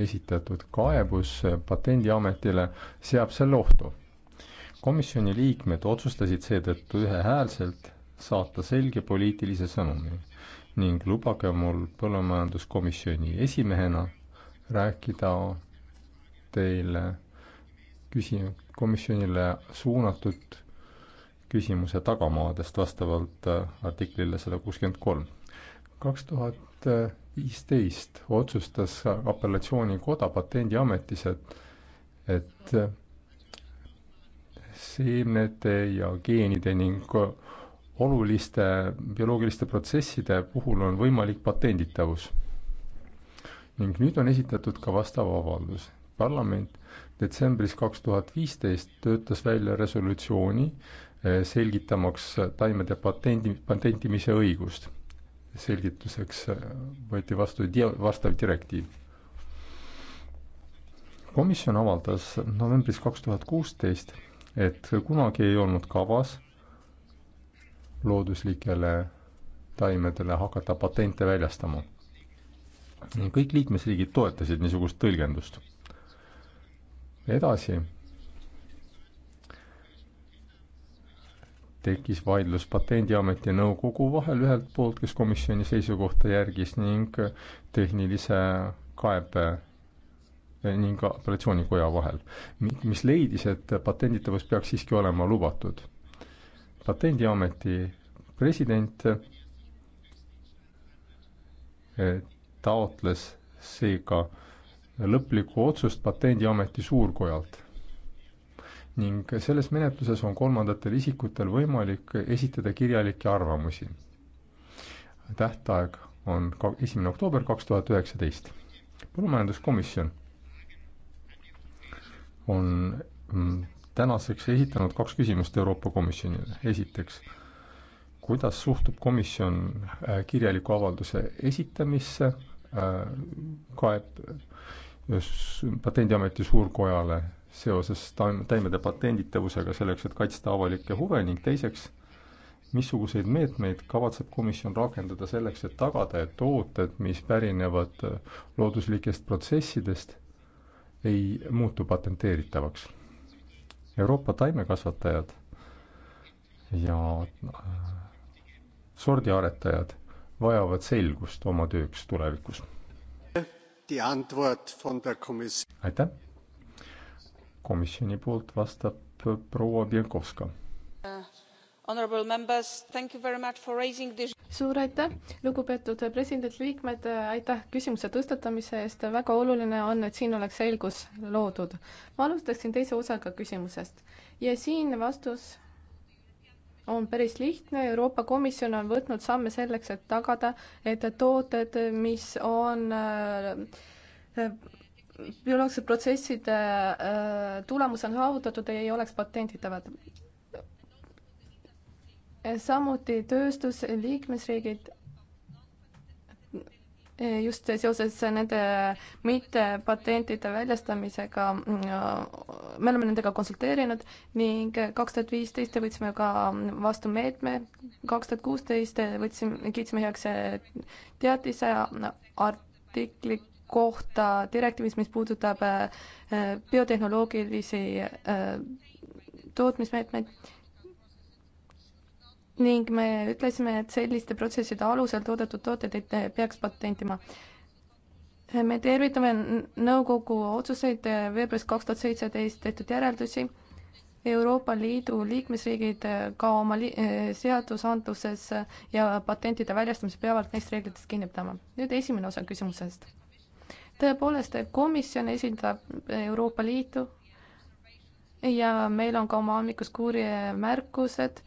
esitatud kaebus Patendiametile seab selle ohtu. komisjoni liikmed otsustasid seetõttu ühehäälselt saata selge poliitilise sõnumi ning lubage mul põllumajanduskomisjoni esimehena rääkida teile küsi-, komisjonile suunatud küsimuse tagamaadest vastavalt äh, artiklile sada kuuskümmend kolm. kaks tuhat viisteist otsustas apellatsioonikoda Patendiametis, et, et seemnete ja geenide ning oluliste bioloogiliste protsesside puhul on võimalik patenditavus. ning nüüd on esitatud ka vastav avaldus. parlament detsembris kaks tuhat viisteist töötas välja resolutsiooni, eh, selgitamaks taimede patendi, patentimise õigust. selgituseks eh, võeti vastu dia-, vastav direktiiv. komisjon avaldas novembris kaks tuhat kuusteist, et kunagi ei olnud kavas looduslikele taimedele hakata patente väljastama. kõik liikmesriigid toetasid niisugust tõlgendust. edasi tekkis vaidlus Patendiameti nõukogu vahel ühelt poolt, kes komisjoni seisukohta järgis ning tehnilise kaebe ning apellatsioonikoja vahel, mis leidis, et patenditavus peaks siiski olema lubatud patendiameti president eh, taotles seega lõplikku otsust Patendiameti suurkojalt. ning selles menetluses on kolmandatel isikutel võimalik esitada kirjalikke arvamusi. tähtaeg on ka esimene oktoober kaks tuhat üheksateist. põllumajanduskomisjon on mm, tänaseks esitanud kaks küsimust Euroopa Komisjonile. esiteks, kuidas suhtub komisjon äh, kirjaliku avalduse esitamisse, äh, kaeb äh, Patendiameti suurkojale seoses taim-, taimede patenditavusega selleks, et kaitsta avalikke huve ning teiseks, missuguseid meetmeid kavatseb komisjon rakendada selleks, et tagada, et tooted, mis pärinevad looduslikest protsessidest, ei muutu patenteeritavaks? Euroopa taimekasvatajad ja äh, sordiaretajad vajavad selgust oma tööks tulevikus. aitäh! komisjoni poolt vastab proua Bjenkovska. Äh, suur aitäh, lugupeetud president, liikmed, aitäh küsimuse tõstatamise eest, väga oluline on, et siin oleks selgus loodud. ma alustaksin teise osaga küsimusest ja siin vastus on päris lihtne, Euroopa Komisjon on võtnud samme selleks, et tagada, et tooted, mis on äh, äh, bioloogilised protsesside äh, tulemusena saavutatud, ei oleks patenditavad samuti tööstusliikmesriigid just seoses nende mittepatentide väljastamisega, me oleme nendega konsulteerinud ning kaks tuhat viisteist võtsime ka vastu meetme, kaks tuhat kuusteist võtsime, kiitsime heaks teatise artikli kohta direktiivis, mis puudutab biotehnoloogilisi äh, tootmismeetmeid ning me ütlesime, et selliste protsesside alusel toodetud tooted ei peaks patentima. me tervitame nõukogu otsuseid eh, veebruaris kaks tuhat seitseteist tehtud järeldusi. Euroopa Liidu liikmesriigid eh, ka oma li eh, seadusandluses ja patentide väljastamisel peavad neist reeglitest kinni pidama. nüüd esimene osa küsimusest. tõepoolest, komisjon esindab Euroopa Liitu ja meil on ka oma hommikuskuuri märkused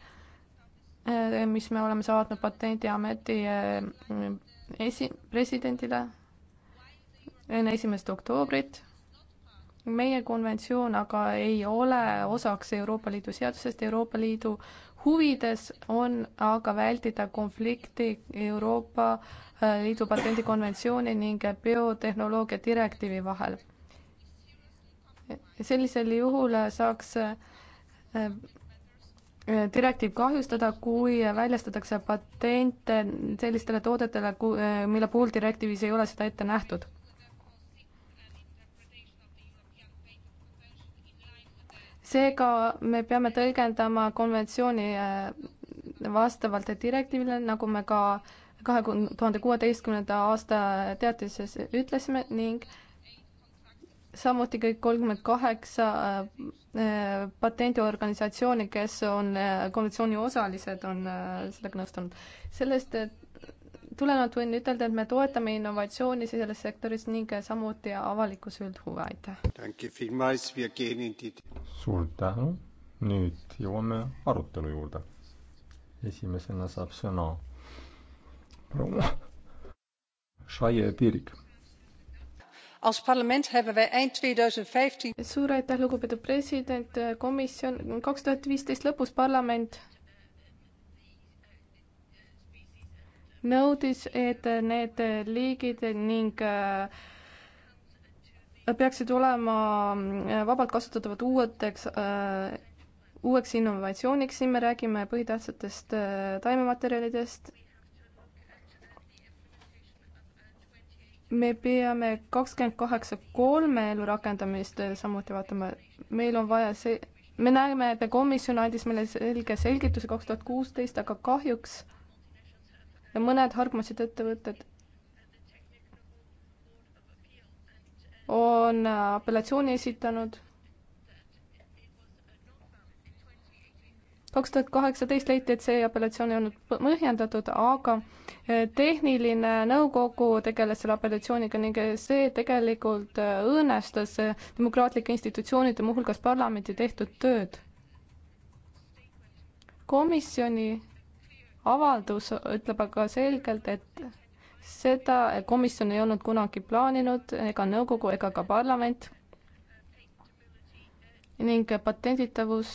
Äh, mis me oleme saatnud Patendiameti äh, esi-, presidendile enne esimest oktoobrit. meie konventsioon aga ei ole osaks Euroopa Liidu seadusest, Euroopa Liidu huvides on aga vältida konflikti Euroopa äh, Liidu patendikonventsiooni ning biotehnoloogia direktiivi vahel. sellisel juhul saaks direktiiv kahjustada, kui väljastatakse patente sellistele toodetele, mille puhul direktiivis ei ole seda ette nähtud. seega me peame tõlgendama konventsiooni äh, vastavalt direktiivile, nagu me ka kahe tuhande kuueteistkümnenda aasta teatises ütlesime ning äh, samuti kõik kolmkümmend kaheksa äh, äh, patendiorganisatsiooni, kes on äh, konventsiooni osalised, on sellega nõustunud. sellest tulenevalt võin ütelda, et me toetame innovatsiooni selles sektoris ning samuti avalikkuse üldhuve, aitäh! suur tänu, nüüd jõuame arutelu juurde. esimesena saab sõna proua Šaie Pirik als parlement hebben wij eind 2015. suur aitäh, lugupeetud president, komisjon, kaks tuhat viisteist lõpus parlament nõudis, et need liigid ning äh, peaksid olema äh, vabalt kasutatavad uueteks äh,, uueks innovatsiooniks, siin me räägime põhitähtsatest äh, taimematerjalidest me peame kakskümmend kaheksa kolme elu rakendamist äh, samuti vaatama, meil on vaja see, me näeme, et komisjon andis meile selge selgituse kaks tuhat kuusteist, aga kahjuks mõned hargmasid ettevõtted on äh, apellatsiooni esitanud kaks tuhat kaheksateist leiti, et see apellatsioon ei olnud põhjendatud, aga eh, tehniline nõukogu tegeles selle apellatsiooniga ning see tegelikult eh, õõnestas eh, demokraatlike institutsioonide, muuhulgas parlamendi tehtud tööd. komisjoni avaldus ütleb aga selgelt, et seda komisjon ei olnud kunagi plaaninud ega nõukogu ega ka parlament ning patenditavus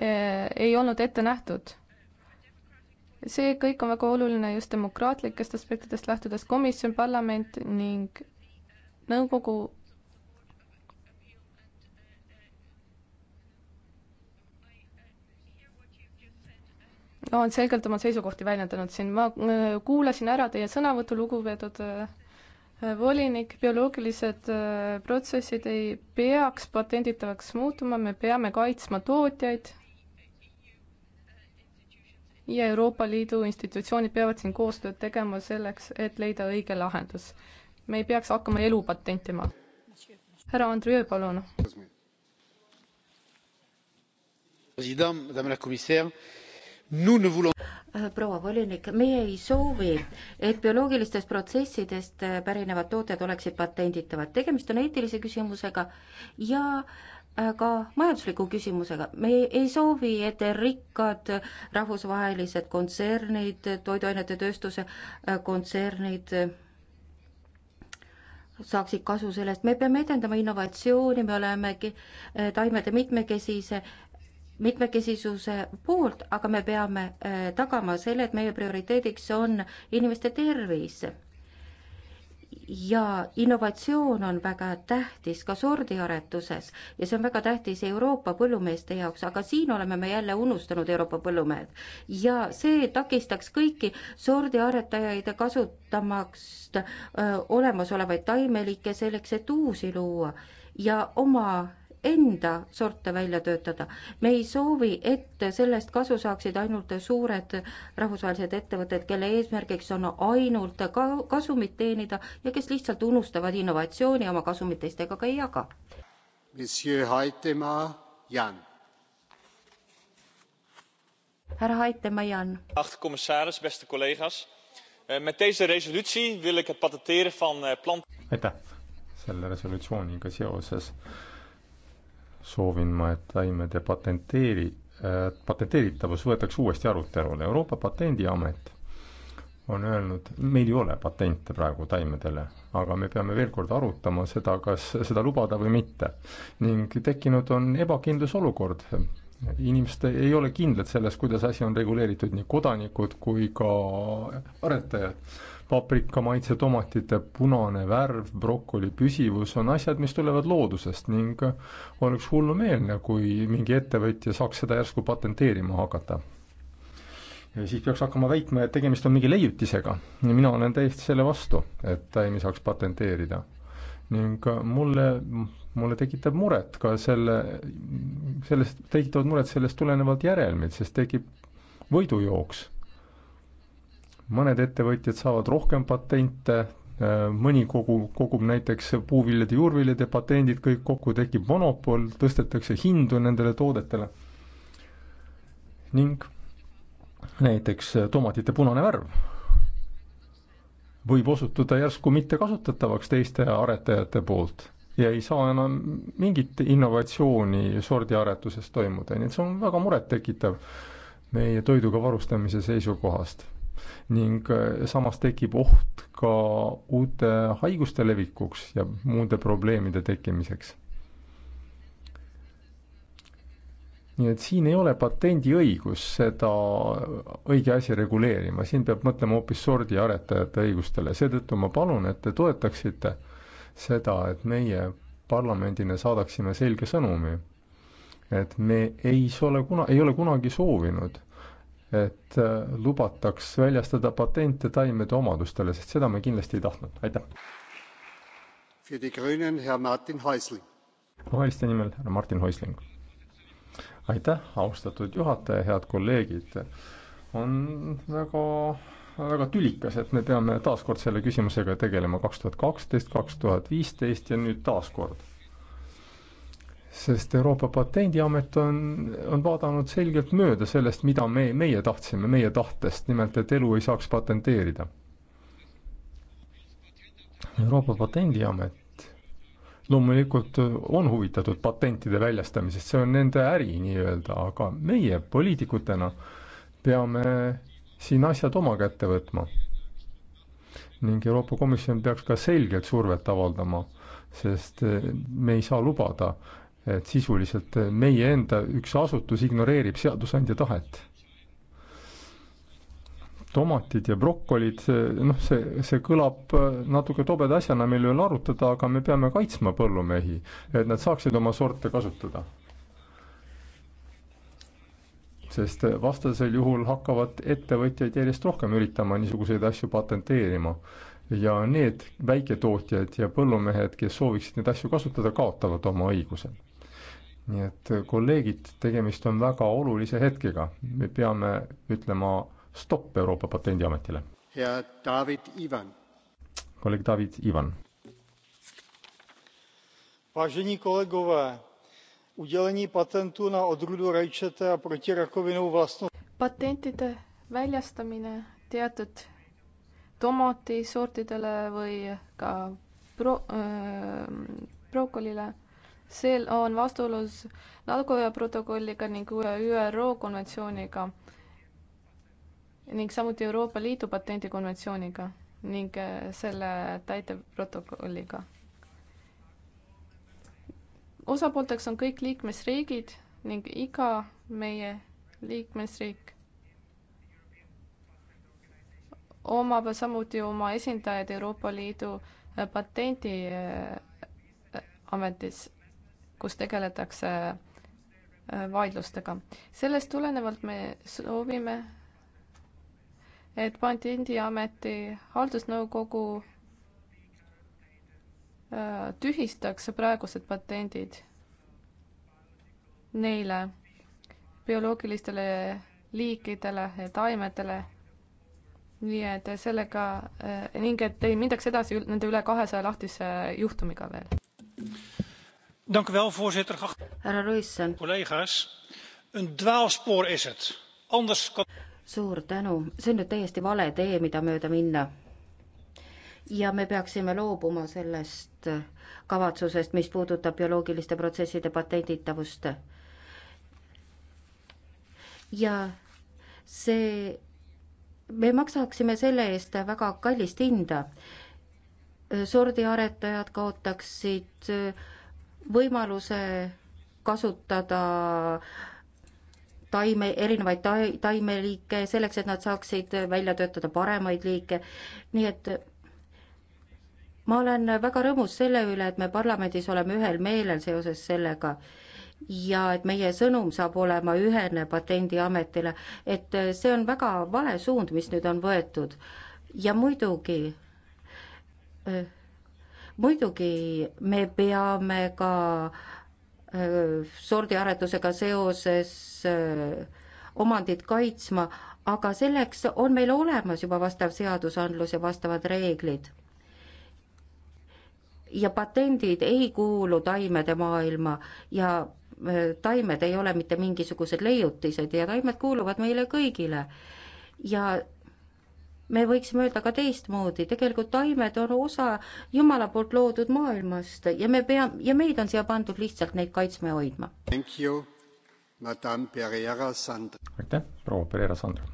Eh, ei olnud ette nähtud. see kõik on väga oluline just demokraatlikest aspektidest lähtudes, komisjon, parlament ning nõukogu on selgelt oma seisukohti väljendanud siin, ma eh, kuulasin ära teie sõnavõtu, lugupeetud eh, volinik, bioloogilised protsessid ei peaks patenditavaks muutuma, me peame kaitsma tootjaid ja Euroopa Liidu institutsioonid peavad siin koostööd tegema selleks, et leida õige lahendus. me ei peaks hakkama elu patentima. härra Andrei, palun. Äh, proua volinik, meie ei soovi, et bioloogilistest protsessidest äh, pärinevad tooted oleksid patenditavad. tegemist on eetilise küsimusega ja äh, ka majandusliku küsimusega. me ei soovi, et rikkad rahvusvahelised kontsernid, toiduainete tööstuse äh, kontsernid äh, saaksid kasu sellest, me peame edendama innovatsiooni, me oleme äh, taimede mitmekesise, mitmekesisuse poolt, aga me peame tagama selle, et meie prioriteediks on inimeste tervis ja innovatsioon on väga tähtis ka sordiaretuses ja see on väga tähtis Euroopa põllumeeste jaoks, aga siin oleme me jälle unustanud Euroopa põllumehed. ja see takistaks kõiki sordiaretajaid kasutamast öö, äh, olemasolevaid taimeliike selleks, et uusi luua ja oma enda sorte välja töötada. me ei soovi, et sellest kasu saaksid ainult suured rahvusvahelised ettevõtted, kelle eesmärgiks on ainult ka-, kasumit teenida ja kes lihtsalt unustavad innovatsiooni ja oma kasumit teistega ka ei jaga. härra Haitema, Jan. Acht commissaris, beste kolleegas. Eh, met deze resolutie wil ik het patenteren van eh, plant- aitäh selle resolutsiooniga seoses soovin ma, et taimede patenteeri-, äh, patenteeritavus võetakse uuesti arutelule. Euroopa Patendiamet on öelnud, meil ei ole patente praegu taimedele, aga me peame veel kord arutama seda, kas seda lubada või mitte. ning tekkinud on ebakindlus olukord. inimesed ei ole kindlad selles, kuidas asi on reguleeritud, nii kodanikud kui ka aretajad paprikamaitse tomatite punane värv, brokoli püsivus on asjad, mis tulevad loodusest ning oleks hullumeelne, kui mingi ettevõtja saaks seda järsku patenteerima hakata. ja siis peaks hakkama väitma, et tegemist on mingi leiutisega ja mina olen täiesti selle vastu, et taimi saaks patenteerida. ning mulle, mulle tekitab muret ka selle, sellest, tekitavad muret sellest tulenevalt järelmid, sest tekib võidujooks mõned ettevõtjad saavad rohkem patente, äh, mõni kogu, kogub näiteks puuviljade, juurviljade patendid kõik kokku, tekib monopol, tõstetakse hindu nendele toodetele. ning näiteks äh, tomatite punane värv võib osutuda järsku mittekasutatavaks teiste aretajate poolt ja ei saa enam mingit innovatsiooni sordiaretuses toimuda, nii et see on väga murettekitav meie toiduga varustamise seisukohast ning eh, samas tekib oht ka uute haiguste levikuks ja muude probleemide tekkimiseks. nii et siin ei ole patendiõigus seda õige asja reguleerima, siin peab mõtlema hoopis sordiaretajate õigustele, seetõttu ma palun, et te toetaksite seda, et meie parlamendina saadaksime selge sõnumi, et me ei ole kuna, ei ole kunagi soovinud et äh, lubataks väljastada patente taimede omadustele, sest seda me kindlasti ei tahtnud, aitäh. roheliste nimel härra Martin Häusling. aitäh, austatud juhataja, head kolleegid. on väga, väga tülikas, et me peame taas kord selle küsimusega tegelema kaks tuhat kaksteist, kaks tuhat viisteist ja nüüd taas kord sest Euroopa Patendiamet on, on vaadanud selgelt mööda sellest, mida me, meie tahtsime, meie tahtest, nimelt et elu ei saaks patenteerida. Euroopa Patendiamet loomulikult on huvitatud patentide väljastamisest, see on nende äri nii-öelda, aga meie poliitikutena peame siin asjad oma kätte võtma. ning Euroopa Komisjon peaks ka selgelt survet avaldama, sest me ei saa lubada äh, et äh, sisuliselt äh, meie enda üks asutus ignoreerib seadusandja tahet. tomatid ja brokkolid, noh, see, see kõlab äh, natuke tobeda asjana, mille üle arutada, aga me peame kaitsma põllumehi, et nad saaksid oma sorte kasutada. sest vastasel juhul hakkavad ettevõtjad järjest rohkem üritama niisuguseid asju patenteerima ja need väiketootjad ja põllumehed, kes sooviksid neid asju kasutada, kaotavad oma õiguse nii et äh, kolleegid, tegemist on väga olulise hetkega, me peame ütlema stopp Euroopa Patendiametile. hea David Ivan. kolleeg David Ivan. Vážení kolegové, udělení patentu na odrůdu rajčete a protirakovinou vlastnost. Patentide väljastamine teatud tomatisortidele või ka pro- äh,, brokolile see on vastuolus Nagoya protokolliga ning ÜRO konventsiooniga ning samuti Euroopa Liidu patendikonventsiooniga ning äh, selle täiteprotokolliga. osapoolteks on kõik liikmesriigid ning iga meie liikmesriik omab samuti oma esindajaid Euroopa Liidu äh, patendiametis kus tegeletakse äh, vaidlustega. sellest tulenevalt me soovime, et Pandiameti haldusnõukogu äh, tühistaks praegused patendid neile bioloogilistele liikidele ja taimedele, nii et sellega äh, ning et ei mindaks edasi nende üle kahesaja lahtise juhtumiga veel voorzitter geachte collega's een dwaalspoor is het anders kan. suur tänu see on nüüd täiesti vale tee mida mööda minna ja me peaksime loobuma sellest äh, kavatsusest mis puudutab bioloogiliste protsesside patenditavust ja see me maksaksime selle eest väga kallist hinda äh, sordiaretajad kaotaksid äh, võimaluse kasutada taime, erinevaid ta-, taimeliike selleks, et nad saaksid välja töötada paremaid liike, nii et ma olen väga rõõmus selle üle, et me parlamendis oleme ühel meelel seoses sellega ja et meie sõnum saab olema ühene Patendiametile, et see on väga vale suund, mis nüüd on võetud. ja muidugi muidugi me peame ka äh, sordiaretusega seoses äh, omandit kaitsma, aga selleks on meil olemas juba vastav seadusandlus ja vastavad reeglid. ja patendid ei kuulu taimede maailma ja äh, taimed ei ole mitte mingisugused leiutised ja taimed kuuluvad meile kõigile. ja me võiksime öelda ka teistmoodi, tegelikult taimed on osa Jumala poolt loodud maailmast ja me pea, ja meid on siia pandud lihtsalt neid kaitsma ja hoidma. aitäh, proua Pereira Sandra.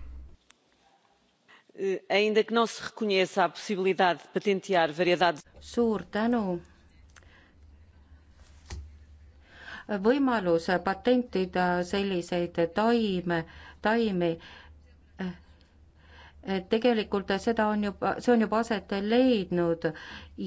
Eh, suur tänu võimalus patentida selliseid taime, taimi et tegelikult seda on juba, see on juba aset leidnud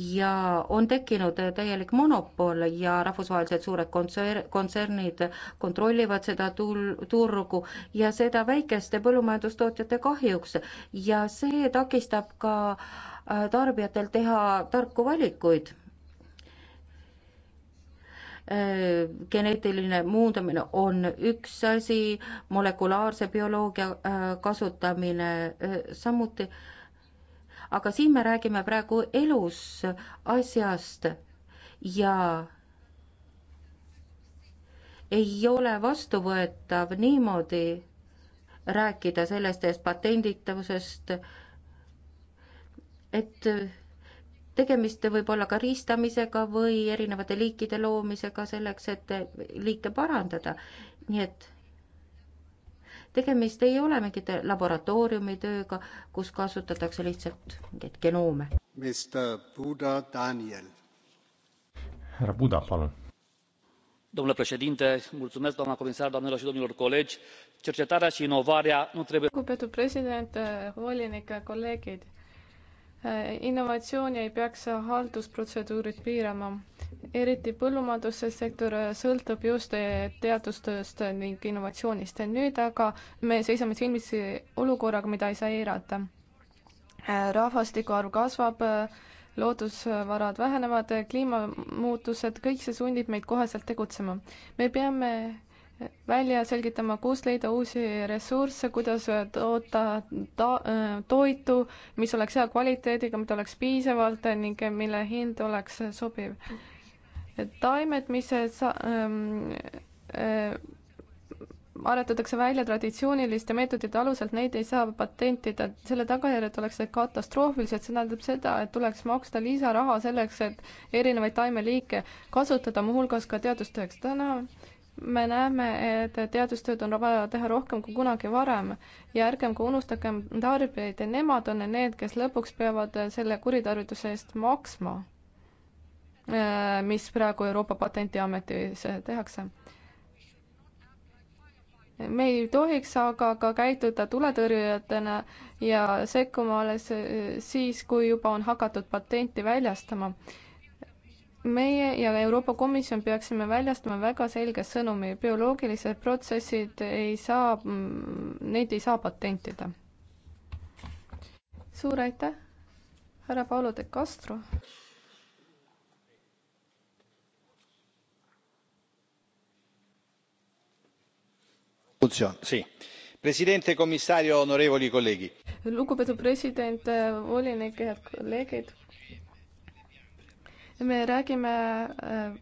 ja on tekkinud täielik monopol ja rahvusvahelised suured kontser-, kontsernid kontrollivad seda tul-, turgu ja seda väikeste põllumajandustootjate kahjuks ja see takistab ka äh, tarbijatel teha tarku valikuid Äh, geneetiline muundamine on üks asi, molekulaarse bioloogia äh, kasutamine äh, samuti, aga siin me räägime praegu elus asjast ja ei ole vastuvõetav niimoodi rääkida sellest patenditavusest, et tegemist võib olla ka riistamisega või erinevate liikide loomisega selleks, et liike parandada. nii et tegemist ei ole mingite laboratooriumi tööga, kus kasutatakse lihtsalt mingeid genoome. härra Buda, palun domnule președinte doamnă comisar doamnelor și domnilor colegi cercetarea și inovarea nu trebuie. lugupeetud president volinik kolleegid innovatsiooni ei peaks haldusprotseduurid piirama. eriti põllumajandussektor sõltub just teadustööst ning innovatsioonist. nüüd aga me seisame silmitsi olukorraga, mida ei saa eirata. rahvastiku arv kasvab, loodusvarad vähenevad, kliimamuutused, kõik see sunnib meid koheselt tegutsema. me peame välja selgitama, kus leida uusi ressursse, kuidas toota ta-, toitu, mis oleks hea kvaliteediga, mida oleks piisavalt ning mille hind oleks sobiv. taimed, mis sa- ähm,, äh, aretatakse välja traditsiooniliste meetodite aluselt, neid ei saa patentida, selle tagajärjed oleksid katastroofilised, see tähendab seda, et tuleks maksta lisaraha selleks, et erinevaid taimeliike kasutada, muuhulgas ka teadustööks. täna me näeme, et teadustööd on vaja teha rohkem kui kunagi varem ja ärgem ka unustagem tarbijaid ja nemad on need, kes lõpuks peavad selle kuritarvituse eest maksma, äh, mis praegu Euroopa Patendiametis tehakse. me ei tohiks aga ka käituda tuletõrjujatena ja sekkuma alles siis, kui juba on hakatud patenti väljastama meie ja Euroopa Komisjon peaksime väljastama väga selge sõnumi, bioloogilised protsessid ei saa, mm, neid ei saa patentida. suur aitäh, härra Paolo de Castro. Sì. Presidente, commissario, onorevoli colleghi. Lugupeetud president, eh, volinik, head kolleegid me räägime äh,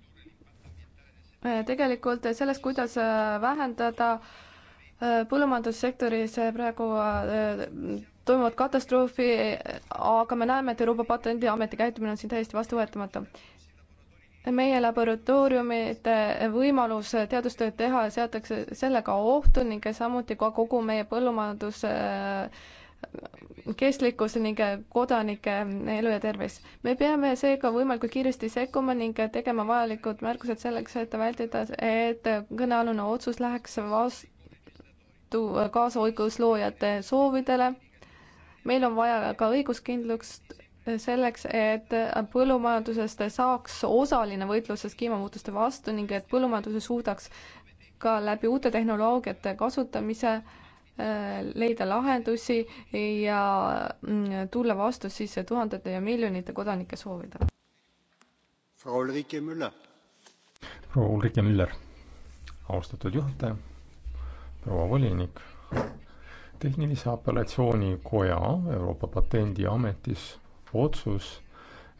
äh, tegelikult sellest, kuidas äh, vähendada põllumajandussektoris praegu toimuvat katastroofi, aga me näeme, et Euroopa Patendiameti käitumine on siin täiesti vastuvõetamatu. meie laboratooriumide võimalus teadustööd teha seatakse sellega ohtu ning samuti ka kogu meie põllumajandus äh, kestlikkus ning kodanike elu ja tervis. me peame seega võimalikult kiiresti sekkuma ning tegema vajalikud märkused selleks, et vältida, et kõnealune otsus läheks vastu kaasõigusloojate soovidele. meil on vaja ka õiguskindlust selleks, et põllumajandusest saaks osaline võitluses kliimamuutuste vastu ning et põllumajanduse suudaks ka läbi uute tehnoloogiate kasutamise äh, leida lahendusi ja mm, tulla vastu siis tuhandete ja miljonite kodanike soovidele. proua Ulrike Müller. proua Ulrike Müller, austatud juhataja, proua volinik, tehnilise apellatsiooni koja Euroopa Patendiametis otsus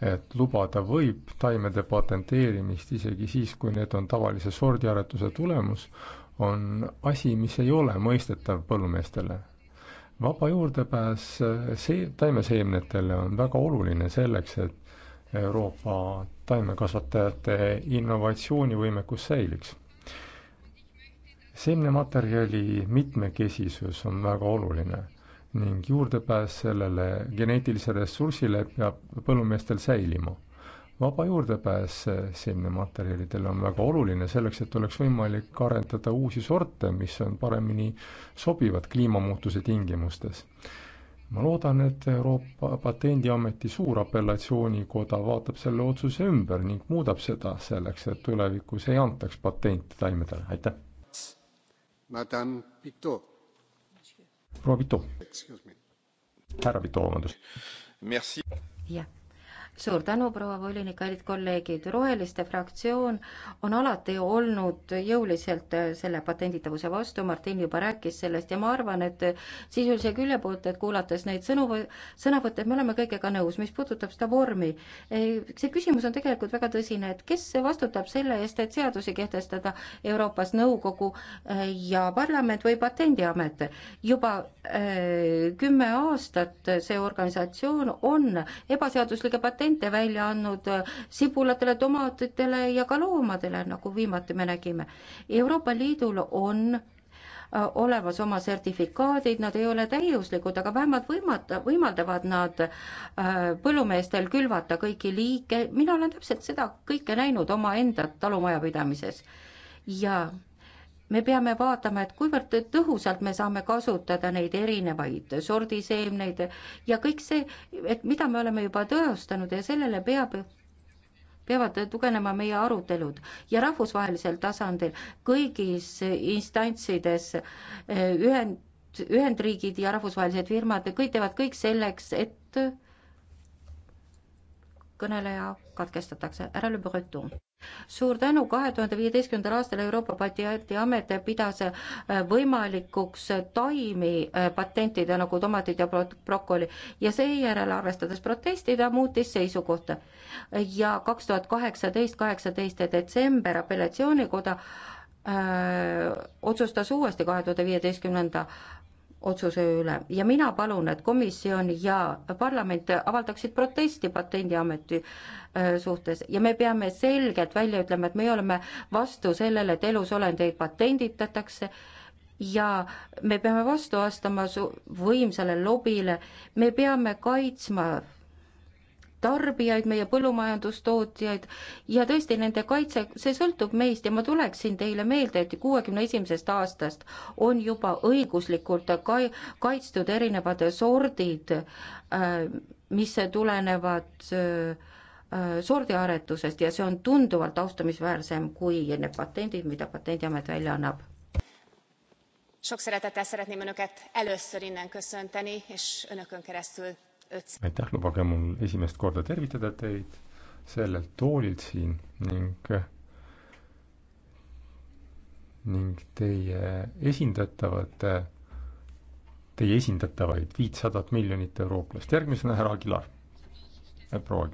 et lubada võib taimede patenteerimist isegi siis, kui need on tavalise sordiaretuse tulemus, on asi, mis ei ole mõistetav põllumeestele. vaba juurdepääs see-, taimeseemnetele on väga oluline selleks, et Euroopa taimekasvatajate innovatsioonivõimekus säiliks. seemnematerjali mitmekesisus on väga oluline ning juurdepääs sellele geneetilisele ressursile peab põllumeestel säilima vaba juurdepääs eh, sinna materjalidele on väga oluline selleks, et oleks võimalik arendada uusi sorte, mis on paremini sobivad kliimamuutuse tingimustes. ma loodan, et Euroopa Patendiameti suurapellatsioonikoda vaatab selle otsuse ümber ning muudab seda selleks, et tulevikus ei antaks patente taimedele, aitäh. proua Pito. härra Pito, vabandust. jah suur tänu, proua volinik, kallid kolleegid, Roheliste fraktsioon on alati olnud jõuliselt äh, selle patenditavuse vastu, Martin juba rääkis sellest ja ma arvan, et sisulise külje poolt, et kuulates neid sõnu, sõnavõtte, me oleme kõigega nõus, mis puudutab seda vormi, see küsimus on tegelikult väga tõsine, et kes vastutab selle eest, et seadusi kehtestada Euroopas Nõukogu äh, ja parlament või Patendiamet. juba äh, kümme aastat see organisatsioon on ebaseaduslike patentide patente välja andnud äh, sibulatele, tomatitele ja ka loomadele, nagu viimati me nägime. Euroopa Liidul on äh, olemas oma sertifikaadid, nad ei ole täiuslikud, aga vähemalt võimata, võimaldavad nad äh, põllumeestel külvata kõiki liike, mina olen täpselt seda kõike näinud omaenda talumajapidamises ja me peame vaatama, et kuivõrd tõhusalt me saame kasutada neid erinevaid sordiseemneid ja kõik see, et mida me oleme juba tõestanud ja sellele peab peavad tugevnema meie arutelud ja rahvusvahelisel tasandil kõigis instantsides ühend, Ühendriigid ja rahvusvahelised firmad, kõik teevad kõik selleks, et kõneleja katkestatakse. härra Le Breton. suur tänu, kahe tuhande viieteistkümnendal aastal Euroopa Patendiamet pidas äh, võimalikuks äh, taimi äh, patentida nagu tomatid ja brokoli ja seejärel, arvestades protesti, ta muutis seisukohta. ja kaks tuhat kaheksateist, kaheksateist detsember apellatsioonikoda öö, otsustas uuesti kahe tuhande viieteistkümnenda otsuse üle ja mina palun, et komisjon ja parlament avaldaksid protesti Patendiameti äh, suhtes ja me peame selgelt välja ütlema, et me oleme vastu sellele, et elusolendeid patenditatakse ja me peame vastu astuma võimsale lobile, me peame kaitsma tarbijaid, meie põllumajandustootjaid ja tõesti nende kaitse, see sõltub meist ja ma tuleksin teile meelde, et kuuekümne esimesest aastast on juba õiguslikult kai-, kaitstud erinevad sordid, äh, mis tulenevad äh, sordiaretusest ja see on tunduvalt austamisväärsem kui need patendid, mida Patendiamet välja annab sok szeretettel szeretném önöket először innen köszönteni és önökön keresztül aitäh, lubage mul esimest korda tervitada teid sellelt toolilt siin ning ning teie esindatavate, teie esindatavaid viitsadat miljonit eurooplast. järgmisena härra Aguilar, äh, proua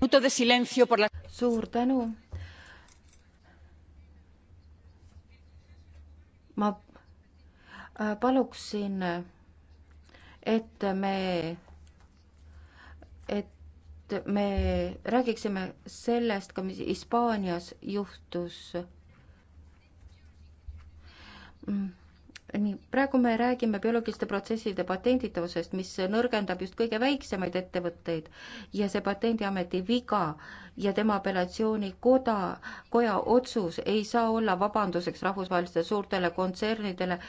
Aguilar. suur tänu. ma äh, paluksin, et me et me räägiksime sellest ka, mis Hispaanias juhtus. Mm. nii, praegu me räägime bioloogiliste protsesside patenditavusest, mis nõrgendab just kõige väiksemaid ettevõtteid ja see Patendiameti viga ja tema apellatsioonikoda, koja otsus ei saa olla vabanduseks rahvusvahelistele suurtele kontsernidele,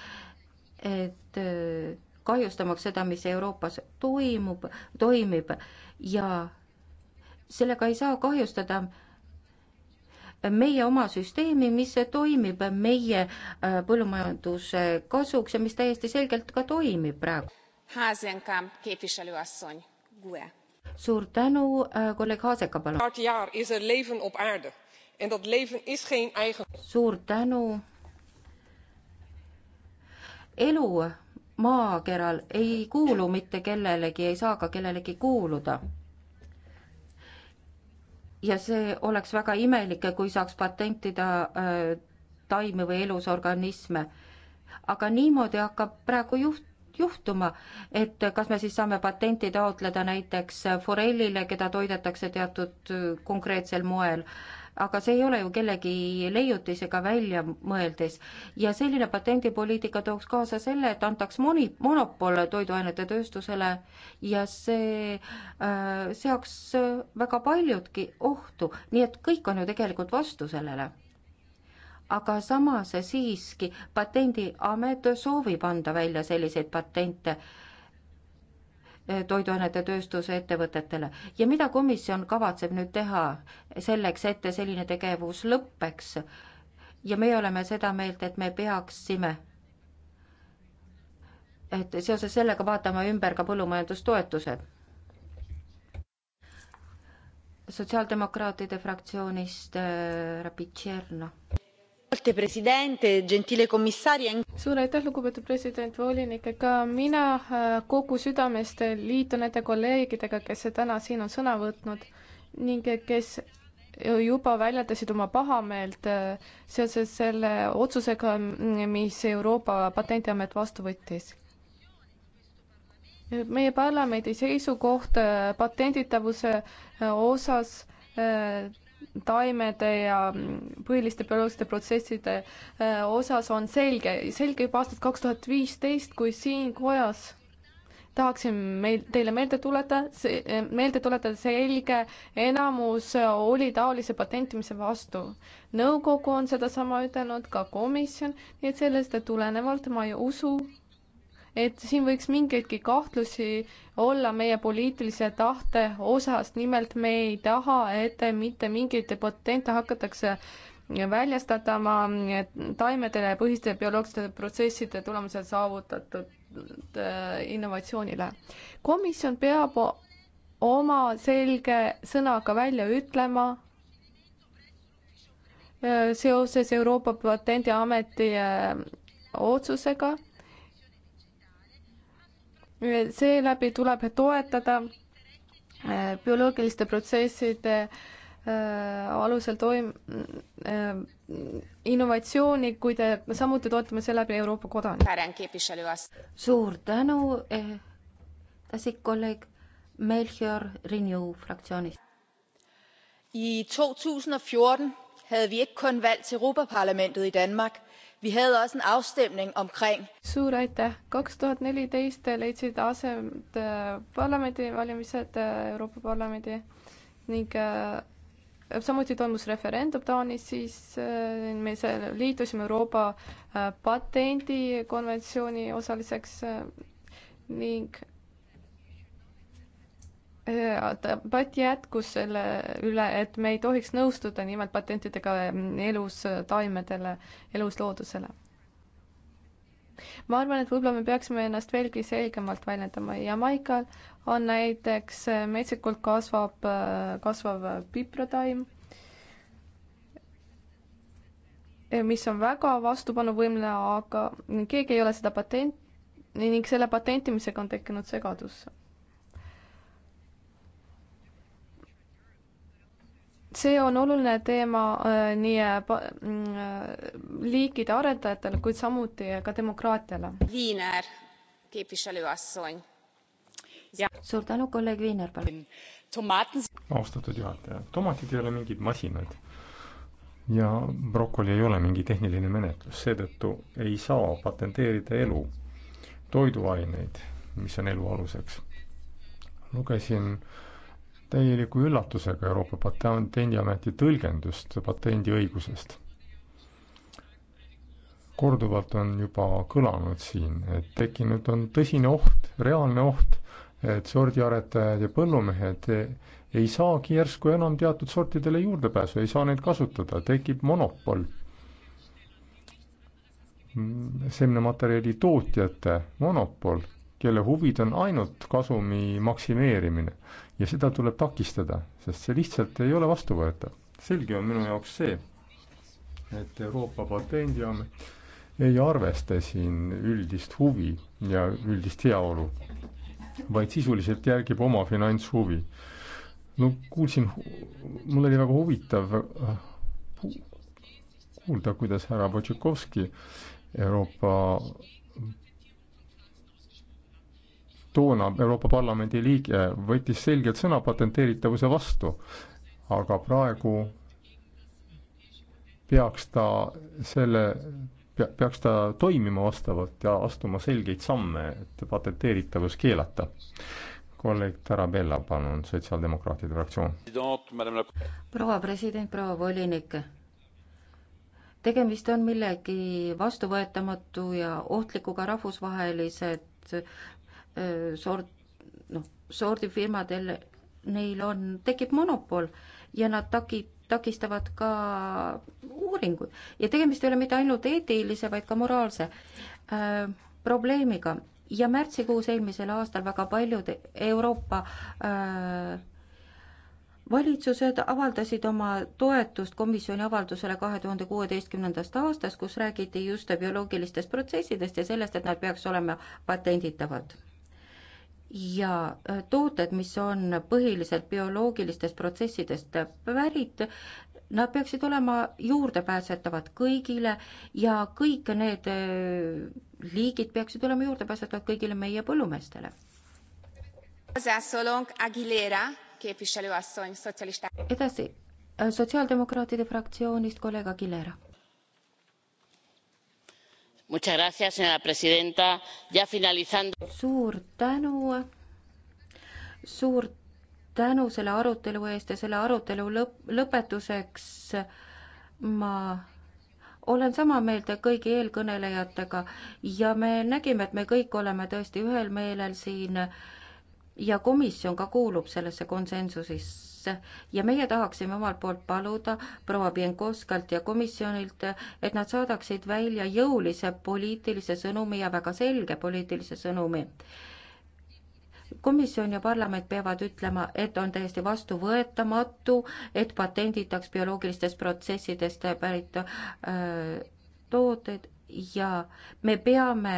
et öö, kahjustamaks seda, mis Euroopas toimub, toimib ja sellega ei saa kahjustada meie oma süsteemi, mis toimib meie äh, põllumajanduse kasuks ja mis täiesti selgelt ka toimib praegu. suur tänu, äh, kolleeg Haaseka, palun. suur tänu. elu maakeral ei kuulu mitte kellelegi, ei saa ka kellelegi kuuluda. ja see oleks väga imelik, kui saaks patentida äh, taimi või elusorganisme. aga niimoodi hakkab praegu juht-, juhtuma, et kas me siis saame patenti taotleda näiteks forellile, keda toidetakse teatud äh, konkreetsel moel aga see ei ole ju kellegi leiutis ega väljamõeldis. ja selline patendipoliitika tooks kaasa selle, et antaks moni-, monopol toiduainete tööstusele ja see äh, seaks väga paljudki ohtu, nii et kõik on ju tegelikult vastu sellele aga samas siiski Patendiamet soovib anda välja selliseid patente äh, toiduainete tööstuse ettevõtetele ja mida komisjon kavatseb nüüd teha selleks, et selline tegevus lõpeks. ja meie oleme seda meelt, et me peaksime et seoses sellega vaatame ümber ka põllumajandustoetused. sotsiaaldemokraatide fraktsioonist äh, Rapitšerno suur aitäh, lugupeetud president, volinik, ega mina äh, kogu südamest liitun nende kolleegidega, kes täna siin on sõna võtnud ning kes juba väljendasid oma pahameelt äh, seoses selle otsusega, mis Euroopa Patendiamet vastu võttis meie parlamendi seisukoht äh, patenditavuse osas taimede ja põhiliste bioloogiliste protsesside äh, osas on selge, selge juba aastast kaks tuhat viisteist, kui siin kojas tahaksin meil, teile meelde tuletada, äh, meelde tuletada, selge enamus oli taolise patentimise vastu. nõukogu on sedasama ütelnud, ka komisjon, nii et sellest tulenevalt ma ei usu, et siin võiks mingeidki kahtlusi olla meie poliitilise tahte osas, nimelt me ei taha, et mitte mingeid patente hakatakse väljastatama taimedele põhiste bioloogiliste protsesside tulemusel saavutatud äh, innovatsioonile. komisjon peab oma selge sõnaga välja ütlema, äh, seoses Euroopa Patendiameti äh, otsusega seeläbi tuleb toetada äh, bioloogiliste protsesside äh, alusel toim-, äh, innovatsiooni, kuid samuti toetame seeläbi Euroopa kodanikke. suur tänu, eh, äsja kolleeg Melchior Renew fraktsioonist. I 2014 havde vi ikke kun valg til Europa-Parlamentet i Danmark, Vi havde også en afstemning omkring... Suur aitäh! 2014 leidsid aset äh, parlamendivalimised äh, Euroopa Parlamendi ning äh, samuti toimus referendum Taanis, siis me liitusime Euroopa patendikonventsiooni osaliseks ning debatt jätkus selle üle, et me ei tohiks nõustuda nimelt patentidega elus taimedele, elus loodusele. ma arvan, et võib-olla me peaksime ennast veelgi selgemalt väljendama ja Maikal on näiteks metsikult kasvab, kasvav piprataim, mis on väga vastupanuvõimeline, aga keegi ei ole seda patent- ning selle patentimisega on tekkinud segadus see on oluline teema äh, nii äh, mm, äh, liikide arendajatele, kuid samuti ka demokraatiale. Wiener, kipišalüassoon. suur tänu, kolleeg Wiener, palun. austatud juhataja, tomatid ei ole mingid masinad ja brokoli ei ole mingi tehniline menetlus, seetõttu ei saa patenteerida elu, toiduaineid, mis on elu aluseks. lugesin äh, täieliku üllatusega Euroopa Patendiameti tõlgendust patendiõigusest. korduvalt on juba kõlanud siin, et tekkinud on tõsine oht, reaalne oht, et sordiaretajad ja põllumehed ei saagi järsku enam teatud sortidele juurdepääsu, ei saa neid kasutada, tekib monopol. seemnematerjali tootjate monopol kelle huvid on ainult kasumi maksimeerimine. ja seda tuleb takistada, sest see lihtsalt ei ole vastuvõetav. selge on minu jaoks see, et Euroopa Patendiamet ei arvesta siin üldist huvi ja üldist heaolu, vaid sisuliselt järgib oma finantshuvi. no kuulsin, mul oli väga huvitav äh, kuulda, kuidas härra Potšakovski Euroopa toona Euroopa Parlamendi liige võttis selgelt sõna patenteeritavuse vastu, aga praegu peaks ta selle, peaks ta toimima vastavalt ja astuma selgeid samme, et patenteeritavus keelata. kolleeg Tarabella, palun, Sotsiaaldemokraatide fraktsioon. proua president, proua volinik tegemist on millegi vastuvõetamatu ja ohtlikuga rahvusvahelised sort, noh, sordifirmadel, neil on, tekib monopol ja nad taki-, takistavad ka uuringuid ja tegemist ei ole mitte ainult eetilise, vaid ka moraalse äh, probleemiga ja märtsikuus eelmisel aastal väga paljud Euroopa äh, valitsused avaldasid oma toetust komisjoni avaldusele kahe tuhande kuueteistkümnendast aastast, kus räägiti just bioloogilistest protsessidest ja sellest, et nad peaks olema patenditavad ja äh, tooted, mis on põhiliselt bioloogilistest protsessidest pärit, nad peaksid olema juurdepääsetavad kõigile ja kõik need äh, liigid peaksid olema juurdepääsetavad kõigile meie põllumeestele. edasi, äh, sotsiaaldemokraatide fraktsioonist kolleeg Aguilera suur tänu, suur tänu selle arutelu eest ja selle arutelu lõp-, lõpetuseks ma olen sama meelt kõigi eelkõnelejatega ja me nägime, et me kõik oleme tõesti ühel meelel siin ja komisjon ka kuulub sellesse konsensusisse sisse ja meie tahaksime omalt poolt paluda proua Pienkovskalt ja komisjonilt, et nad saadaksid välja jõulise poliitilise sõnumi ja väga selge poliitilise sõnumi komisjon ja parlament peavad ütlema, et on täiesti vastuvõetamatu, et patenditaks bioloogilistest protsessidest pärit äh, tooted ja me peame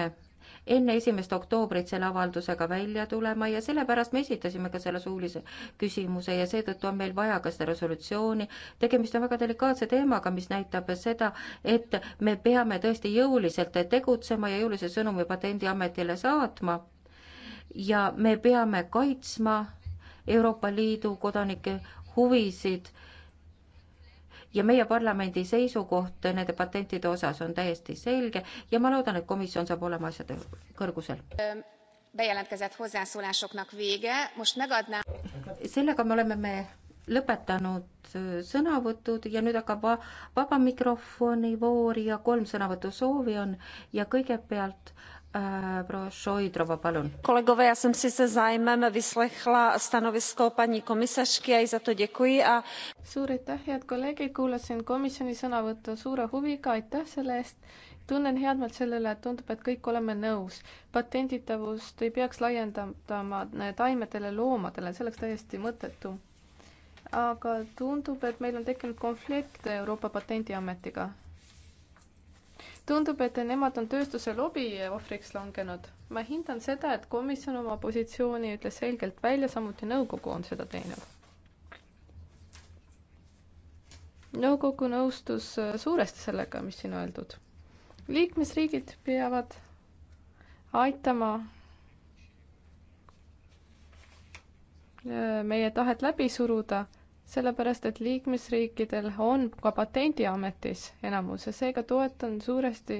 enne esimest oktoobrit selle avaldusega välja tulema ja sellepärast me esitasime ka selle suulise küsimuse ja seetõttu on meil vaja ka seda resolutsiooni. tegemist on väga delikaatse teemaga, mis näitab seda, et me peame tõesti jõuliselt tegutsema ja jõulise sõnumi Patendiametile saatma. ja me peame kaitsma Euroopa Liidu kodanike huvisid ja meie parlamendi seisukoht nende patentide osas on täiesti selge ja ma loodan, et komisjon saab olema asjade kõrgusel. sellega me oleme me lõpetanud sõnavõtud ja nüüd hakkab vaba mikrofoni voor ja kolm sõnavõtusoovi on ja kõigepealt Äh, proua Šoidrova, palun. kolegové, já jsem si se zájmem vyslechla stanovisko paní komisařky ja za to děkuji a. suur aitäh, head kolleegid, kuulasin komisjoni sõnavõttu suure huviga, aitäh selle eest. tunnen head meelt selle üle, et tundub, et kõik oleme nõus. patenditavust ei peaks laiendama taimedele, loomadele, see oleks täiesti mõttetu. aga tundub, et meil on tekkinud konflikt Euroopa Patendiametiga tundub, et nemad on tööstuse lobi ohvriks langenud. ma hindan seda, et komisjon oma positsiooni ütles selgelt välja, samuti nõukogu on seda teinud. nõukogu nõustus äh, suuresti sellega, mis siin öeldud. liikmesriigid peavad aitama äh, meie tahet läbi suruda sellepärast et liikmesriikidel on ka patendiametis enamus ja seega toetan suuresti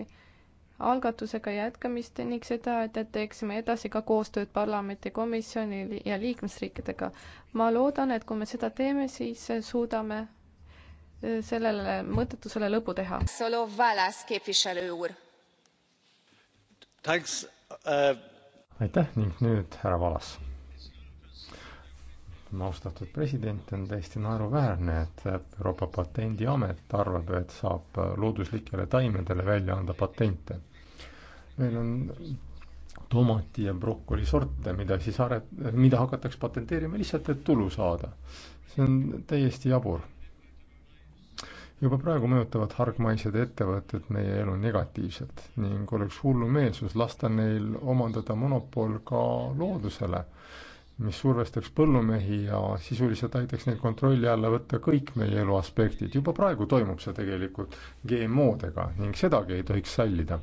algatusega jätkamist ning seda, et, et teeksime edasi ka koostööd parlamendi, komisjoni ja liikmesriikidega. ma loodan, et kui me seda teeme, siis suudame äh, sellele mõttetusele lõpu teha. Äh, aitäh ning nüüd härra Valas austatud president, on täiesti naeruväärne, et Euroopa Patendiamet arvab, et saab looduslikele taimedele välja anda patente. meil on tomati ja brokoli sorte, mida siis are-, mida hakatakse patenteerima lihtsalt, et tulu saada. see on täiesti jabur. juba praegu mõjutavad hargmaised ettevõtted meie elu negatiivselt ning oleks hullumeelsus lasta neil omandada monopol ka loodusele mis survestaks põllumehi ja sisuliselt aitaks neil kontrolli alla võtta kõik meie elu aspektid. juba praegu toimub see tegelikult GMO-dega ning sedagi ei tohiks sallida.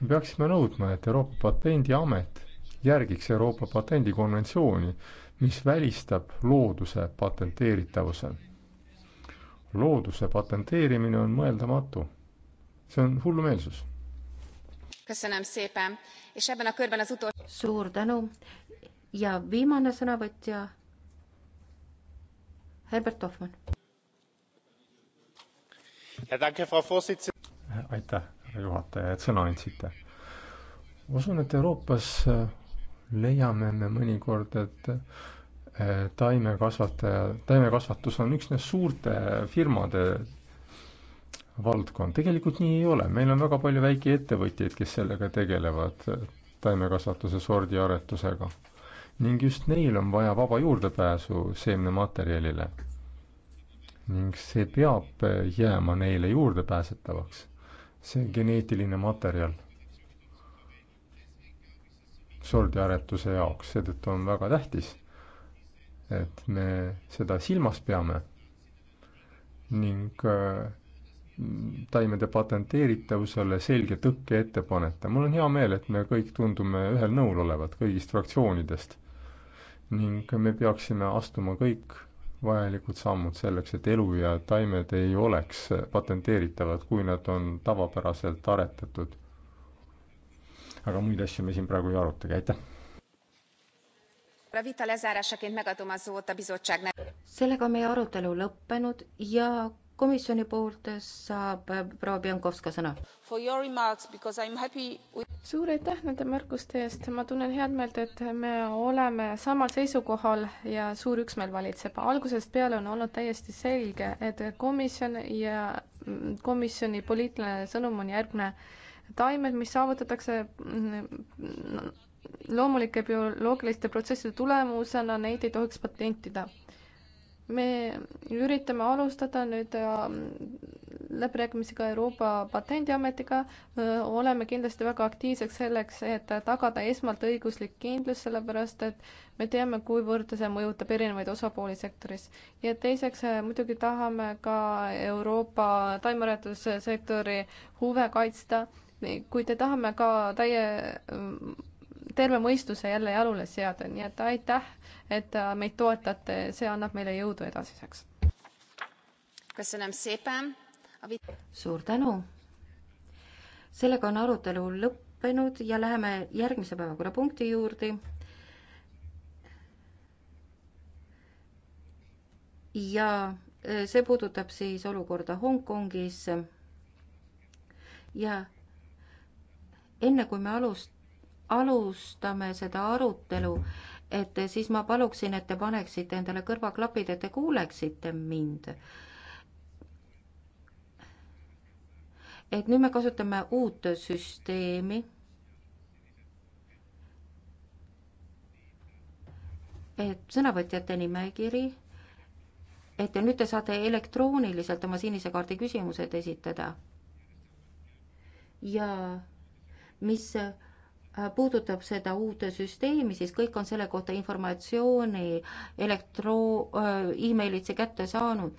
me peaksime nõudma, et Euroopa Patendiamet järgiks Euroopa patendikonventsiooni, mis välistab looduse patenteeritavuse. looduse patenteerimine on mõeldamatu. see on hullumeelsus. suur tänu ja viimane sõnavõtja, Herbert Tohman. aitäh, härra juhataja, et sõna andsite. ma usun, et Euroopas äh, leiame me mõnikord, et äh, taimekasvataja, taimekasvatus on üksnes suurte firmade valdkond, tegelikult nii ei ole, meil on väga palju väikeettevõtjaid, kes sellega tegelevad, taimekasvatuse sordiaretusega ning just neil on vaja vaba juurdepääsu seemnematerjalile ning see peab eh, jääma neile juurdepääsetavaks, see geneetiline materjal sordiaretuse jaoks, seetõttu on väga tähtis, et me seda silmas peame ning eh, taimede patenteeritavusele selge tõkke ette panete. mul on hea meel, et me kõik tundume ühel nõul olevat kõigist fraktsioonidest ning me peaksime astuma kõik vajalikud sammud selleks, et elu ja taimed ei oleks patenteeritavad, kui nad on tavapäraselt aretatud. aga muid asju me siin praegu ei arutagi, aitäh! sellega on meie arutelu lõppenud ja komisjoni poolt saab proua Pjankovska sõna. suur aitäh nende märkuste eest, ma tunnen head meelt, et me oleme samal seisukohal ja suur üksmeel valitseb. algusest peale on olnud täiesti selge, et komisjon ja komisjoni poliitiline sõnum on järgmine. taimed, mis saavutatakse mm, loomulike bioloogiliste protsesside tulemusena, neid ei tohiks patentida me üritame alustada nüüd äh, läbirääkimisi ka Euroopa Patendiametiga, äh, oleme kindlasti väga aktiivseks selleks, et tagada esmalt õiguslik kindlus, sellepärast et me teame, kuivõrd see mõjutab erinevaid osapooli sektoris. ja teiseks äh, muidugi tahame ka Euroopa taimearetussektori huve kaitsta, kuid tahame ka täie terve mõistuse jälle jalule seada, nii et aitäh, et äh, meid toetate, see annab meile jõudu edasiseks. suur tänu. sellega on arutelu lõppenud ja läheme järgmise päevakorrapunkti juurde. ja äh, see puudutab siis olukorda Hongkongis. ja enne kui me alustame, alustame seda arutelu, et siis ma paluksin, et te paneksite endale kõrvaklapid, et te kuuleksite mind. et nüüd me kasutame uut süsteemi. et sõnavõtjate nimekiri, et nüüd te saate elektrooniliselt oma sinise kaardi küsimused esitada. ja mis Äh, puudutab seda uut süsteemi, siis kõik on selle kohta informatsiooni elektro- e, äh, emailitse kätte saanud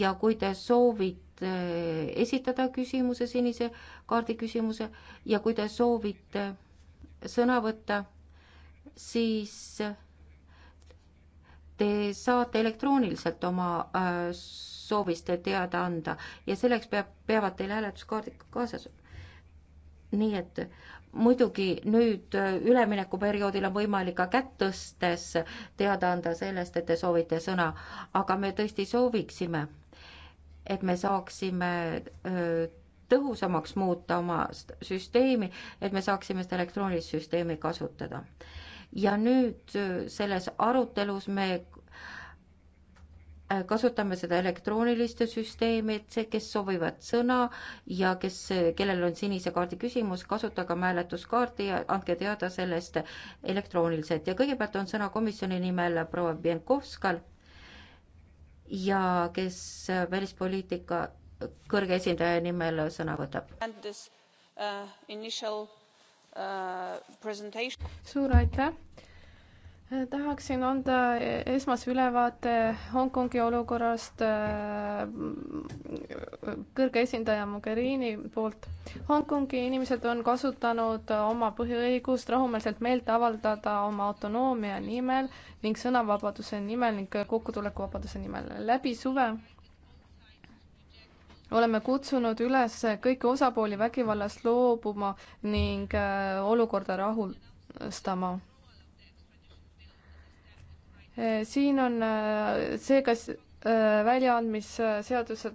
ja kui te soovite äh, esitada küsimuse, sinise kaardi küsimuse ja kui te soovite sõna võtta, siis te saate elektrooniliselt oma soovist teada anda ja selleks peab, peavad teil hääletuskaardid kaasas. nii et muidugi nüüd äh, üleminekuperioodil on võimalik ka kätt tõstes teada anda sellest, et te soovite sõna, aga me tõesti sooviksime, et me saaksime äh, tõhusamaks muuta oma süsteemi, et me saaksime seda elektroonilist süsteemi kasutada. ja nüüd äh, selles arutelus me kasutame seda elektrooniliste süsteemi, et see, kes soovivad sõna ja kes, kellel on sinise kaardi küsimus, kasutage oma hääletuskaarti ja andke teada sellest elektrooniliselt ja kõigepealt on sõna komisjoni nimel proua Bienkovskal ja kes välispoliitika kõrge esindaja nimel sõna võtab. Uh, uh, suur aitäh tahaksin anda esmase ülevaate Hongkongi olukorrast äh, kõrge esindaja Mogherini poolt. Hongkongi inimesed on kasutanud oma põhiõigust rahumeelselt meelt avaldada oma autonoomia nimel ning sõnavabaduse nimel ning kokkutulekuvabaduse nimel. läbi suve oleme kutsunud üles kõiki osapooli vägivallast loobuma ning äh, olukorda rahustama Eh, siin on eh, see, kas eh, väljaandmisseaduse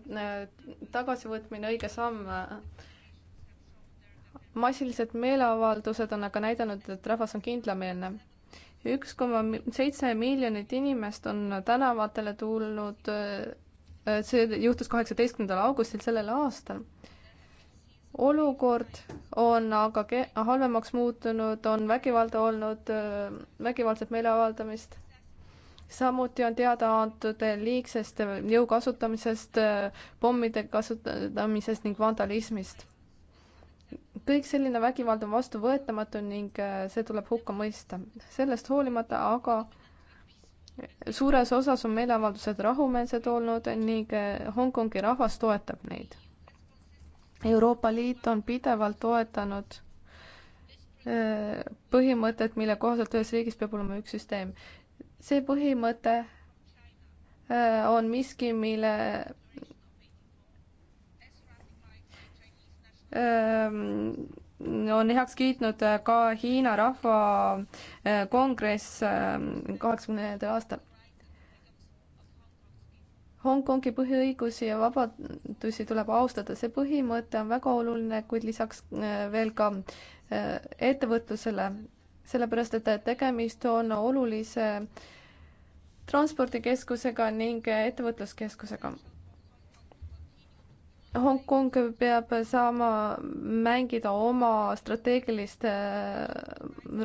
tagasivõtmine õige samm. massilised meeleavaldused on aga näidanud, et rahvas on kindlameelne. üks koma seitse miljonit inimest on tänavatele tulnud. see juhtus kaheksateistkümnendal augustil sellel aastal olukord on aga halvemaks muutunud, on vägivalda olnud, vägivaldset meeleavaldamist samuti on teada antud liigsest jõu kasutamisest, pommide kasutamisest ning vandalismist. kõik selline vägivald on vastuvõetamatu ning eh, see tuleb hukka mõista. sellest hoolimata aga suures osas on meeleavaldused rahumeelsed olnud ning eh, Hongkongi rahvas toetab neid. Euroopa Liit on pidevalt toetanud eh, põhimõtet, mille kohaselt ühes riigis peab olema üks süsteem see põhimõte äh, on miski, mille äh, on heaks kiitnud ka Hiina rahvakongress äh, kaheksakümnendatel aastal. Hongkongi põhiõigusi ja vabadusi tuleb austada, see põhimõte on väga oluline, kuid lisaks veel ka ettevõtlusele sellepärast et tegemist on olulise transpordikeskusega ning ettevõtluskeskusega. Hongkong peab saama mängida oma strateegilist äh,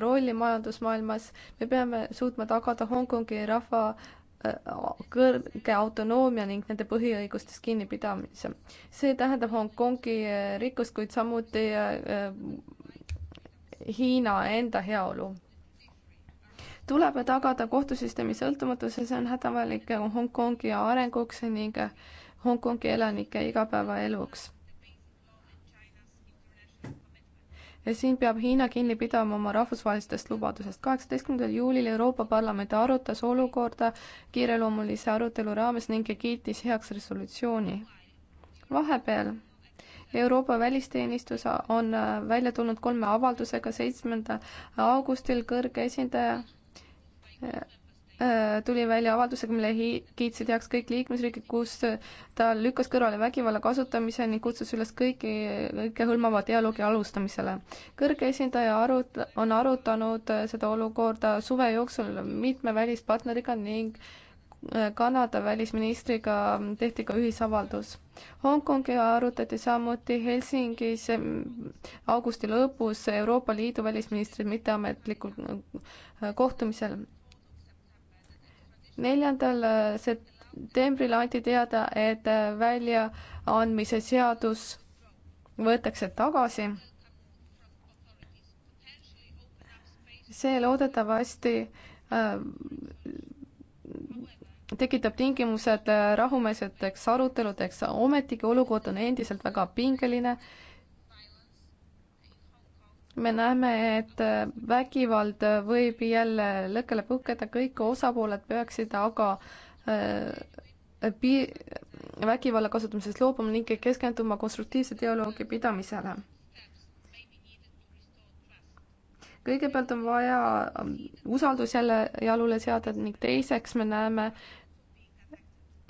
rolli majandusmaailmas. me peame suutma tagada Hongkongi rahva äh, kõrge autonoomia ning nende põhiõigustest kinnipidamise. see tähendab Hongkongi äh, rikkust, kuid samuti Hiina enda heaolu. tuleb tagada kohtusüsteemi sõltumatus ja see on hädavajalik Hongkongi arenguks ning Hongkongi elanike igapäevaeluks. ja siin peab Hiina kinni pidama oma rahvusvahelistest lubadusest. kaheksateistkümnendal juulil Euroopa Parlament arutas olukorda kiireloomulise arutelu raames ning kiitis heaks resolutsiooni. vahepeal Euroopa välisteenistus on äh, välja tulnud kolme avaldusega, seitsmenda augustil kõrge esindaja äh, äh, tuli välja avaldusega, mille hi-, kiitsid heaks kõik liikmesriigid, kus ta lükkas kõrvale vägivalla kasutamise ning kutsus üles kõiki, kõikehõlmava dialoogi alustamisele. kõrge esindaja arut-, on arutanud seda olukorda suve jooksul mitme välispartneriga ning äh, Äh, Kanada välisministriga tehti ka ühisavaldus. Hongkongi arutati samuti Helsingis äh, augusti lõpus Euroopa Liidu välisministri mitteametlikul äh, kohtumisel. neljandal septembril anti teada, et väljaandmise seadus võetakse tagasi. see loodetavasti tekitab tingimused äh, rahumeelseteks aruteludeks, ometigi olukord on endiselt väga pingeline. me näeme, et äh, vägivald võib jälle lõkkele puhkeda, kõik osapooled peaksid aga äh, pi-, vägivalla kasutamisest loobuma ning keskenduma konstruktiivse dialoogi pidamisele. kõigepealt on vaja äh, usaldus jälle jalule seada ning teiseks me näeme,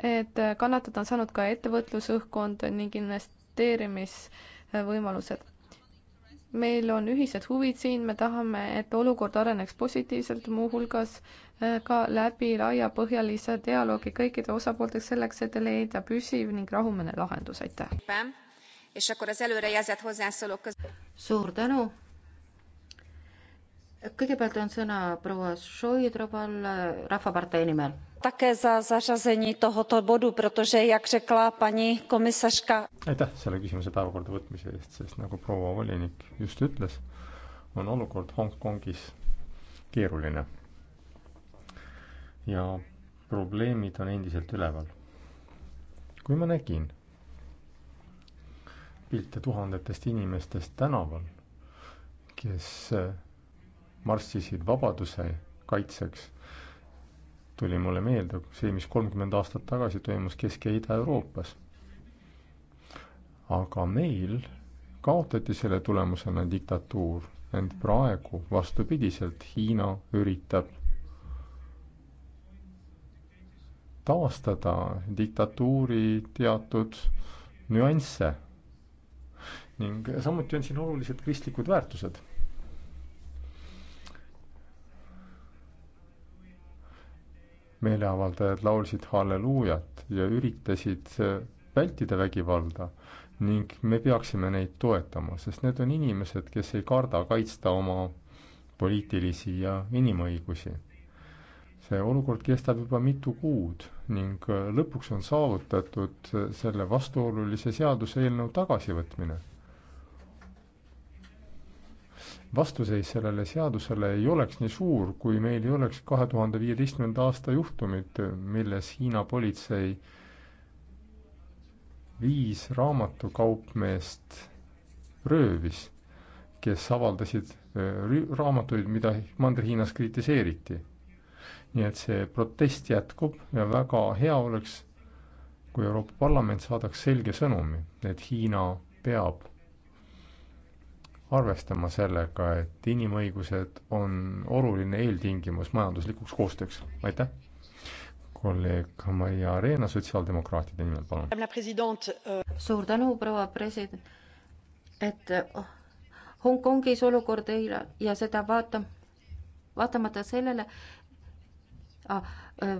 et kannatada on saanud ka ettevõtlusõhkkond ning investeerimisvõimalused. meil on ühised huvid siin, me tahame, et olukord areneks positiivselt, muuhulgas äh, ka läbi laiapõhjalise dialoogi kõikide osapoolteks selleks, et leida püsiv ning rahumine lahendus, aitäh. suur tänu kõigepealt on sõna proua Šoidroval äh, Rahvapartei nimel také za zařazení tohoto bodu, protože jak řekla paní komisařka. aitäh selle küsimuse päevakorda võtmise eest, sest nagu proua volinik just ütles, on olukord Hongkongis keeruline. ja probleemid on endiselt üleval. kui ma nägin pilte tuhandetest inimestest tänaval, kes marssisid vabaduse kaitseks tuli mulle meelde see, mis kolmkümmend aastat tagasi toimus Kesk- ja Ida-Euroopas. aga meil kaotati selle tulemusena diktatuur, ent praegu vastupidiselt Hiina üritab taastada diktatuuri teatud nüansse. ning samuti on siin olulised kristlikud väärtused meeleavaldajad laulsid halleluujat ja üritasid äh, vältida vägivalda ning me peaksime neid toetama, sest need on inimesed, kes ei karda kaitsta oma poliitilisi ja inimõigusi. see olukord kestab juba mitu kuud ning äh, lõpuks on saavutatud äh, selle vastuolulise seaduseelnõu tagasivõtmine vastuseis sellele seadusele ei oleks nii suur, kui meil ei oleks kahe tuhande viieteistkümnenda aasta juhtumit, milles Hiina politsei viis raamatukaupmeest röövis, kes avaldasid äh, raamatuid, mida Mandri-Hiinas kritiseeriti. nii et see protest jätkub ja väga hea oleks, kui Euroopa Parlament saadaks selge sõnumi, et Hiina peab arvestama sellega, et inimõigused on oluline eeltingimus majanduslikuks koostööks. aitäh! kolleeg Maria Arena sotsiaaldemokraatide nimel, palun. Euh, suur tänu, proua president, et oh, Hongkongis olukord eile ja seda vaata, vaatamata sellele ah, äh,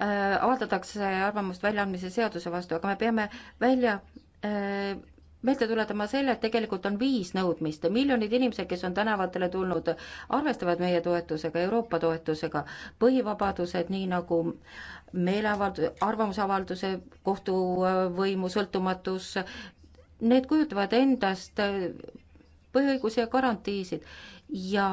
äh, avaldatakse arvamust väljaandmise seaduse vastu, aga me peame välja äh, meelde tuletama selle, et tegelikult on viis nõudmist. miljonid inimesed, kes on tänavatele tulnud, arvestavad meie toetusega, Euroopa toetusega. põhivabadused, nii nagu meeleavaldus, arvamusavalduse, kohtuvõimu sõltumatus, need kujutavad endast põhiõigusi ja garantiisid ja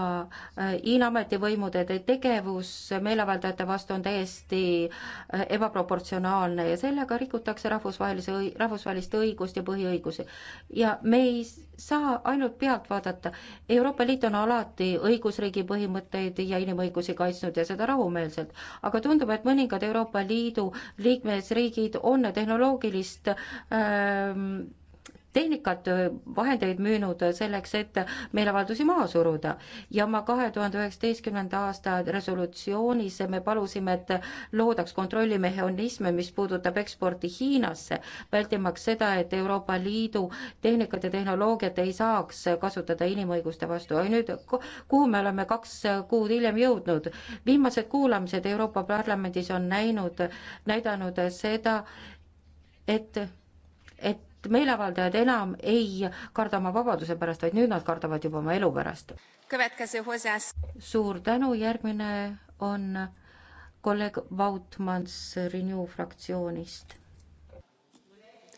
äh, Hiina ametivõimude tegevus meeleavaldajate vastu on täiesti äh, ebaproportsionaalne ja sellega rikutakse rahvusvahelise, rahvusvahelist õigust ja põhiõigusi. ja me ei saa ainult pealt vaadata, Euroopa Liit on alati õigusriigi põhimõtteid ja inimõigusi kaitsnud ja seda rahumeelselt, aga tundub, et mõningad Euroopa Liidu liikmesriigid on tehnoloogilist ähm, tehnikat, äh, vahendeid müünud äh, selleks, et meeleavaldusi maha suruda. ja ma kahe tuhande üheksateistkümnenda aasta resolutsioonis me palusime, et loodaks kontrollimehhanisme, mis puudutab eksporti Hiinasse, vältimaks seda, et Euroopa Liidu tehnikat ja tehnoloogiat ei saaks kasutada inimõiguste vastu. nüüd, kuhu me oleme kaks kuud hiljem jõudnud? viimased kuulamised Euroopa Parlamendis on näinud, näidanud seda, et, et et meeleavaldajad enam ei karda oma vabaduse pärast, vaid nüüd nad kardavad juba oma elu pärast. suur tänu, järgmine on kolleeg Vautmans Renew fraktsioonist.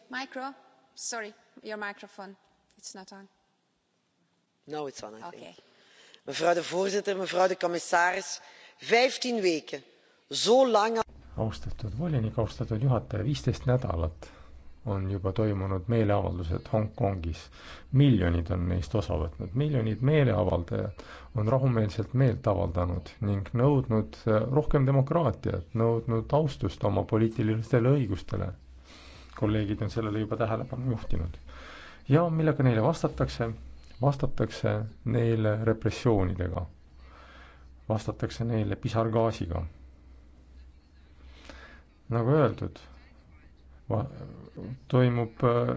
Micro, sorry, your microphone, it's not on. No it's on, I okay. think. mevrouw de voorzitter, mevrouw de commissaris, vijftien weken, zo lang. austatud volinik, austatud juhataja, viisteist nädalat on juba toimunud meeleavaldused Hongkongis. miljonid on neist osa võtnud, miljonid meeleavaldajad on rahumeelselt meelt avaldanud ning nõudnud äh, rohkem demokraatiat, nõudnud austust oma poliitilistele õigustele. kolleegid on sellele juba tähelepanu juhtinud. ja millega neile vastatakse? vastatakse neile repressioonidega. vastatakse neile pisargaasiga. nagu öeldud toimub äh,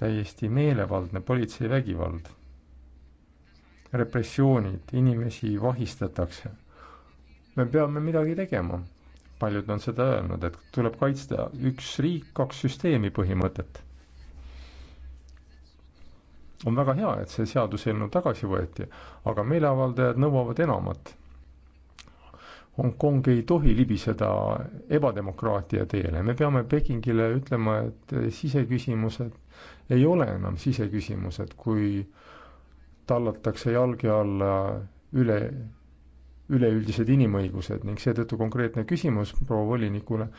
täiesti meelevaldne politseivägivald, repressioonid, inimesi vahistatakse. me peame midagi tegema. paljud on seda öelnud, et tuleb kaitsta üks riik, kaks süsteemi põhimõtet. on väga hea, et see seaduseelnõu tagasi võeti, aga meeleavaldajad nõuavad enamat Hongkong ei tohi libiseda ebademokraatia teele, me peame Pekingile ütlema, et siseküsimused ei ole enam siseküsimused, kui tallatakse jalge alla üle, üleüldised inimõigused ning seetõttu konkreetne küsimus proua volinikule,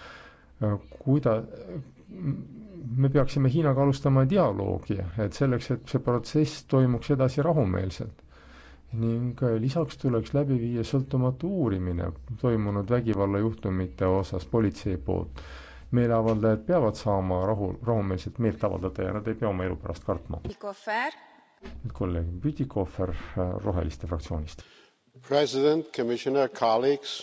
kuida-, me peaksime Hiinaga alustama dialoogi, et selleks, et see protsess toimuks edasi rahumeelselt ning äh, lisaks tuleks läbi viia sõltumatu uurimine toimunud vägivallajuhtumite osas politsei poolt. meeleavaldajad peavad saama rahu, rahumeelselt meelt avaldada ja nad ei pea oma elu pärast kartma. nüüd kolleeg Bütikofer äh, Roheliste fraktsioonist. President, commissioner, colleagues,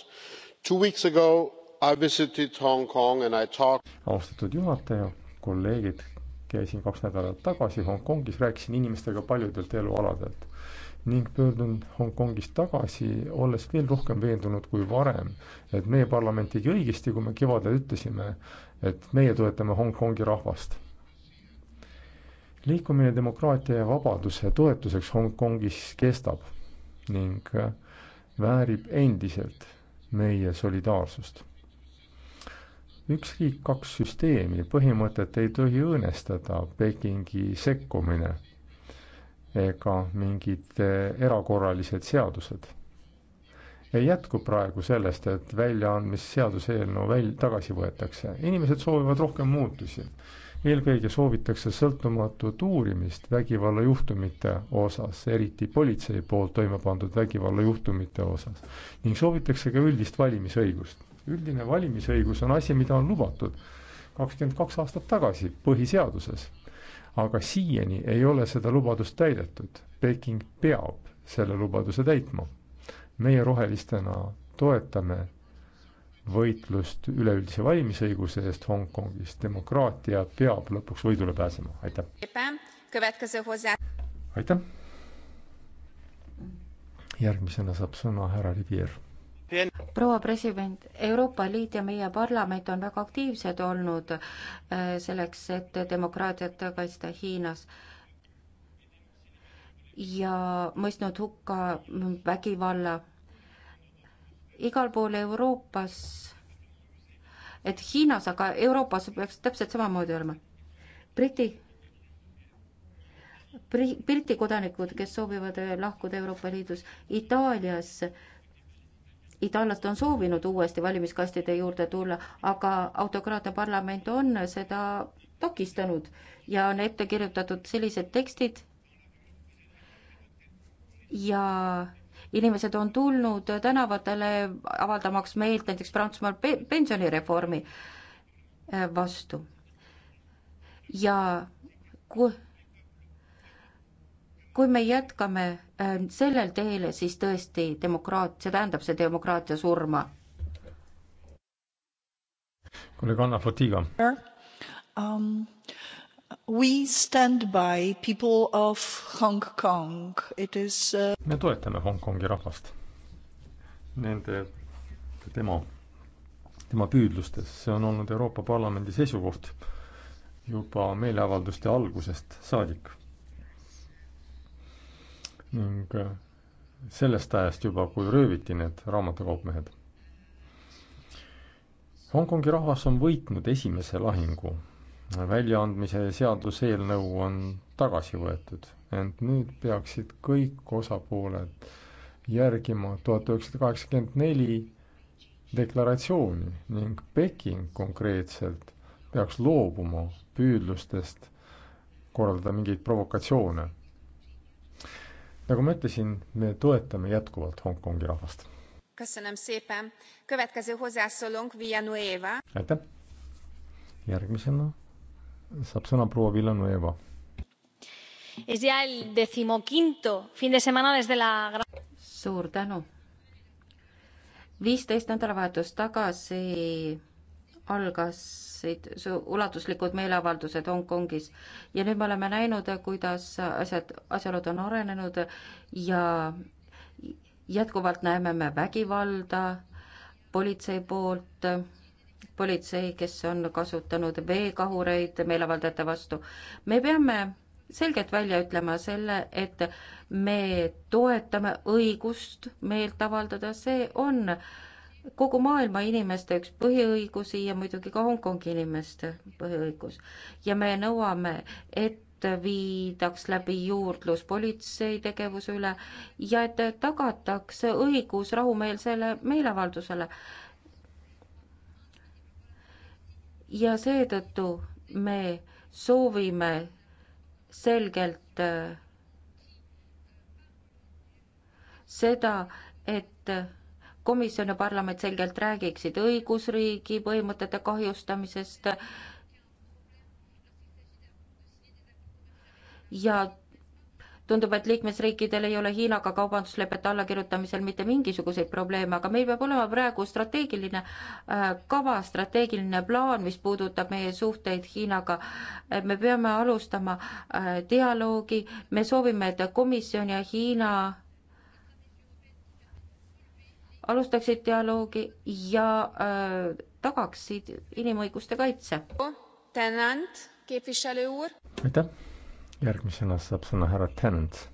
two weeks ago I visited Hong Kong and I talked austatud juhataja, kolleegid, käisin kaks nädalat tagasi Hongkongis, rääkisin inimestega paljudelt elualadelt ning pöördun Hongkongist tagasi, olles veel rohkem veendunud kui varem, et meie parlament tegi õigesti, kui me kevadel ütlesime, et meie toetame Hongkongi rahvast. liikumine demokraatia ja vabaduse toetuseks Hongkongis kestab ning väärib endiselt meie solidaarsust. üks riik, kaks süsteemi põhimõtet ei tohi õõnestada Pekingi sekkumine ega mingid eh, erakorralised seadused. ei jätku praegu sellest, et väljaandmisseaduse eelnõu väl-, tagasi võetakse, inimesed soovivad rohkem muutusi. eelkõige soovitakse sõltumatut uurimist vägivallajuhtumite osas, eriti politsei poolt toime pandud vägivallajuhtumite osas. ning soovitakse ka üldist valimisõigust. üldine valimisõigus on asi, mida on lubatud kakskümmend kaks aastat tagasi põhiseaduses aga siiani ei ole seda lubadust täidetud. Peking peab selle lubaduse täitma. meie rohelistena toetame võitlust üleüldise valimisõiguse eest Hongkongis, demokraatia peab lõpuks võidule pääsema, aitäh. aitäh. järgmisena saab sõna härra Rivier proua president, Euroopa Liit ja meie parlament on väga aktiivsed olnud äh, selleks, et demokraatiat kaitsta Hiinas ja mõistnud hukka vägivalla igal pool Euroopas, et Hiinas, aga Euroopas peaks täpselt samamoodi olema. Briti, Briti kodanikud, kes soovivad äh, lahkuda Euroopa Liidus, Itaalias äh, itaallased on soovinud uuesti valimiskastide juurde tulla, aga autokraatia parlament on seda takistanud ja on ette kirjutatud sellised tekstid ja inimesed on tulnud tänavatele avaldamaks meelt näiteks Prantsusmaal pe pensionireformi äh, vastu ja kui kui me jätkame äh, sellel teel, siis tõesti demokraat, see tähendab see demokraatia surma. kolleeg Anna Fotiga um,. We stand by people of Hong Kong, it is uh.... me toetame Hongkongi rahvast, nende, tema, tema püüdlustes, see on olnud Euroopa Parlamendi seisukoht juba meeleavalduste algusest saadik ning äh, sellest ajast juba, kui rööviti need raamatukaupmehed. Hongkongi rahvas on võitnud esimese lahingu. väljaandmise seaduseelnõu on tagasi võetud, ent nüüd peaksid kõik osapooled järgima tuhat üheksasada kaheksakümmend neli deklaratsiooni ning Peking konkreetselt peaks loobuma püüdlustest korraldada mingeid provokatsioone nagu ma ütlesin, me toetame jätkuvalt Hongkongi rahvast. aitäh. järgmisena saab sõna proua Villanueva. suur tänu. viisteist nädalavahetust tagasi algasid ulatuslikud meeleavaldused Hongkongis ja nüüd me oleme näinud, kuidas asjad, asjaolud on arenenud ja jätkuvalt näeme me vägivalda politsei poolt, politsei, kes on kasutanud veekahureid meeleavaldajate vastu. me peame selgelt välja ütlema selle, et me toetame õigust meelt avaldada, see on äh, kogu maailma inimeste üks põhiõigusi ja muidugi ka Hongkongi inimeste põhiõigus. ja me nõuame, et viidaks läbi juurdlus politsei tegevuse üle ja et tagatakse õigus rahumeelsele meeleavaldusele. ja seetõttu me soovime selgelt äh, seda, et komisjon ja parlament selgelt räägiksid õigusriigi põhimõtete kahjustamisest ja tundub, et liikmesriikidel ei ole Hiinaga kaubanduslepete allakirjutamisel mitte mingisuguseid probleeme, aga meil peab olema praegu strateegiline äh, kava, strateegiline plaan, mis puudutab meie suhteid Hiinaga. me peame alustama äh, dialoogi, me soovime, et komisjon ja Hiina alustaksid dialoogi ja äh, tagaksid inimõiguste kaitse. aitäh, järgmisena saab sõna härra Tennant.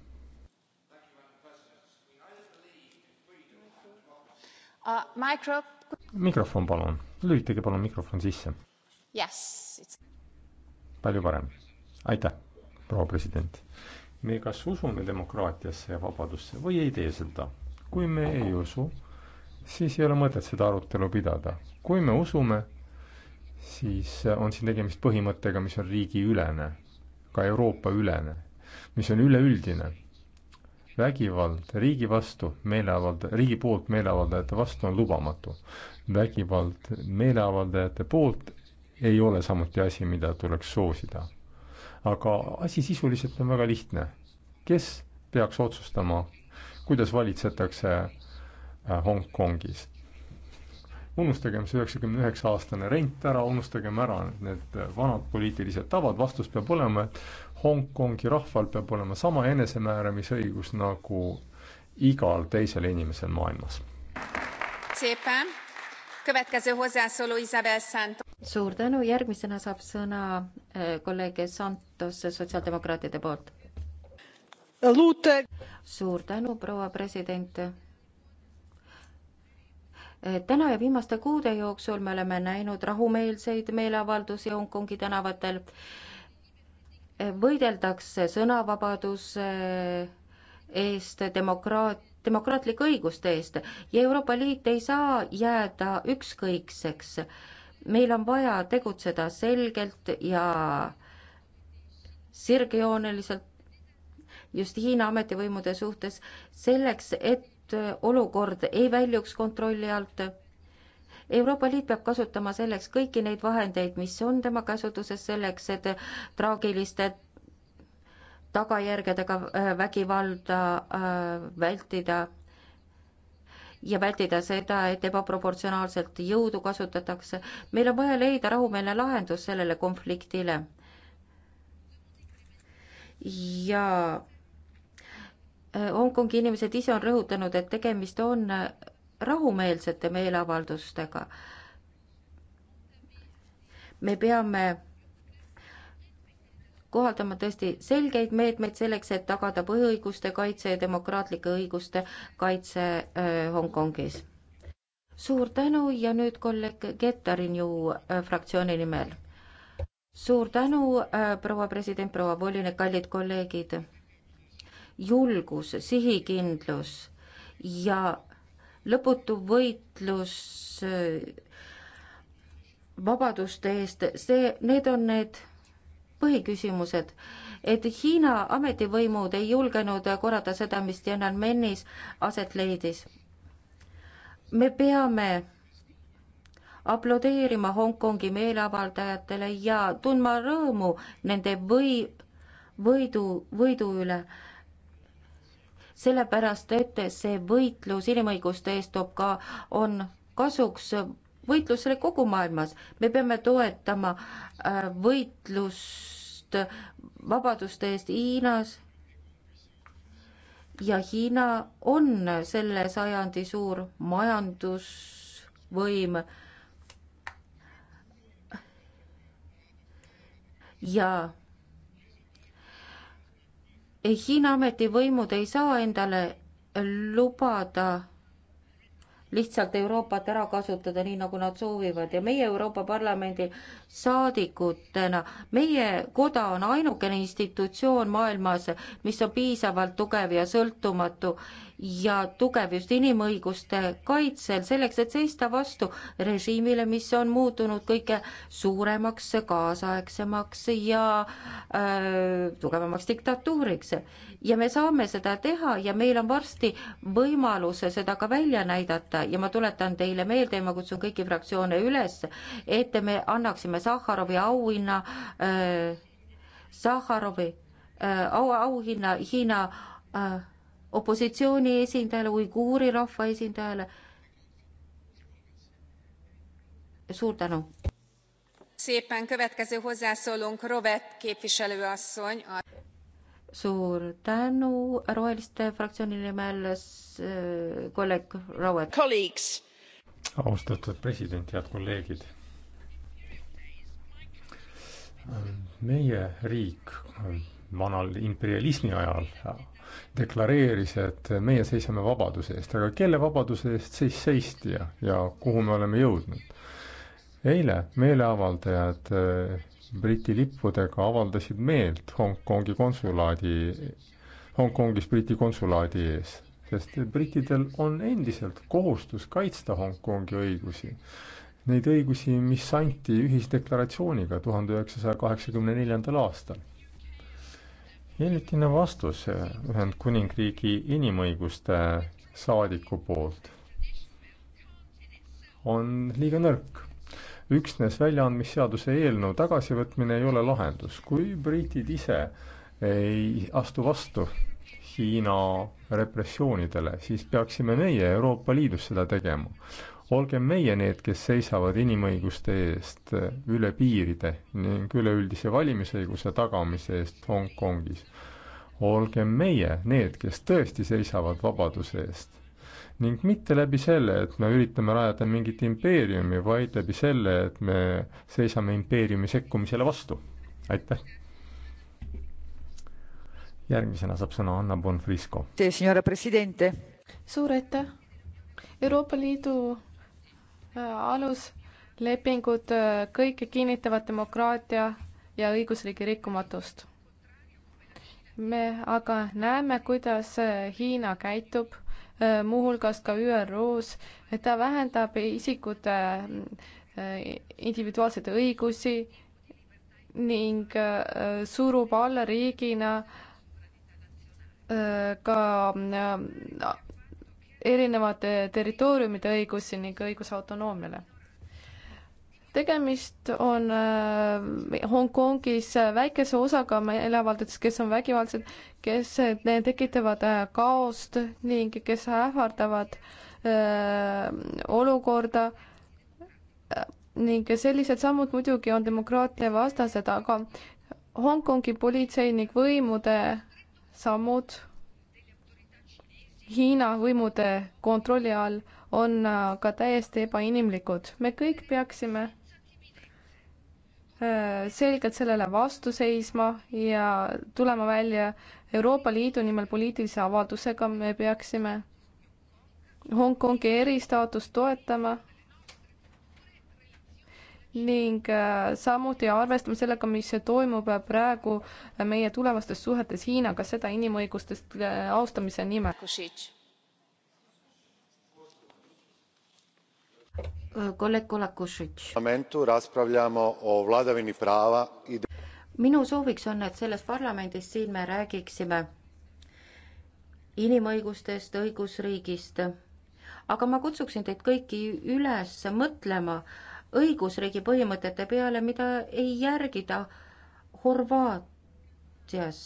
mikrofon palun, lülitage palun mikrofon sisse yes.. palju parem, aitäh, proua president. me kas usume demokraatiasse ja vabadusse või ei tee seda. kui me ei usu, siis ei ole mõtet seda arutelu pidada. kui me usume, siis on siin tegemist põhimõttega, mis on riigiülene, ka Euroopa-ülene, mis on üleüldine. vägivald riigi vastu meeleavalda-, riigi poolt meeleavaldajate vastu on lubamatu. vägivald meeleavaldajate poolt ei ole samuti asi, mida tuleks soosida. aga asi sisuliselt on väga lihtne. kes peaks otsustama, kuidas valitsetakse Äh, Hongkongis. unustagem see üheksakümne üheksa aastane rent ära, unustagem ära need vanad poliitilised tavad, vastus peab olema, et Hongkongi rahval peab olema sama enesemääramisõigus nagu igal teisel inimesel maailmas. suur tänu, järgmisena saab sõna äh, kolleeg Santos sotsiaaldemokraatide poolt. suur tänu, proua president Eh, täna ja viimaste kuude jooksul me oleme näinud rahumeelseid meeleavaldusi Hongkongi tänavatel. Eh, võideldakse sõnavabaduse eh, eest, demokraat, demokraatlike õiguste eest ja Euroopa Liit ei saa jääda ükskõikseks. meil on vaja tegutseda selgelt ja sirgjooneliselt just Hiina ametivõimude suhtes selleks, et et äh, olukord ei väljuks kontrolli alt. Euroopa Liit peab kasutama selleks kõiki neid vahendeid, mis on tema käsutuses selleks, et traagiliste tagajärgedega äh, vägivalda äh, vältida ja vältida seda, et ebaproportsionaalselt jõudu kasutatakse. meil on vaja leida rahumeelne lahendus sellele konfliktile. ja Äh, Hongkongi inimesed ise on rõhutanud, et tegemist on äh, rahumeelsete meeleavaldustega. me peame kohaldama tõesti selgeid meetmeid selleks, et tagada põhiõiguste kaitse ja demokraatlike õiguste kaitse äh, Hongkongis. suur tänu ja nüüd kolleeg Getarinju fraktsiooni nimel. suur tänu, proua president, proua volinik, kallid kolleegid julgus, sihikindlus ja lõputu võitlus äh, vabaduste eest, see, need on need põhiküsimused, et Hiina ametivõimud ei julgenud korrata seda, mis Tiananmenis aset leidis. me peame aplodeerima Hongkongi meeleavaldajatele ja tundma rõõmu nende või, võidu, võidu üle sellepärast et see võitlus inimõiguste eest toob ka, on kasuks võitlusele kogu maailmas. me peame toetama äh, võitlust vabaduste eest Hiinas ja Hiina on selle sajandi suur majandusvõim ja Hiina ametivõimud ei saa endale lubada lihtsalt Euroopat ära kasutada nii, nagu nad soovivad ja meie Euroopa Parlamendi saadikutena, meie koda on ainukene institutsioon maailmas, mis on piisavalt tugev ja sõltumatu ja tugev just inimõiguste kaitsel, selleks et seista vastu režiimile, mis on muutunud kõige suuremaks, kaasaegsemaks ja öö, äh, tugevamaks diktatuuriks ja me saame seda teha ja meil on varsti võimalus seda ka välja näidata ja ma tuletan teile meelde ja ma kutsun kõiki fraktsioone üles, et me annaksime Sahharovi auhinna äh,, Sahharovi äh, au, auhinna Hiina äh, opositsiooni esindajale, uiguuri rahva esindajale. suur tänu suur tänu Roheliste fraktsiooni nimel kolleeg Rauet. austatud president, head kolleegid. meie riik vanal imperialismi ajal deklareeris, et meie seisame vabaduse eest, aga kelle vabaduse eest siis seisti ja, ja kuhu me oleme jõudnud? eile meeleavaldajad Briti lippudega avaldasid meelt Hongkongi konsulaadi, Hongkongis Briti konsulaadi ees, sest brittidel on endiselt kohustus kaitsta Hongkongi õigusi. Neid õigusi, mis anti ühisdeklaratsiooniga tuhande üheksasaja kaheksakümne neljandal aastal. hiljutine vastus Ühendkuningriigi inimõiguste saadiku poolt on liiga nõrk üksnes väljaandmisseaduse eelnõu tagasivõtmine ei ole lahendus. kui britid ise ei astu vastu Hiina repressioonidele, siis peaksime meie Euroopa Liidus seda tegema. olgem meie need, kes seisavad inimõiguste eest üle piiride ning üleüldise valimisõiguse tagamise eest Hongkongis. olgem meie need, kes tõesti seisavad vabaduse eest ning mitte läbi selle, et me üritame rajada mingit impeeriumi, vaid läbi selle, et me seisame impeeriumi sekkumisele vastu. aitäh! järgmisena saab sõna Anna Bonfrisco. suur aitäh! Euroopa Liidu äh, aluslepingud äh, kõike kinnitavad demokraatia ja õigusriigi rikkumatust. me aga näeme, kuidas äh, Hiina käitub Äh, muuhulgas ka ÜRO-s, et ta vähendab isikute äh, individuaalseid õigusi ning äh, surub alla riigina ka erinevate territooriumide õigusi ning õiguse autonoomiale tegemist on äh, Hongkongis väikese osaga meeleavaldajatest, kes on vägivaldsed, kes äh, tekitavad äh, kaost ning kes ähvardavad olukorda. ning sellised sammud muidugi on demokraatia vastased, aga Hongkongi politseinik võimude sammud Hiina võimude kontrolli all on aga täiesti ebainimlikud. me kõik peaksime Äh, selgelt sellele vastu seisma ja tulema välja Euroopa Liidu nimel poliitilise avaldusega, me peaksime Hongkongi eristaatust toetama ning äh, samuti arvestama sellega, mis toimub praegu meie tulevastes suhetes Hiinaga, seda inimõiguste äh, austamise nimel. kolleeg Kolakušitš. minu sooviks on, et selles parlamendis siin me räägiksime inimõigustest, õigusriigist. aga ma kutsuksin teid kõiki üles mõtlema õigusriigi põhimõtete peale, mida ei järgida Horvaatias.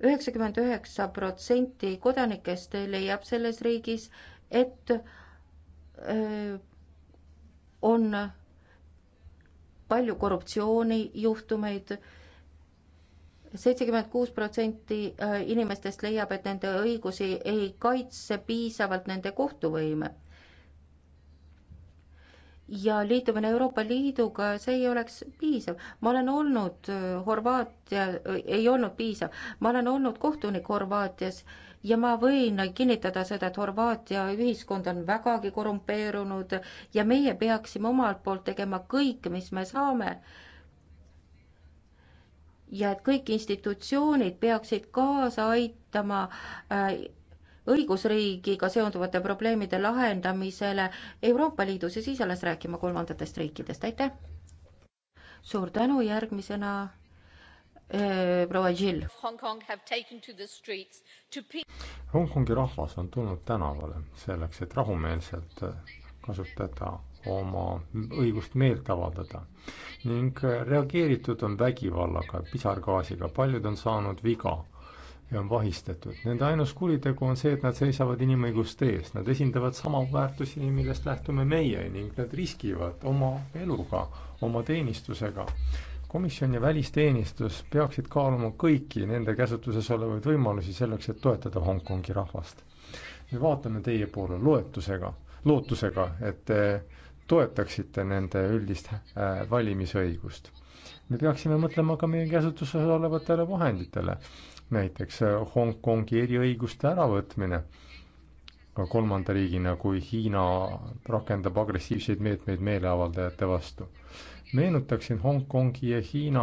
üheksakümmend üheksa protsenti kodanikest leiab selles riigis, et öö, on palju korruptsioonijuhtumeid, seitsekümmend kuus protsenti äh, inimestest leiab, et nende õigusi ei kaitse piisavalt nende kohtuvõime. ja liitumine Euroopa Liiduga, see ei oleks piisav. ma olen olnud äh, Horvaatia, äh, ei olnud piisav, ma olen olnud kohtunik Horvaatias ja ma võin kinnitada seda, et Horvaatia ühiskond on vägagi korrumpeerunud ja meie peaksime omalt poolt tegema kõik, mis me saame. ja et kõik institutsioonid peaksid kaasa aitama äh, õigusriigiga seonduvate probleemide lahendamisele Euroopa Liidus ja siis alles rääkima kolmandatest riikidest, aitäh! suur tänu, järgmisena Äh, proua Jill. Hongkongi rahvas on tulnud tänavale selleks, et rahumeelselt äh, kasutada oma õigust meelt avaldada ning äh, reageeritud on vägivallaga, pisargaasiga, paljud on saanud viga ja on vahistatud. Nende ainus kuritegu on see, et nad seisavad inimõiguste eest, nad esindavad samu väärtusi, millest lähtume meie ning nad riskivad oma eluga, oma teenistusega komisjon ja välisteenistus peaksid kaaluma kõiki nende käsutuses olevaid võimalusi selleks, et toetada Hongkongi rahvast. me vaatame teie poole loetusega, lootusega, et te toetaksite nende üldist äh, valimisõigust. me peaksime mõtlema ka meie käsutuses olevatele vahenditele, näiteks äh, Hongkongi eriõiguste äravõtmine ka kolmanda riigina, kui Hiina rakendab agressiivseid meetmeid meeleavaldajate vastu meenutaksin Hongkongi ja Hiina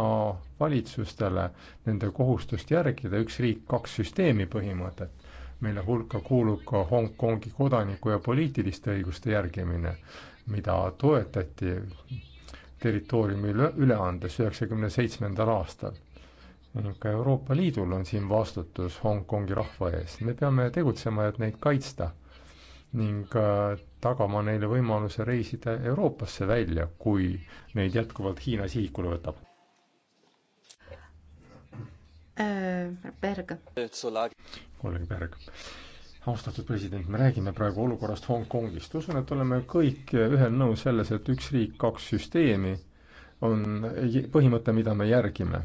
valitsustele nende kohustust järgida üks riik, kaks süsteemi põhimõtet, mille hulka kuulub ka Hongkongi kodaniku ja poliitiliste õiguste järgimine, mida toetati territooriumi üle, üle andes üheksakümne seitsmendal aastal. ka Euroopa Liidul on siin vastutus Hongkongi rahva ees, me peame tegutsema, et neid kaitsta ning äh, tagama neile võimaluse reisida Euroopasse välja, kui neid jätkuvalt Hiina sihikule võtab. Äh, Berg. kolleeg Berg. austatud president, me räägime praegu olukorrast Hongkongist. usun, et oleme kõik ühel nõus selles, et üks riik, kaks süsteemi on põhimõte, mida me järgime.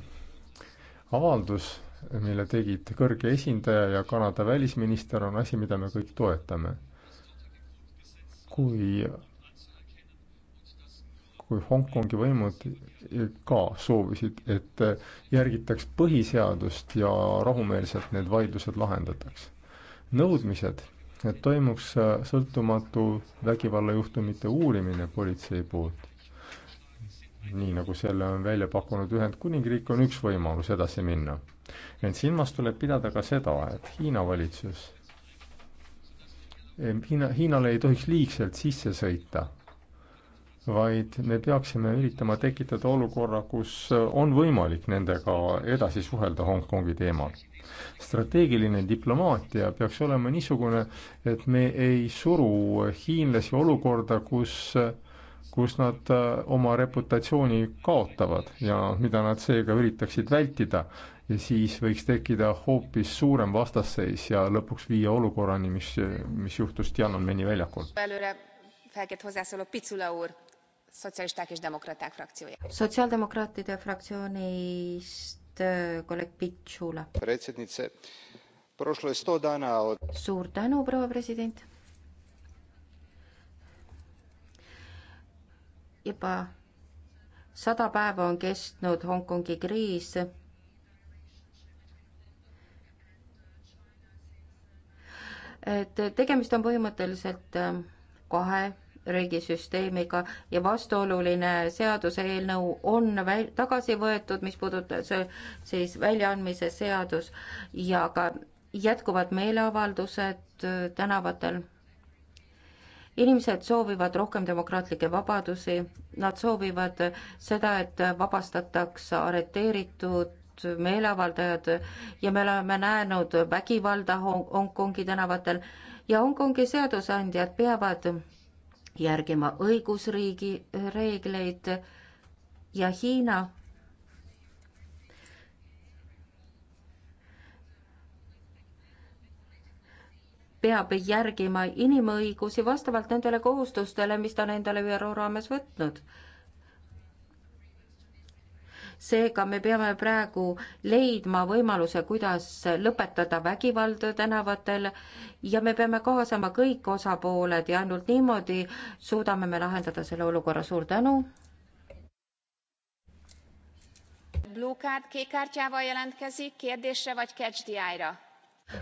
avaldus, mille tegid kõrge esindaja ja Kanada välisminister, on asi, mida me kõik toetame kui, kui Hongkongi võimud ka soovisid, et järgitaks põhiseadust ja rahumeelselt need vaidlused lahendataks. nõudmised, et toimuks sõltumatu vägivallajuhtumite uurimine politsei poolt nii nagu selle on välja pakkunud Ühendkuningriik, on üks võimalus edasi minna. ent silmas tuleb pidada ka seda, et Hiina valitsus Hiina, Hiinale ei tohiks liigselt sisse sõita, vaid me peaksime üritama tekitada olukorra, kus on võimalik nendega edasi suhelda Hongkongi teemal. strateegiline diplomaatia peaks olema niisugune, et me ei suru hiinlasi olukorda, kus kus nad oma reputatsiooni kaotavad ja mida nad seega üritaksid vältida ja siis võiks tekkida hoopis suurem vastasseis ja lõpuks viia olukorrani, mis, mis juhtus Tiananmeni väljakul. sotsiaaldemokraatide fraktsioonist kolleeg Pitsula. suur tänu, proua president. juba sada päeva on kestnud Hongkongi kriis et tegemist on põhimõtteliselt ähm, kahe riigisüsteemiga ja vastuoluline seaduseelnõu on väl-, tagasi võetud, mis puudutab see äh, siis väljaandmise seadus ja ka jätkuvad meeleavaldused äh, tänavatel. inimesed soovivad rohkem demokraatlikke vabadusi, nad soovivad äh, seda, et vabastataks arreteeritud just meeleavaldajad ja me oleme näinud vägivalda Hongkongi tänavatel ja Hongkongi seadusandjad peavad järgima õigusriigi reegleid ja Hiina peab järgima inimõigusi vastavalt nendele kohustustele, mis ta on endale ÜRO raames võtnud seega me peame praegu leidma võimaluse, kuidas lõpetada vägivalda tänavatel ja me peame kaasama kõik osapooled ja ainult niimoodi suudame me lahendada selle olukorra. suur tänu.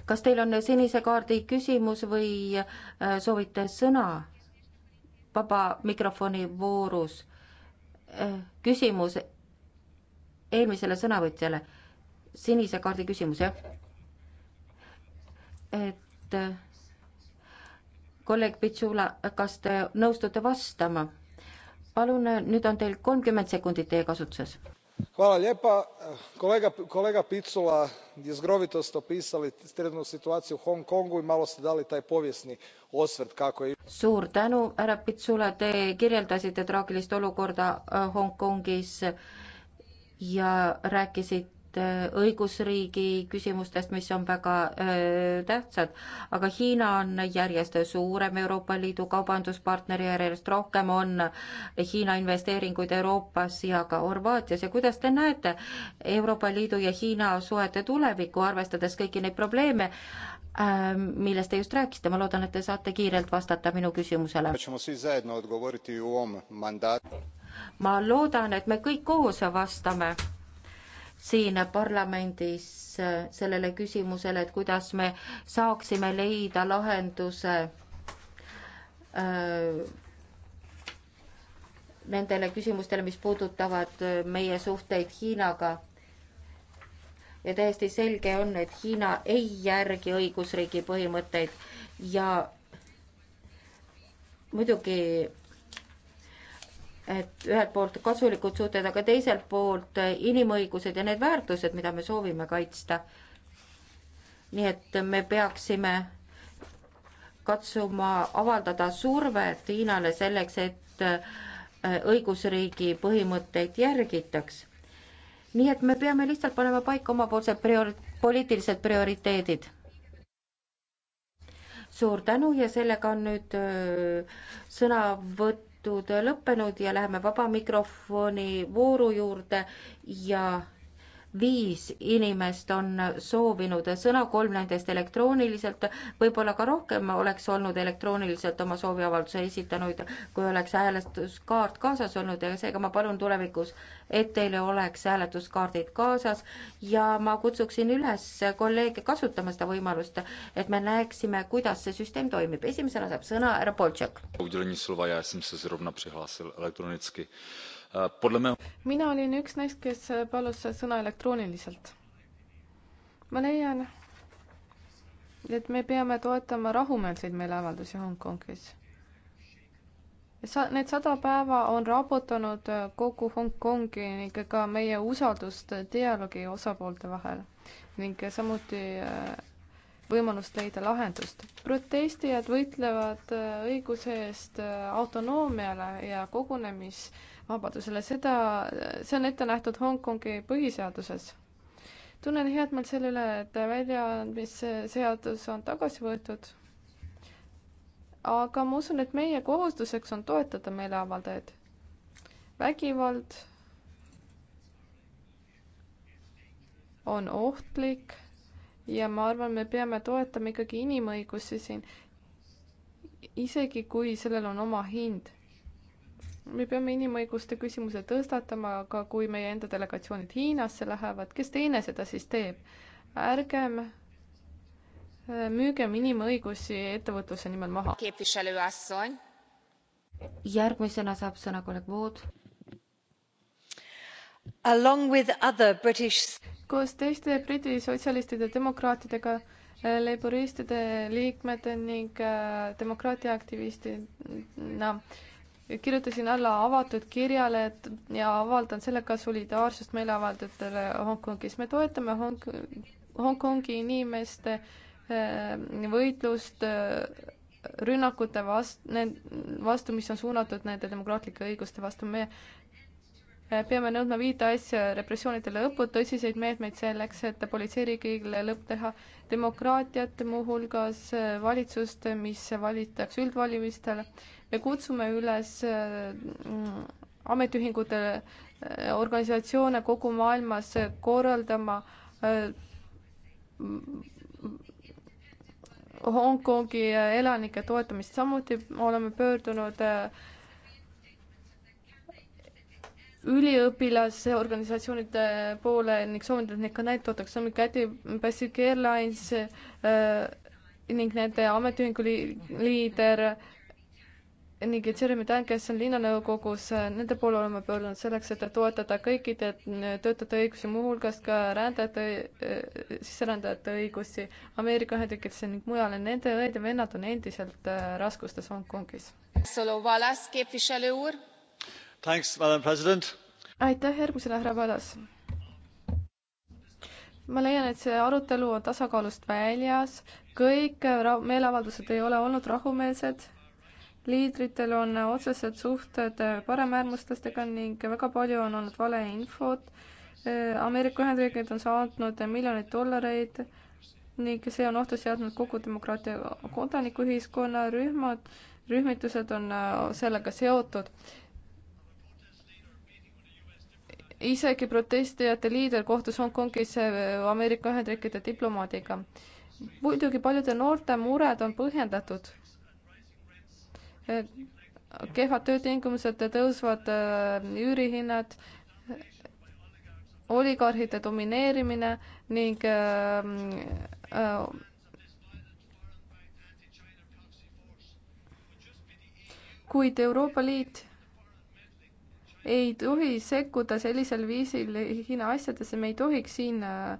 kas teil on sinise kaardi küsimus või äh, soovite sõna vaba mikrofoni voorus? Äh, küsimus eelmisele sõnavõtjale sinise kaardi küsimus, jah? et äh, kolleeg Pitsula, kas te nõustute vastama? palun, äh, nüüd on teil kolmkümmend sekundit teie kasutuses. Hvala lijepa. Kolega, kolega Picula je zgrovito ste opisali trenutnu situaciju u Hong Kongu i malo ste dali taj povijesni osvrt kako je... Suur tänu, härra Picula, te kirjeldasite traagilist olukorda äh, Hongkongis ja rääkisid äh, õigusriigi küsimustest, mis on väga öö, äh, tähtsad, aga Hiina on järjest suurem Euroopa Liidu kaubanduspartner ja järjest rohkem on Hiina investeeringuid Euroopas ja ka Horvaatias ja kuidas te näete Euroopa Liidu ja Hiina suhete tulevikku, arvestades kõiki neid probleeme, äh, millest te just rääkisite, ma loodan, et te saate kiirelt vastata minu küsimusele ma loodan, et me kõik koos vastame siin parlamendis äh, sellele küsimusele, et kuidas me saaksime leida lahenduse öö, äh, nendele küsimustele, mis puudutavad äh, meie suhteid Hiinaga. ja täiesti selge on, et Hiina ei järgi õigusriigi põhimõtteid ja muidugi et ühelt poolt kasulikud suhted, aga teiselt poolt eh, inimõigused ja need väärtused, mida me soovime kaitsta. nii et me peaksime katsuma avaldada survet Hiinale selleks, et eh, õigusriigi põhimõtteid järgitaks. nii et me peame lihtsalt panema paika omapoolsed priori-, poliitilised prioriteedid. suur tänu ja sellega on nüüd eh, sõnavõtt sõnavõtud lõppenud ja läheme vaba mikrofoni vooru juurde ja viis inimest on soovinud sõna, kolm nendest elektrooniliselt, võib-olla ka rohkem oleks olnud elektrooniliselt oma sooviavalduse esitanuid, kui oleks hääletuskaart kaasas olnud ja seega ma palun tulevikus, et teil oleks hääletuskaardid kaasas ja ma kutsuksin üles kolleege kasutama seda võimalust, et me näeksime, kuidas see süsteem toimib. esimesena saab sõna härra Boltšak. Äh, mina olin üks neist, kes palus sõna elektrooniliselt. ma leian, et me peame toetama rahumeelseid meeleavaldusi Hongkongis. Sa-, need sada päeva on raputanud kogu Hongkongi ning ka meie usaldust dialoogi osapoolte vahel ning samuti äh, võimalust leida lahendust. protestijad võitlevad äh, õiguse eest autonoomiale ja kogunemis- vabadusele, seda, see on ette nähtud Hongkongi põhiseaduses. tunnen head meelt selle üle, et väljaandmisseadus on tagasi võetud. aga ma usun, et meie kohustuseks on toetada meeleavaldajaid. vägivald on ohtlik ja ma arvan, me peame toetama ikkagi inimõigusi siin, isegi kui sellel on oma hind me peame inimõiguste küsimuse tõstatama, aga kui meie enda delegatsioonid Hiinasse lähevad, kes teine seda siis teeb? ärgem äh, müügem inimõigusi ettevõtluse nimel maha. järgmisena saab sõna kolleeg Vood. British... koos teiste Briti sotsialistide, demokraatidega, äh, laboristide liikmed ning äh, demokraatiaaktivistidena no, kirjutasin alla avatud kirjale ja avaldan sellega solidaarsust meeleavaldajatele Hongkongis. me toetame Hong-, Hongkongi inimeste eh, võitlust eh, rünnakute vast-, vastu, mis on suunatud nende demokraatlike õiguste vastu. me Äh, peame nõudma viite asja repressioonide lõppu, tõsiseid meetmeid selleks, et politseiriigile lõpp teha, demokraatiat, muuhulgas äh, valitsust, mis valitakse üldvalimistel. me kutsume üles äh, ametiühingute organisatsioone kogu maailmas korraldama Hongkongi elanike toetamist, samuti oleme pöördunud äh, üliõpilasorganisatsioonide poole ning soovinud, et neid ka näidatakse, samuti Käti Pacific Airlines äh, ning nende ametiühingu li liider ning Jeremy Tan, kes on linnanõukogus, äh, nende poole oleme pöördunud selleks, et toetada kõikide äh, töötajate õigusi, muuhulgas ka rändajate, äh, sisserändajate õigusi Ameerika Ühendriikidesse ning mujale. Nende õed ja vennad on endiselt raskustes Hongkongis aitäh, järgmisena härra Palas. ma leian, et see arutelu on tasakaalust väljas, kõik meeleavaldused ei ole olnud rahumeelsed liidritel on otsesed suhted paremäärmuslastega ning väga palju on olnud valeinfot. Ameerika Ühendriigid on saatnud miljoneid dollareid ning see on ohtu seadnud kogu demokraatia kodanikuühiskonna rühmad, rühmitused on sellega seotud isegi protestijate liider kohtus Hongkongis äh, Ameerika Ühendriikide diplomaadiga. muidugi paljude noorte mured on põhjendatud. Äh, kehvad töötingimused, tõusvad äh, üürihinnad, oligarhide domineerimine ning äh, kuid Euroopa Liit ei tohi sekkuda sellisel viisil Hiina asjadesse, me ei tohiks siin äh,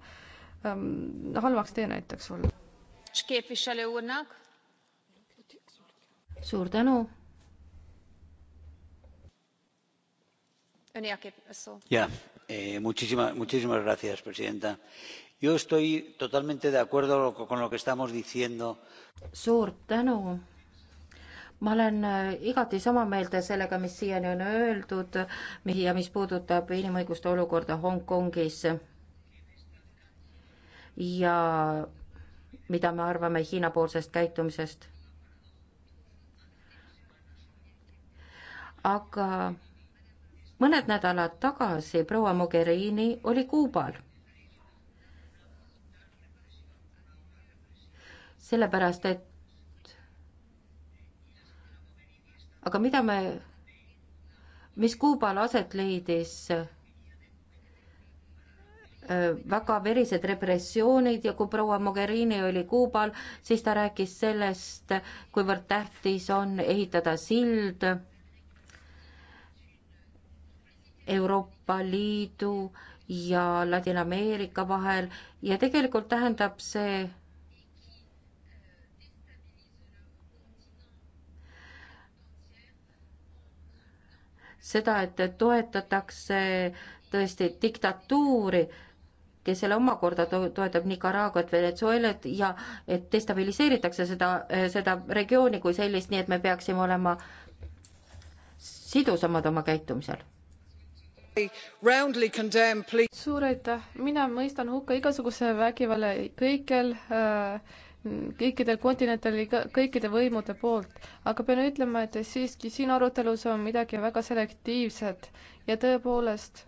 ähm, halvaks teenäiteks olla. suur tänu. jah, eh, muchísimas, muchísimas gracias, presidenta. Yo estoy totalmente de acuerdo con lo que estamos diciendo. suur tänu ma olen äh, igati sama meelt sellega, mis siiani on öeldud ja mis puudutab inimõiguste olukorda Hongkongis. ja mida me arvame Hiina-poolsest käitumisest. aga mõned nädalad tagasi proua Mogherini oli Kuubal sellepärast, et aga mida me, mis Kuubal aset leidis, väga verised repressioonid ja kui proua Mogherini oli Kuubal, siis ta rääkis sellest, kuivõrd tähtis on ehitada sild Euroopa Liidu ja Ladina-Ameerika vahel ja tegelikult tähendab see seda, et toetatakse tõesti diktatuuri, kes jälle omakorda to-, toetab Nicaraguat, Venezuelat ja et destabiliseeritakse seda, seda regiooni kui sellist, nii et me peaksime olema sidusamad oma käitumisel suur aitäh, mina mõistan hukka igasuguse vägivalla kõikjal äh, kõikidel kontinentidel, kõikide võimude poolt. aga pean ütlema, et siiski siin arutelus on midagi väga selektiivset ja tõepoolest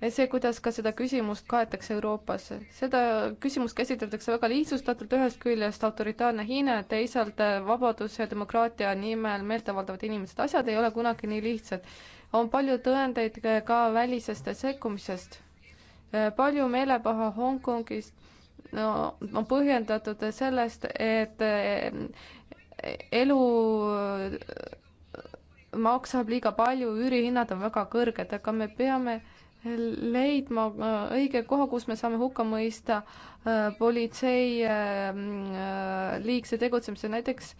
ja see, kuidas ka seda küsimust kaetakse Euroopas, seda küsimust käsitletakse väga lihtsustatult, ühest küljest autoritaarne Hiina, teisalt äh, vabaduse ja demokraatia nimel meelt avaldavad inimesed, asjad ei ole kunagi nii lihtsad. on palju tõendeid äh, ka välisest sekkumisest, äh, palju meelepaha Hongkongist no, on põhjendatud sellest, et eh, elu eh, maksab liiga palju, üürihinnad on väga kõrged, aga me peame leidma eh, õige koha, kus me saame hukka mõista politsei liigse tegutsemise, näiteks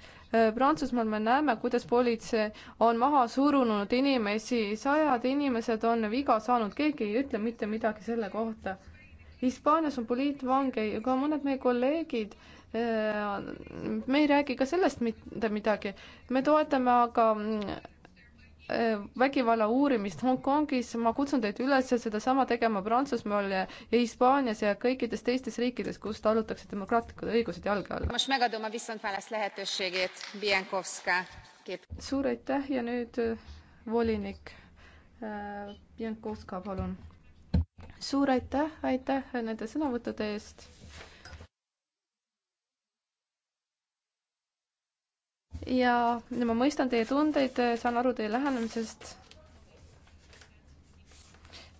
Prantsusmaal me näeme, kuidas politsei on maha surunud inimesi, sajad inimesed on viga saanud, keegi ei ütle mitte midagi selle kohta Hispaanias on poliitvange ja ka mõned meie kolleegid äh, me ei räägi ka sellest mitte midagi. me toetame aga äh, vägivalla uurimist Hongkongis, ma kutsun teid üles sedasama tegema Prantsusmaal ja Hispaanias ja kõikides teistes riikides, kus talutakse demokraatlikud õigused jalge alla. suur aitäh ja nüüd äh, volinik Pienkovska, palun suur aitäh, aitäh nende sõnavõttude eest. ja ma mõistan teie tundeid, saan aru teie lähenemisest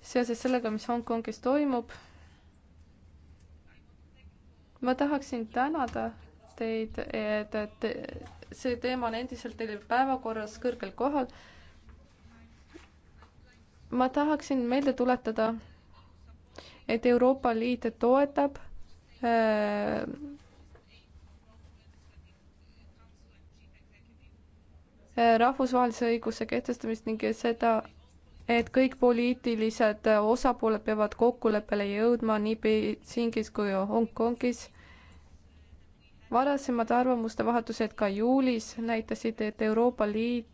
seoses sellega, mis Hongkongis toimub. ma tahaksin tänada teid, et, et see teema on endiselt teil päevakorras kõrgel kohal. ma tahaksin meelde tuletada et Euroopa Liit toetab äh, rahvusvahelise õiguse kehtestamist ning seda, et kõik poliitilised osapooled peavad kokkuleppele jõudma nii Pekingis kui Hongkongis. varasemad arvamuste vahetused ka juulis näitasid, et Euroopa Liit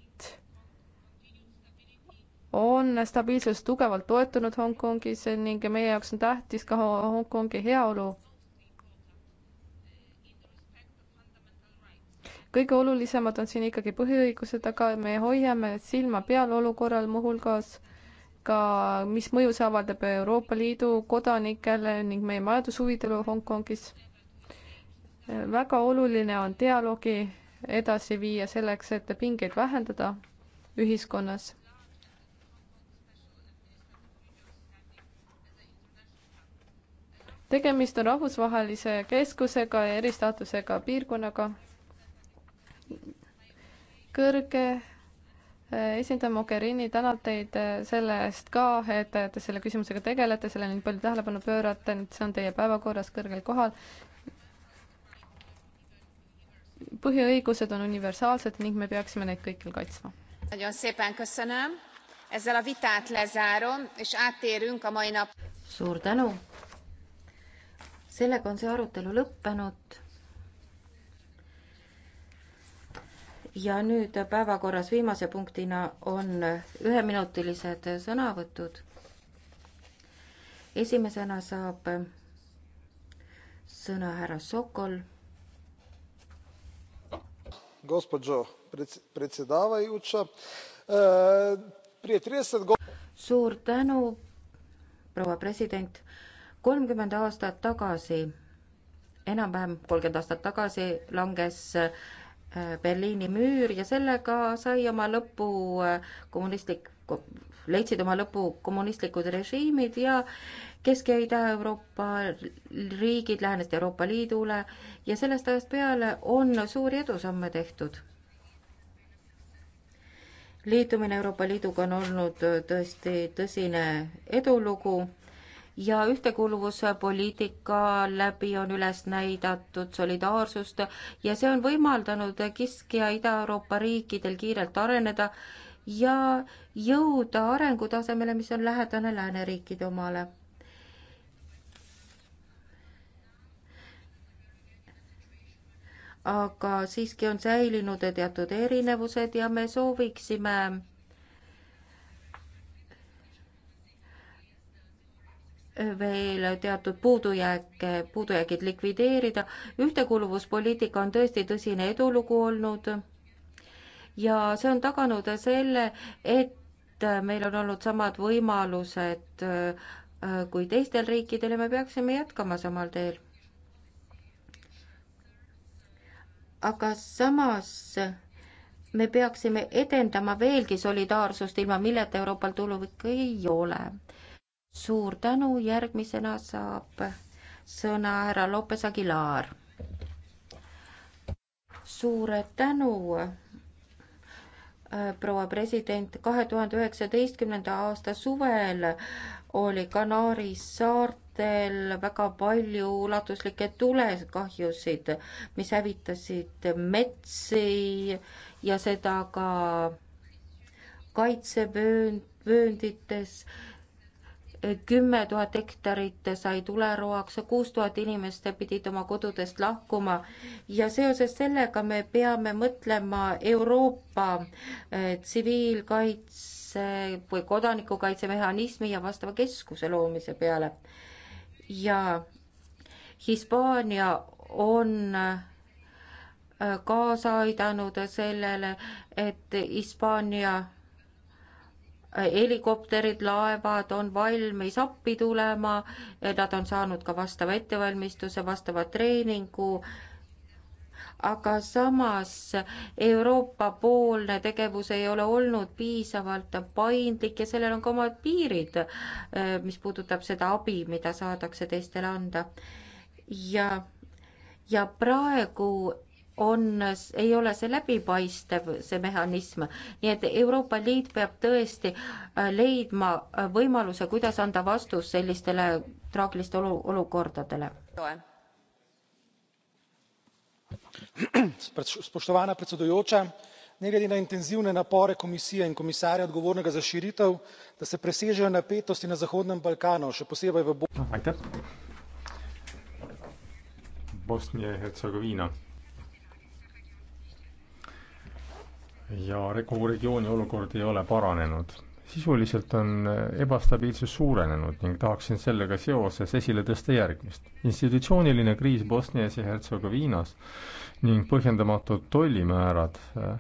on stabiilsust tugevalt toetanud Hongkongis ning meie jaoks on tähtis ka Hongkongi heaolu. kõige olulisemad on siin ikkagi põhiõigused, aga me hoiame silma peal olukorral muuhulgas ka, mis mõju see avaldab Euroopa Liidu kodanikele ning meie majandushuvidele Hongkongis. väga oluline on dialoogi edasi viia selleks, et pingeid vähendada ühiskonnas tegemist on rahvusvahelise keskusega ja eristaatusega piirkonnaga. kõrge eh, esindaja Mogherini tänab teid eh, selle eest ka, et te selle küsimusega tegelete, sellele nii palju tähelepanu pöörate, see on teie päevakorras kõrgel kohal. põhiõigused on universaalsed ning me peaksime neid kõikjal kaitsma. suur tänu sellega on see arutelu lõppenud. ja nüüd päevakorras viimase punktina on üheminutilised sõnavõtud. esimesena saab sõna härra Sokol. E, suur tänu, proua president kolmkümmend aastat tagasi, enam-vähem kolmkümmend aastat tagasi langes äh, Berliini müür ja sellega sai oma lõpu äh, kommunistlik, leidsid oma lõpu kommunistlikud režiimid ja Kesk- ja Ida-Euroopa riigid lähenesid Euroopa Liidule ja sellest ajast peale on suuri edusamme tehtud. liitumine Euroopa Liiduga on olnud tõesti tõsine edulugu ja ühtekuuluvuspoliitika läbi on üles näidatud solidaarsust ja see on võimaldanud Kesk- ja Ida-Euroopa riikidel kiirelt areneda ja jõuda arengutasemele, mis on lähedane lääneriikide omale. aga siiski on säilinud teatud erinevused ja me sooviksime veel teatud puudujääke, puudujäägid likvideerida. ühtekuuluvuspoliitika on tõesti tõsine edulugu olnud ja see on taganud selle, et meil on olnud samad võimalused äh, kui teistel riikidel ja me peaksime jätkama samal teel aga samas me peaksime edendama veelgi solidaarsust, ilma milleta Euroopal tulevik ei ole suur tänu, järgmisena saab sõna härra Lopes Aguilar. suur tänu äh, proua president, kahe tuhande üheksateistkümnenda aasta suvel oli Kanaari saartel väga palju ulatuslikke tulekahjusid, mis hävitasid metsi ja seda ka kaitsevöönd, vööndites kümme tuhat hektarit sai tuleroaks, kuus tuhat inimest pidid oma kodudest lahkuma ja seoses sellega me peame mõtlema Euroopa eh, tsiviilkaitse või kodanikukaitsemehhanismi ja vastava keskuse loomise peale. ja Hispaania on eh, kaasa aidanud sellele, et Hispaania helikopterid, laevad on valmis appi tulema, nad on saanud ka vastava ettevalmistuse, vastava treeningu, aga samas Euroopa-poolne tegevus ei ole olnud piisavalt paindlik ja sellel on ka omad piirid, mis puudutab seda abi, mida saadakse teistele anda. ja, ja praegu on, ei ole see läbipaistev, see mehhanism. nii et Euroopa Liit peab tõesti äh, leidma äh, võimaluse, kuidas anda vastus sellistele traagilistele olu-, olukordadele. Spoštovana predsedujoča, ne glede na intenzivne napore komisije in komisarja, odgovornega za širitev, da se presežejo napetosti na Zahodnem Balkanu, še posebej v Bosni ja Hertsegoviina ja kogu regiooni olukord ei ole paranenud. sisuliselt on äh, ebastabiilsus suurenenud ning tahaksin sellega seoses esile tõsta järgmist. institutsiooniline kriis Bosnias ja Hertsegoviinas ning põhjendamatud tollimäärad, äh,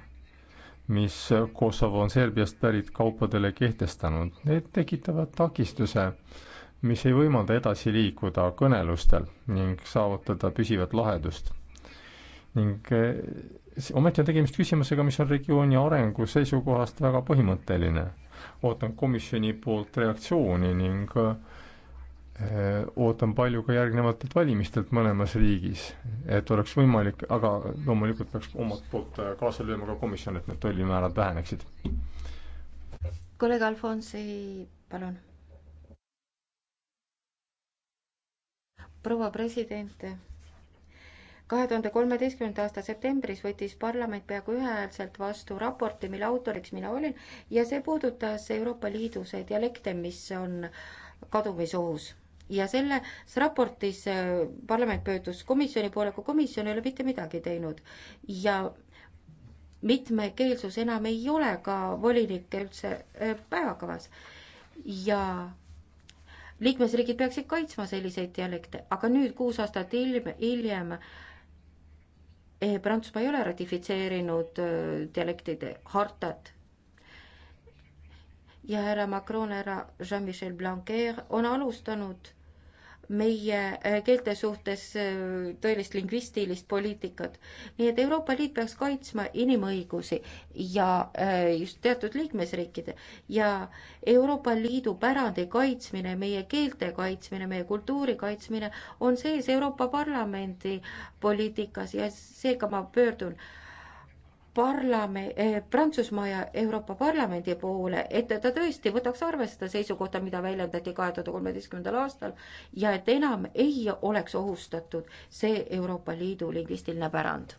mis Kosovo on Serbiast pärit kaupadele kehtestanud, need tekitavad takistuse mis ei võimalda edasi liikuda kõnelustel ning saavutada püsivat lahendust. ning äh, ometi on tegemist küsimusega, mis on regiooni arengu seisukohast väga põhimõtteline. ootan komisjoni poolt reaktsiooni ning äh, ootan palju ka järgnevatelt valimistelt mõlemas riigis, et oleks võimalik, aga loomulikult peaks omalt poolt äh, kaasa lööma ka komisjon, et need tollimäärad väheneksid. kolleeg Alfonsi, palun. proua president kahe tuhande kolmeteistkümnenda aasta septembris võttis parlament peaaegu ühehäälselt vastu raporti, mille autoriks mina olin ja see puudutas Euroopa Liidus dialekte, mis on kadumisohus ja selles raportis äh, parlament pöördus komisjoni poole, kui komisjon ei ole mitte midagi teinud ja mitmekeelsus enam ei ole ka volinike üldse äh, päevakavas ja liikmesriigid peaksid kaitsma selliseid dialekte, aga nüüd kuus aastat hiljem, hiljem Eh, Prantsusmaa ei ole ratifitseerinud eh, dialektide hartat ja härra Macron, härra Jean-Michel Blanquer on alustanud meie äh, keelte suhtes äh, tõelist lingvistilist poliitikat. nii et Euroopa Liit peaks kaitsma inimõigusi ja äh, just teatud liikmesriikide ja Euroopa Liidu pärandi kaitsmine, meie keelte kaitsmine, meie kultuuri kaitsmine on sees Euroopa Parlamendi poliitikas ja seega ma pöördun äh, parlame- eh,, Prantsusmaa ja Euroopa Parlamendi poole, et ta tõesti võtaks arvesse seda seisukohta, mida väljendati kahe tuhande kolmeteistkümnendal aastal ja et enam ei oleks ohustatud see Euroopa Liidu lingvistiline pärand.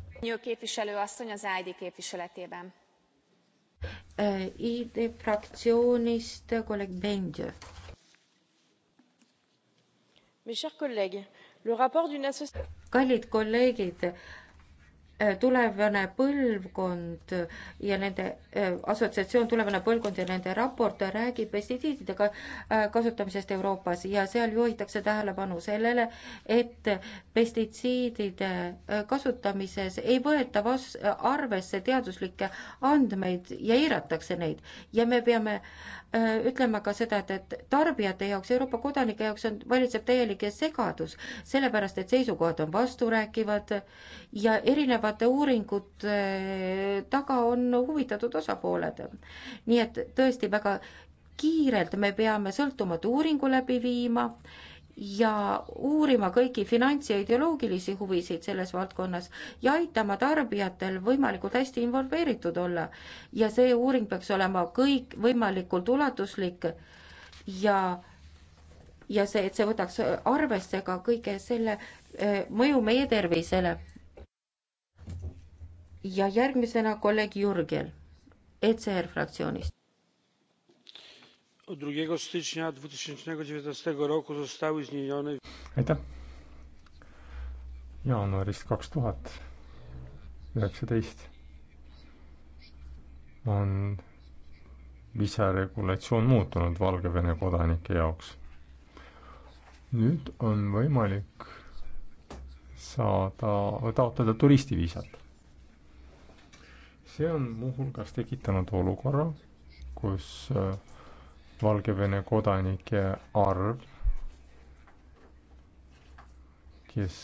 ID eh, fraktsioonist kolleeg Benjo. kallid kolleegid tulevane põlvkond ja nende äh, assotsiatsioon Tulevane põlvkond ja nende raport räägib pestitsiididega äh, kasutamisest Euroopas ja seal juhitakse tähelepanu sellele, et pestitsiidide äh, kasutamises ei võeta vas-, arvesse teaduslikke andmeid ja eiratakse neid ja me peame Äh, ütlen ma ka seda, et, et tarbijate jaoks, Euroopa kodanike jaoks on, valitseb täielik segadus, sellepärast et seisukohad on vasturääkivad ja erinevate uuringute äh, taga on huvitatud osapooled. nii et tõesti väga kiirelt me peame sõltumatu uuringu läbi viima ja uurima kõiki finants- ja ideoloogilisi huvisid selles valdkonnas ja aitama tarbijatel võimalikult hästi involveeritud olla. ja see uuring peaks olema kõik võimalikult ulatuslik ja, ja see, et see võtaks arvesse ka kõige selle eh, mõju meie tervisele. ja järgmisena kolleeg Jürgel ECR fraktsioonist drugiego stycznia 2019 roku zostały zmienione. aitäh. jaanuarist kaks tuhat üheksateist on viisaregulatsioon muutunud Valgevene kodanike jaoks. nüüd on võimalik saada, taotleda turistiviisat. see on muuhulgas tekitanud olukorra, kus äh, Valgevene kodanike arv, kes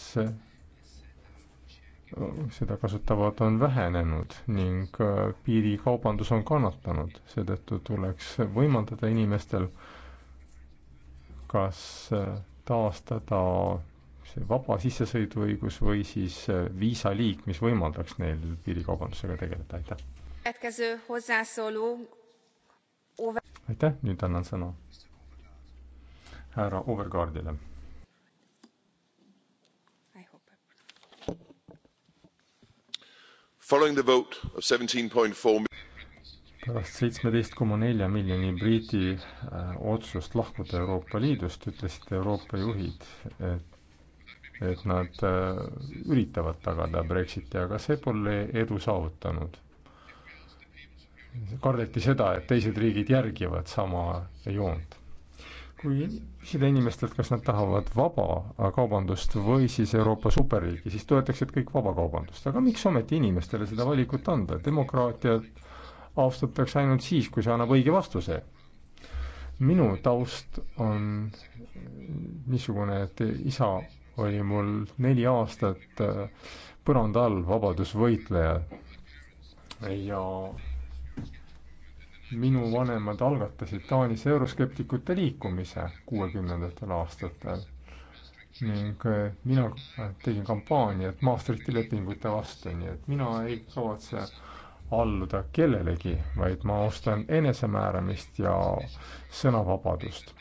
seda kasutavad, on vähenenud ning äh, piirikaubandus on kannatanud, seetõttu tuleks võimaldada inimestel kas äh, taastada see vaba sissesõiduõigus või siis äh, viisaliik, mis võimaldaks neil piirikaubandusega tegeleda, aitäh aitäh, nüüd annan sõna härra Overgaardile. Following the vote of seventeen point four pärast seitsmeteist koma nelja miljoni Briti äh, otsust lahkuda Euroopa Liidust ütlesid Euroopa juhid, et et nad äh, üritavad tagada Brexiti, aga see pole edu saavutanud kardeti seda, et teised riigid järgivad sama joont. kui küsida inimestelt, kas nad tahavad vaba kaubandust või siis Euroopa superriiki, siis toetaksid kõik vabakaubandust, aga miks ometi inimestele seda valikut anda, demokraatiat austatakse ainult siis, kui see annab õige vastuse. minu taust on niisugune, et isa oli mul neli aastat põranda all vabadusvõitleja ja minu vanemad algatasid Taanis euroskeptikute liikumise kuuekümnendatel aastatel ning äh, mina tegin kampaaniat Maastrichti lepingute vastu, nii et mina ei kavatse alluda kellelegi, vaid ma austan enesemääramist ja sõnavabadust.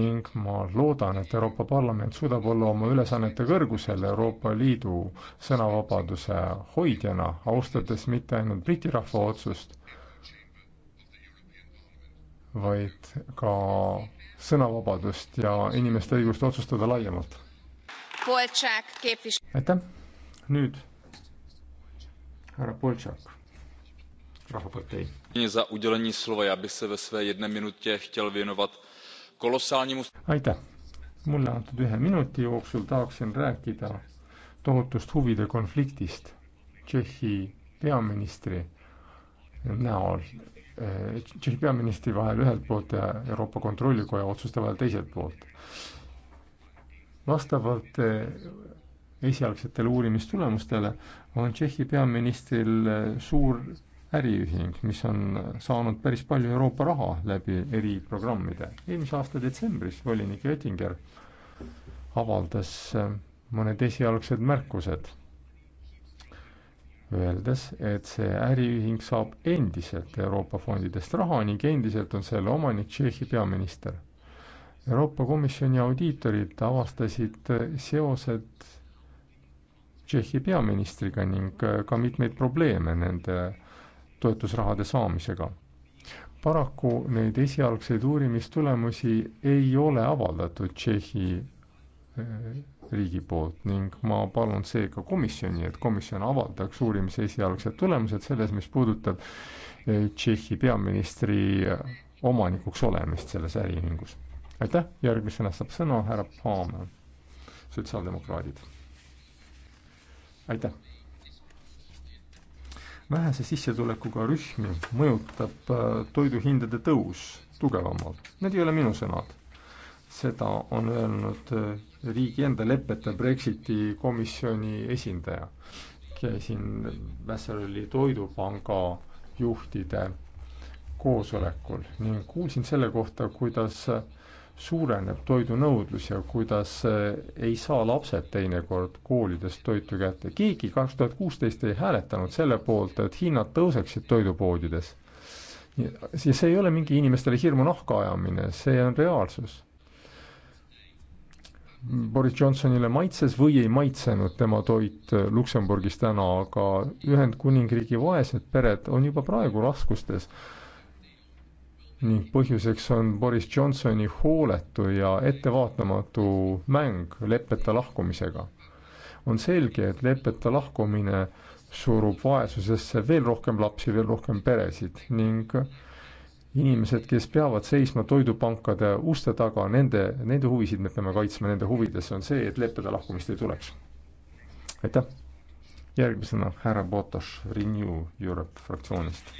ning ma loodan, et Euroopa Parlament suudab olla oma ülesannete kõrgusel Euroopa Liidu sõnavabaduse hoidjana, austades mitte ainult Briti rahva otsust, vaid ka sõnavabadust ja inimeste õigust otsustada laiemalt. aitäh, nüüd härra Poltšak, Rahvapartei. já bych se ve své jedné minutě chtěl věnovat kolosálnímu. aitäh, mulle antud ühe minuti jooksul tahaksin rääkida tohutust huvide konfliktist Tšehhi peaministri näol Tšehhi peaministri vahel ühelt poolt ja Euroopa Kontrollikoja otsuste vahel teiselt poolt. vastavalt eh, esialgsetele uurimistulemustele on Tšehhi peaministril eh, suur äriühing, mis on saanud päris palju Euroopa raha läbi eriprogrammide. eelmise aasta detsembris volinik Oettinger avaldas eh, mõned esialgsed märkused öeldes, et see äriühing saab endiselt Euroopa fondidest raha ning endiselt on selle omanik Tšehhi peaminister. Euroopa Komisjoni audiitorid avastasid seosed Tšehhi peaministriga ning ka mitmeid probleeme nende toetusrahade saamisega. paraku neid esialgseid uurimistulemusi ei ole avaldatud Tšehhi eh, riigi poolt ning ma palun seega komisjoni, et komisjon avaldaks uurimise esialgsed tulemused selles, mis puudutab eh, Tšehhi peaministri eh, omanikuks olemist selles äriühingus. aitäh, järgmisena saab sõna härra Paamäe, sotsiaaldemokraadid. aitäh. vähese sissetulekuga rühmi mõjutab eh, toiduhindade tõus tugevamalt, need ei ole minu sõnad seda on öelnud äh, riigi enda lepete Brexiti komisjoni esindaja, käisin Vassarali toidupanga juhtide koosolekul ning kuulsin selle kohta, kuidas suureneb toidunõudlus ja kuidas äh, ei saa lapsed teinekord koolidest toitu kätte. keegi kaks tuhat kuusteist ei hääletanud selle poolt, et hinnad tõuseksid toidupoodides. ja see ei ole mingi inimestele hirmu nahka ajamine, see on reaalsus Boris Johnsonile maitses või ei maitsenud tema toit Luksemburgis täna, aga Ühendkuningriigi vaesed pered on juba praegu raskustes. ning põhjuseks on Boris Johnsoni hooletu ja ettevaatamatu mäng leppeta lahkumisega. on selge, et leppeta lahkumine surub vaesusesse veel rohkem lapsi, veel rohkem peresid ning inimesed, kes peavad seisma toidupankade uste taga, nende, nende huvisid me peame kaitsma, nende huvides on see, et leppede lahkumist ei tuleks. aitäh. järgmisena härra Botoš Renew Europe fraktsioonist.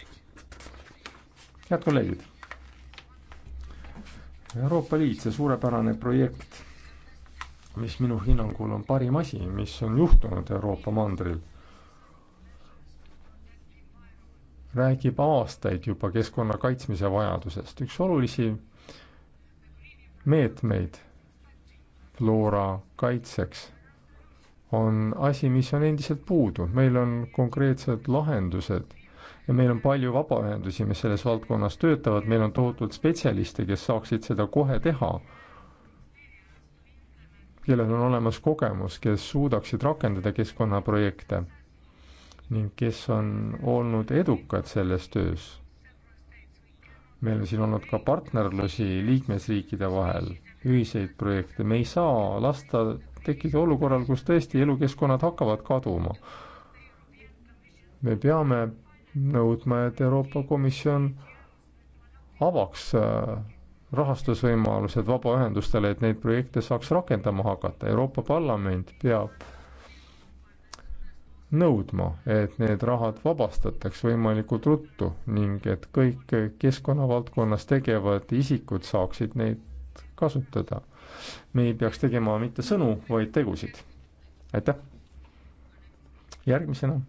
head kolleegid. Euroopa Liit, see suurepärane projekt, mis minu hinnangul on parim asi, mis on juhtunud Euroopa mandril räägib aastaid juba keskkonna kaitsmise vajadusest. üks olulisi meetmeid floora kaitseks on asi, mis on endiselt puudu. meil on konkreetsed lahendused ja meil on palju vabaühendusi, mis selles valdkonnas töötavad, meil on tohutult spetsialiste, kes saaksid seda kohe teha, kellel on olemas kogemus, kes suudaksid rakendada keskkonnaprojekte ning kes on olnud edukad selles töös. meil on siin olnud ka partnerlusi liikmesriikide vahel, ühiseid projekte, me ei saa lasta tekkida olukorral, kus tõesti elukeskkonnad hakkavad kaduma. me peame nõudma, et Euroopa Komisjon avaks äh, rahastusvõimalused vabaühendustele, et neid projekte saaks rakendama hakata, Euroopa Parlament peab nõudma, et need rahad vabastataks võimalikult ruttu ning et kõik keskkonnavaldkonnas tegevad isikud saaksid neid kasutada. me ei peaks tegema mitte sõnu, vaid tegusid. aitäh! järgmisena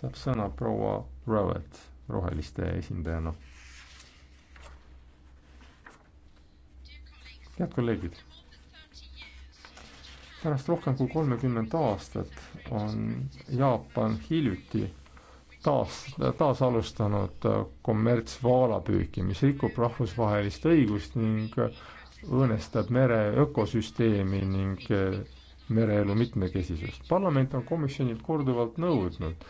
saab sõna proua Rowett roheliste esindajana. head kolleegid pärast rohkem kui kolmekümmet aastat on Jaapan hiljuti taas, taasalustanud äh, kommertsvaalapüüki, mis rikub rahvusvahelist õigust ning õõnestab mere ökosüsteemi ning äh, mereelu mitmekesisust. parlament on komisjonilt korduvalt nõudnud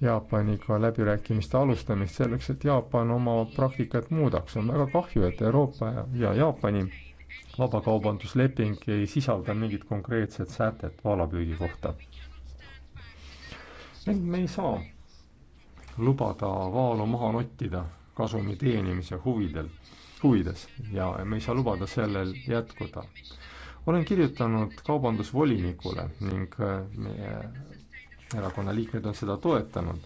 Jaapaniga läbirääkimiste alustamist selleks, et Jaapan oma praktikat muudaks. on väga kahju, et Euroopa ja Jaapani vabakaubandusleping ei sisalda mingit konkreetset sätet vaalapüügi kohta. ent me ei saa lubada vaalu maha nottida kasumi teenimise huvidel, huvides ja me ei saa lubada sellel jätkuda. olen kirjutanud kaubandusvolinikule ning eh, meie erakonna liikmed on seda toetanud,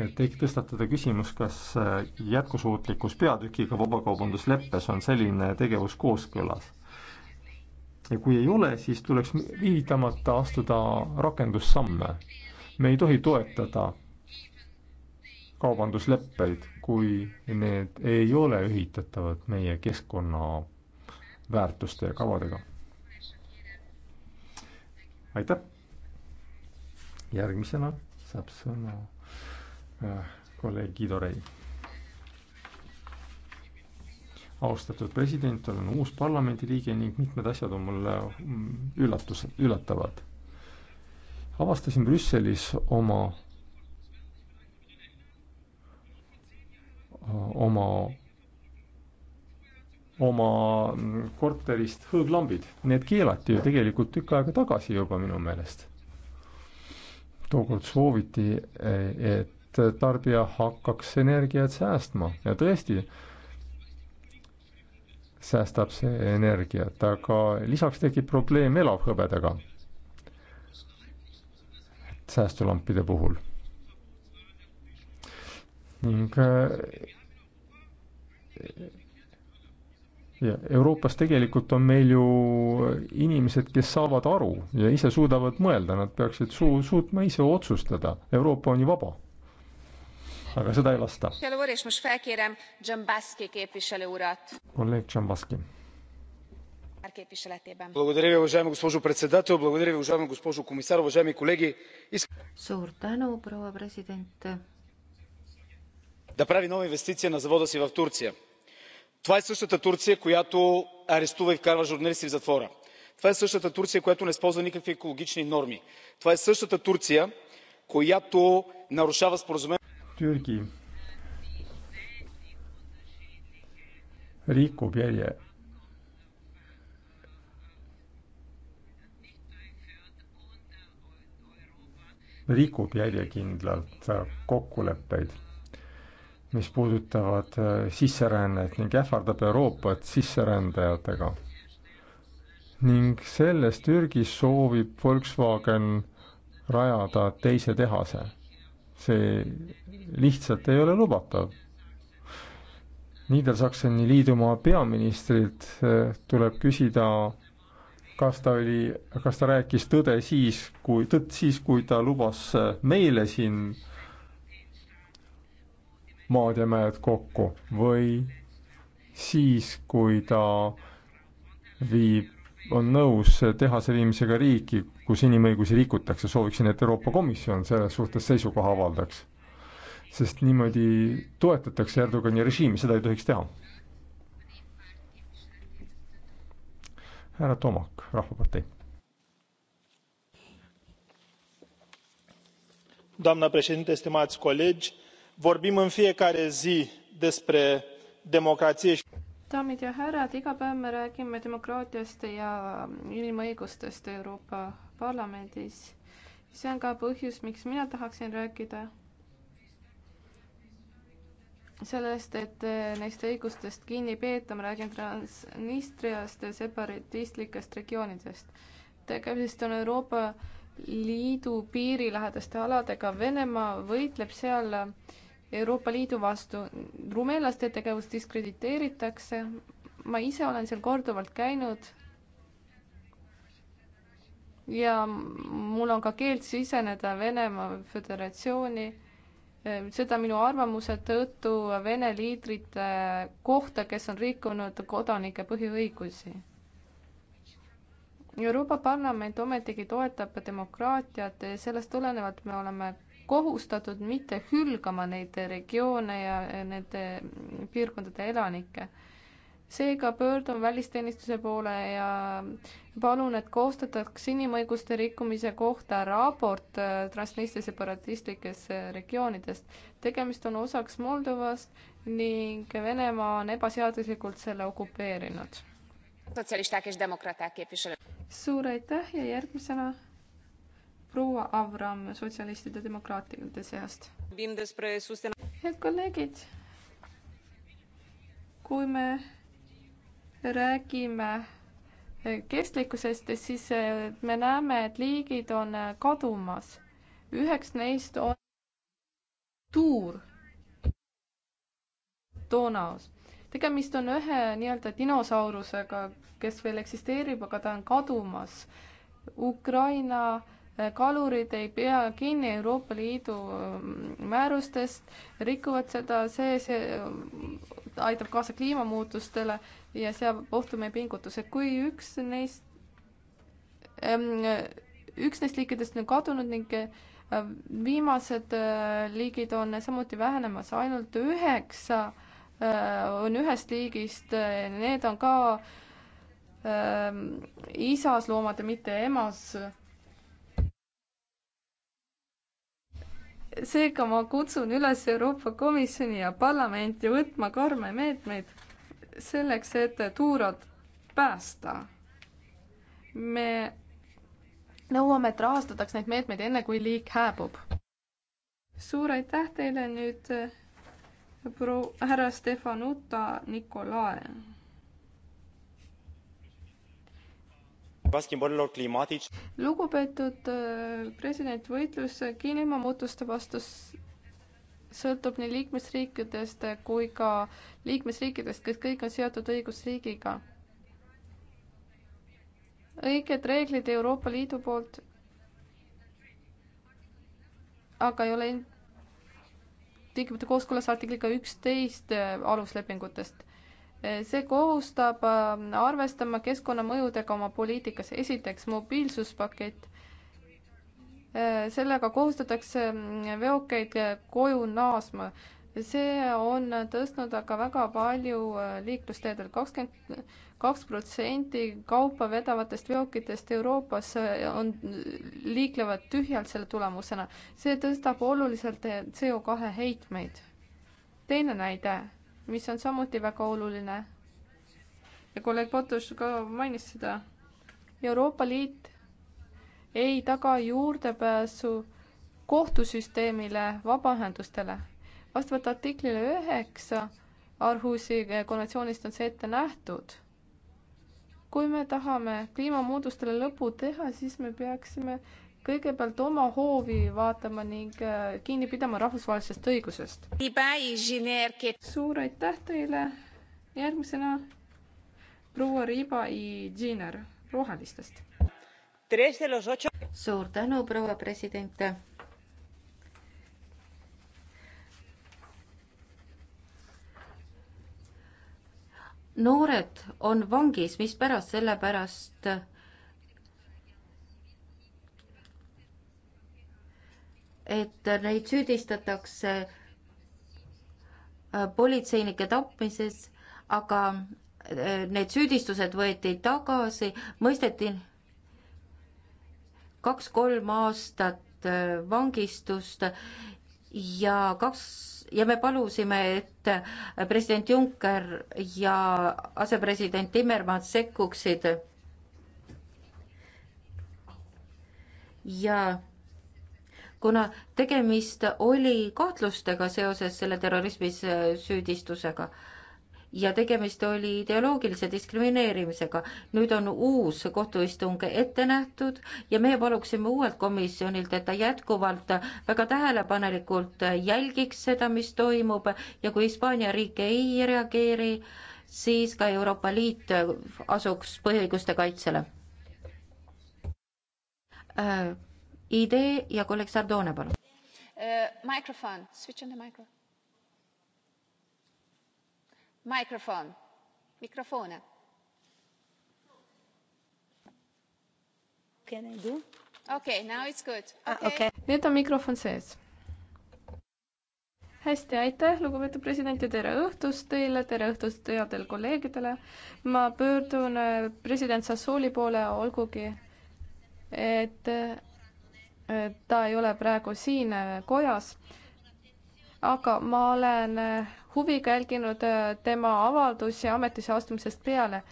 et ehk tõstatada küsimus, kas äh, jätkusuutlikkus peatükiga vabakaubandusleppes on selline tegevus kooskõlas. ja kui ei ole, siis tuleks viivitamata astuda rakendussamme. me ei tohi toetada kaubandusleppeid, kui need ei ole ühitatavad meie keskkonna väärtuste ja kavadega. aitäh! järgmisena saab sõna äh, kolleeg Guido Rei. austatud president, olen uus parlamendiliige ning mitmed asjad on mulle mm, üllatus, üllatavad. avastasin Brüsselis oma, äh, oma, oma mm, korterist hõõglambid. Need keelati ju tegelikult tükk aega tagasi juba minu meelest tookord sooviti, et tarbija hakkaks energiat säästma ja tõesti, säästab see energiat, aga lisaks tekib probleem elavhõbedaga säästulampide puhul. ning ja Euroopas tegelikult on meil ju inimesed, kes saavad aru ja ise suudavad mõelda, nad peaksid suu-, suutma ise otsustada, Euroopa on ju vaba. aga seda ei lasta. kolleeg Džambaski. suur tänu, proua president. да прави нова инвестиция на завода си в Турция това е същата турция която арестува и вкарва журналисти в затвора. това е същата турция която не спазва никакви екологични норми. това е същата турция която нарушава споразумението. Türgi rikub jälle rikub järjekindlalt kokkuleppeid mis puudutavad äh, sisserännet ning ähvardab Euroopat sisserändajatega. ning selles Türgis soovib Volkswagen rajada teise tehase. see lihtsalt ei ole lubatav. Niedersakseni liidumaa peaministrilt äh, tuleb küsida, kas ta oli, kas ta rääkis tõde siis, kui, tõtt siis, kui ta lubas äh, meile siin äh, maad ja mäed kokku või siis, kui ta viib, on nõus tehase viimisega riiki, kus inimõigusi rikutakse, sooviksin, et Euroopa Komisjon selles suhtes seisukoha avaldaks. sest niimoodi toetatakse Erdogani režiimi, seda ei tohiks teha. härra Tomak, Rahvapartei. doamnă președintă, stimați colegi, vorbim în fiecare zi despre democrație și daamid ja härrad, iga päev me räägime demokraatiast ja inimõigustest Euroopa Parlamendis. see on ka põhjus, miks mina tahaksin rääkida sellest, et neist õigustest kinni peeta, ma räägin Transnistriast ja separatistlikest regioonidest. tegemist on Euroopa Liidu piirilähedaste aladega, Venemaa võitleb seal äh, Euroopa Liidu vastu. rumeenlaste tegevust diskrediteeritakse. ma ise olen seal korduvalt käinud. ja mul on ka keeld siseneda Venemaa Föderatsiooni. seda minu arvamuse tõttu Vene liidrite kohta, kes on rikkunud kodanike põhiõigusi. Euroopa Parlament ometigi toetab demokraatiat ja sellest tulenevalt me oleme kohustatud mitte hülgama neid regioone ja nende piirkondade elanikke. seega pöördun välisteenistuse poole ja palun, et koostataks inimõiguste rikkumise kohta raport äh, transnistria separatistlikest äh, regioonidest. tegemist on osaks Moldovast ning Venemaa on ebaseaduslikult selle okupeerinud. suur aitäh ja järgmisena proua Avram sotsialistide demokraatide seast. head kolleegid, kui me räägime kestlikkusest, siis eh, me näeme, et liigid on eh, kadumas. üheks neist on tuur Donaus. tegemist on ühe nii-öelda dinosaurusega, kes veel eksisteerib, aga ta on kadumas. Ukraina äh, kalurid ei pea kinni Euroopa Liidu mm, määrustest, rikuvad seda, see, see mm, aitab kaasa kliimamuutustele ja seab ohtu meie pingutused. kui üks neist, mm, üks neist liikidest on kadunud ning äh, viimased äh, liigid on samuti vähenemas, ainult üheksa äh, on ühest liigist, need on ka isasloomad ja mitte emas seega ma kutsun üles Euroopa Komisjoni ja parlamenti võtma karme meetmeid selleks, et tuurad päästa. me nõuame, et rahastataks neid meetmeid enne, kui liik hääbub. suur aitäh teile nüüd pro-, härra Stefanuta Nikolae. lugupeetud äh, president, võitlus kliimamuutuste vastu sõltub nii liikmesriikidest kui ka liikmesriikidest, kes kõik on seotud õigusriigiga. õiged reeglid Euroopa Liidu poolt aga ei ole tingimata kooskõlas artikliga üksteist äh, aluslepingutest see kohustab ähm, arvestama keskkonnamõjudega oma poliitikas. esiteks mobiilsuspakett. Äh, sellega kohustatakse mm, veokeid äh, koju naasma. see on tõstnud aga väga palju äh, liiklusteedel. kakskümmend kaks protsenti kaupa vedavatest veokitest Euroopas on, liiklevad tühjalt selle tulemusena. see tõstab oluliselt CO kahe heitmeid. teine näide mis on samuti väga oluline. ja kolleeg Potus ka mainis seda. Euroopa Liit ei taga juurdepääsu kohtusüsteemile vabaühendustele. vastavalt artiklile üheksa Arhusi konventsioonist on see ette nähtud. kui me tahame kliimamuutustele lõpu teha, siis me peaksime kõigepealt oma hoovi vaatama ning äh, kinni pidama rahvusvahelisest õigusest. suur aitäh teile. järgmisena proua Riba Iginer Rohelistest. suur tänu, proua president. noored on vangis, mispärast, sellepärast et neid süüdistatakse äh, politseinike tapmises, aga äh, need süüdistused võeti tagasi, mõisteti kaks-kolm aastat äh, vangistust ja kaks ja me palusime, et president Juncker ja asepresident Timmermann sekkuksid ja kuna tegemist oli kahtlustega seoses selle terrorismis äh, süüdistusega ja tegemist oli ideoloogilise diskrimineerimisega. nüüd on uus kohtuistung ette nähtud ja meie paluksime uuelt komisjonilt, et ta jätkuvalt väga tähelepanelikult jälgiks seda, mis toimub ja kui Hispaania riik ei reageeri, siis ka Euroopa Liit asuks põhiõiguste kaitsele äh idee ja kolleeg Sardone, palun uh,. Mikrofon, switch on the micro. Mikrofon, mikrofone. Can I do? Okay, now it's good ah, okay.. Okay. nüüd on mikrofon sees. hästi, aitäh, lugupeetud president ja tere õhtust teile, tere õhtust headele kolleegidele. ma pöördun äh, president Sassooli poole, olgugi et äh, ta ei ole praegu siin äh, kojas, aga ma olen äh, huviga jälginud äh, tema avaldusi ametisse astumisest peale.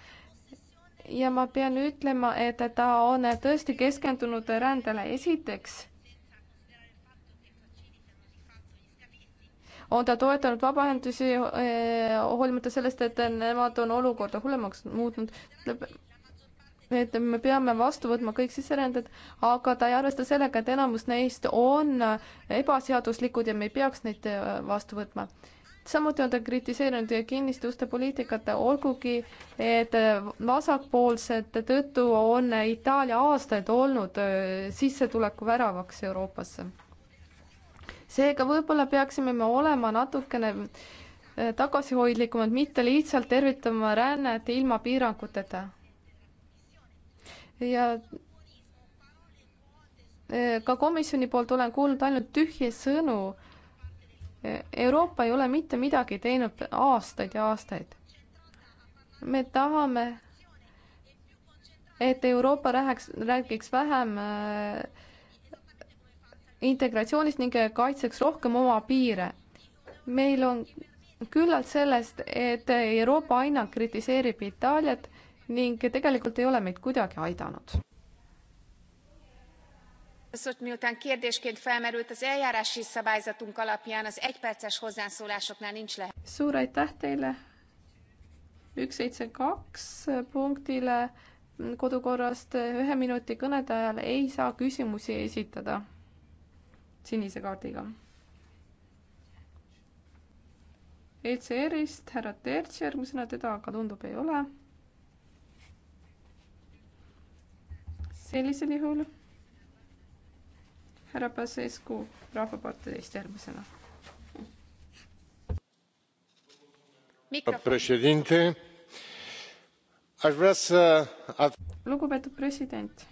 ja ma pean ütlema, et ta on tõesti keskendunud rändele. esiteks on ta toetanud vabaühendusi, hoolimata sellest, et nemad on olukorda hullemaks muutnud et me peame vastu võtma kõik sisserändajad, aga ta ei arvesta sellega, et enamus neist on ebaseaduslikud ja me ei peaks neid äh, vastu võtma. samuti on ta kritiseerinud kinniste uste poliitikat, olgugi et äh, vasakpoolsete tõttu on Itaalia aastaid olnud äh, sissetuleku väravaks Euroopasse. seega võib-olla peaksime me olema natukene tagasihoidlikumad, mitte lihtsalt tervitama rännet ilma piiranguteta ja eh, ka komisjoni poolt olen kuulnud ainult tühje sõnu. Eh, Euroopa ei ole mitte midagi teinud aastaid ja aastaid. me tahame, et Euroopa rääks, räägiks vähem eh, integratsioonist ning kaitseks rohkem oma piire. meil on küllalt sellest, et Euroopa aina kritiseerib Itaaliat ning tegelikult ei ole meid kuidagi aidanud. miután kérdésként felmerült az eljárási szabályzatunk alapján az egyperces hozzászólásoknál nincs lehet. suur aitäh teile. üks seitse kaks punktile kodukorrast ühe minuti kõnede ajal ei saa küsimusi esitada sinise kaardiga. ECR-ist härra Terts järgmisena, teda aga tundub ei ole sellisel juhul härra Pasescu Rahvaparteist järgmisena. lugupeetud president,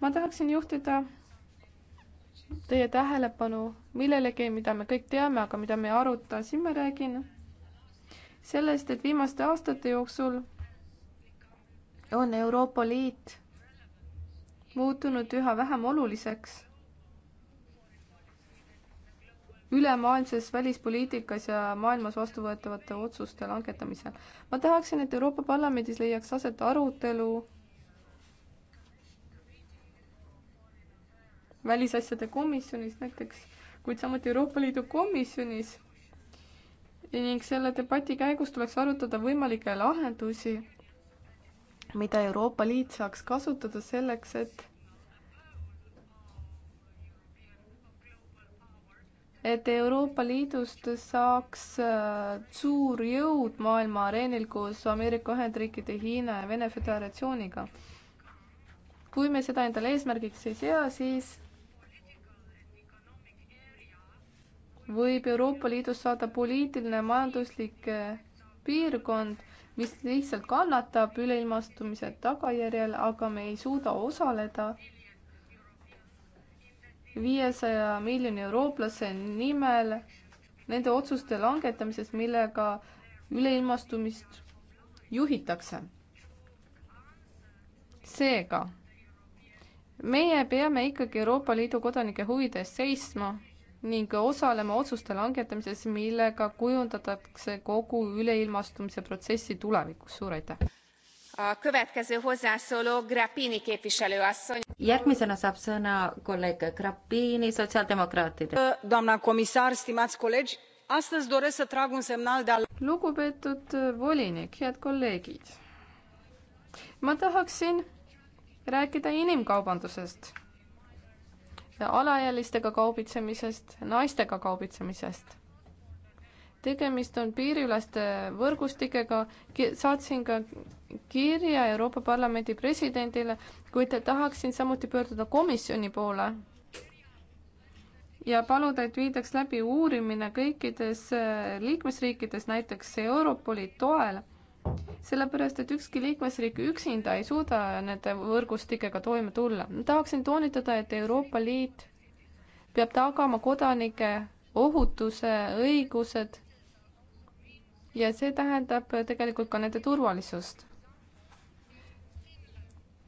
ma tahaksin juhtida teie tähelepanu millelegi, mida me kõik teame, aga mida me ei aruta, siin ma räägin sellest, et viimaste aastate jooksul on Euroopa Liit muutunud üha vähem oluliseks ülemaailmses välispoliitikas ja maailmas vastuvõetavate otsuste langetamisel. ma tahaksin, et Euroopa Parlamendis leiaks aset arutelu välisasjade komisjonis näiteks, kuid samuti Euroopa Liidu komisjonis ning selle debati käigus tuleks arutada võimalikke lahendusi, mida Euroopa Liit saaks kasutada selleks, et et Euroopa Liidust saaks äh, suur jõud maailma areenil koos Ameerika Ühendriikide, Hiina ja Vene Föderatsiooniga. kui me seda endale eesmärgiks ei sea, siis võib Euroopa Liidust saada poliitiline majanduslik äh, piirkond, mis lihtsalt kannatab üleilmastumise tagajärjel, aga me ei suuda osaleda viiesaja miljoni eurooplase nimel nende otsuste langetamises, millega üleilmastumist juhitakse. seega, meie peame ikkagi Euroopa Liidu kodanike huvide eest seisma ning osalema otsuste langetamises, millega kujundatakse kogu üleilmastumise protsessi tulevikus. suur aitäh! järgmisena saab sõna kolleeg grapini sotsiaaldemokraatidest. doamna comisar stimați colegi astăzi doresc să trag un semnal de lugupeetud volinik head kolleegid ma tahaksin rääkida inimkaubandusest alaealistega kaubitsemisest naistega kaubitsemisest tegemist on piiriüleste võrgustikega saatsin ka kirja Euroopa Parlamendi presidendile, kuid tahaksin samuti pöörduda komisjoni poole ja paluda, et viidaks läbi uurimine kõikides äh, liikmesriikides, näiteks Europoli toel, sellepärast et ükski liikmesriik üksinda ei suuda nende võrgustikega toime tulla. tahaksin toonitada, et Euroopa Liit peab tagama kodanike ohutuse, õigused ja see tähendab tegelikult ka nende turvalisust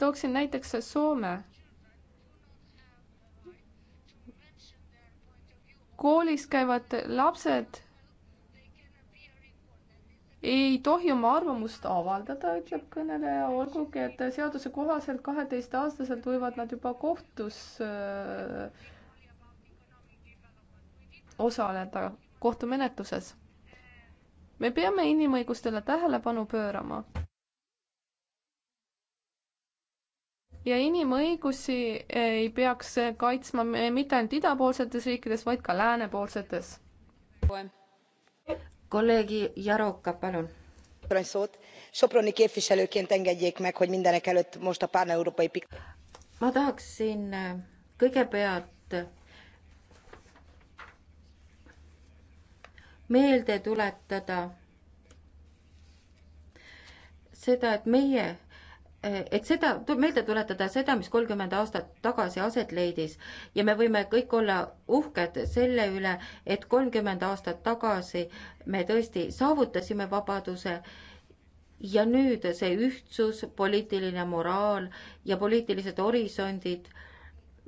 tooksin näiteks Soome. koolis käivad lapsed ei tohi oma arvamust avaldada, ütleb kõneleja, olgugi et seaduse kohaselt kaheteistaastaselt võivad nad juba kohtus öö, äh, osaleda, kohtumenetluses. me peame inimõigustele tähelepanu pöörama. ja inimõigusi ei peaks kaitsma mitte ainult idapoolsetes riikides, vaid ka läänepoolsetes. kolleeg Jaroka, palun. Soproni képviselőként engedjék meg, hogy mindenekelőtt most a pán-európai ma tahaksin eh, kõigepealt meelde tuletada seda, et meie et seda, meelde tuletada seda, mis kolmkümmend aastat tagasi aset leidis ja me võime kõik olla uhked selle üle, et kolmkümmend aastat tagasi me tõesti saavutasime vabaduse ja nüüd see ühtsus, poliitiline moraal ja poliitilised horisondid,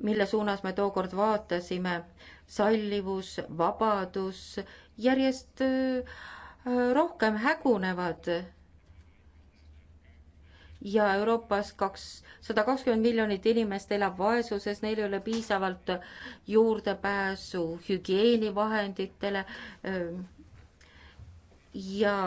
mille suunas me tookord vaatasime, sallivus, vabadus, järjest äh, rohkem hägunevad ja Euroopas kaks, sada kakskümmend miljonit inimest elab vaesuses, neil ei ole piisavalt juurdepääsu hügieenivahenditele ähm, ja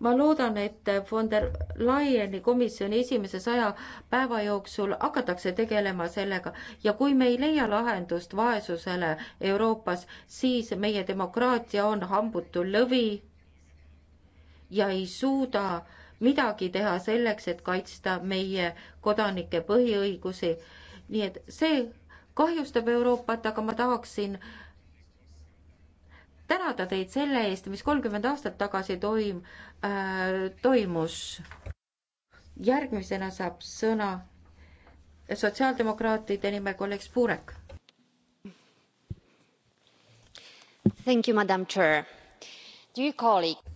ma loodan, et von der Leyeni komisjoni esimese saja päeva jooksul hakatakse tegelema sellega ja kui me ei leia lahendust vaesusele Euroopas, siis meie demokraatia on hambutu lõvi ja ei suuda midagi teha selleks, et kaitsta meie kodanike põhiõigusi. nii et see kahjustab Euroopat, aga ma tahaksin tänada teid selle eest, mis kolmkümmend aastat tagasi toim- äh,, toimus. järgmisena saab sõna sotsiaaldemokraatide nimel kolleeg Spurek. Thank you, madam chair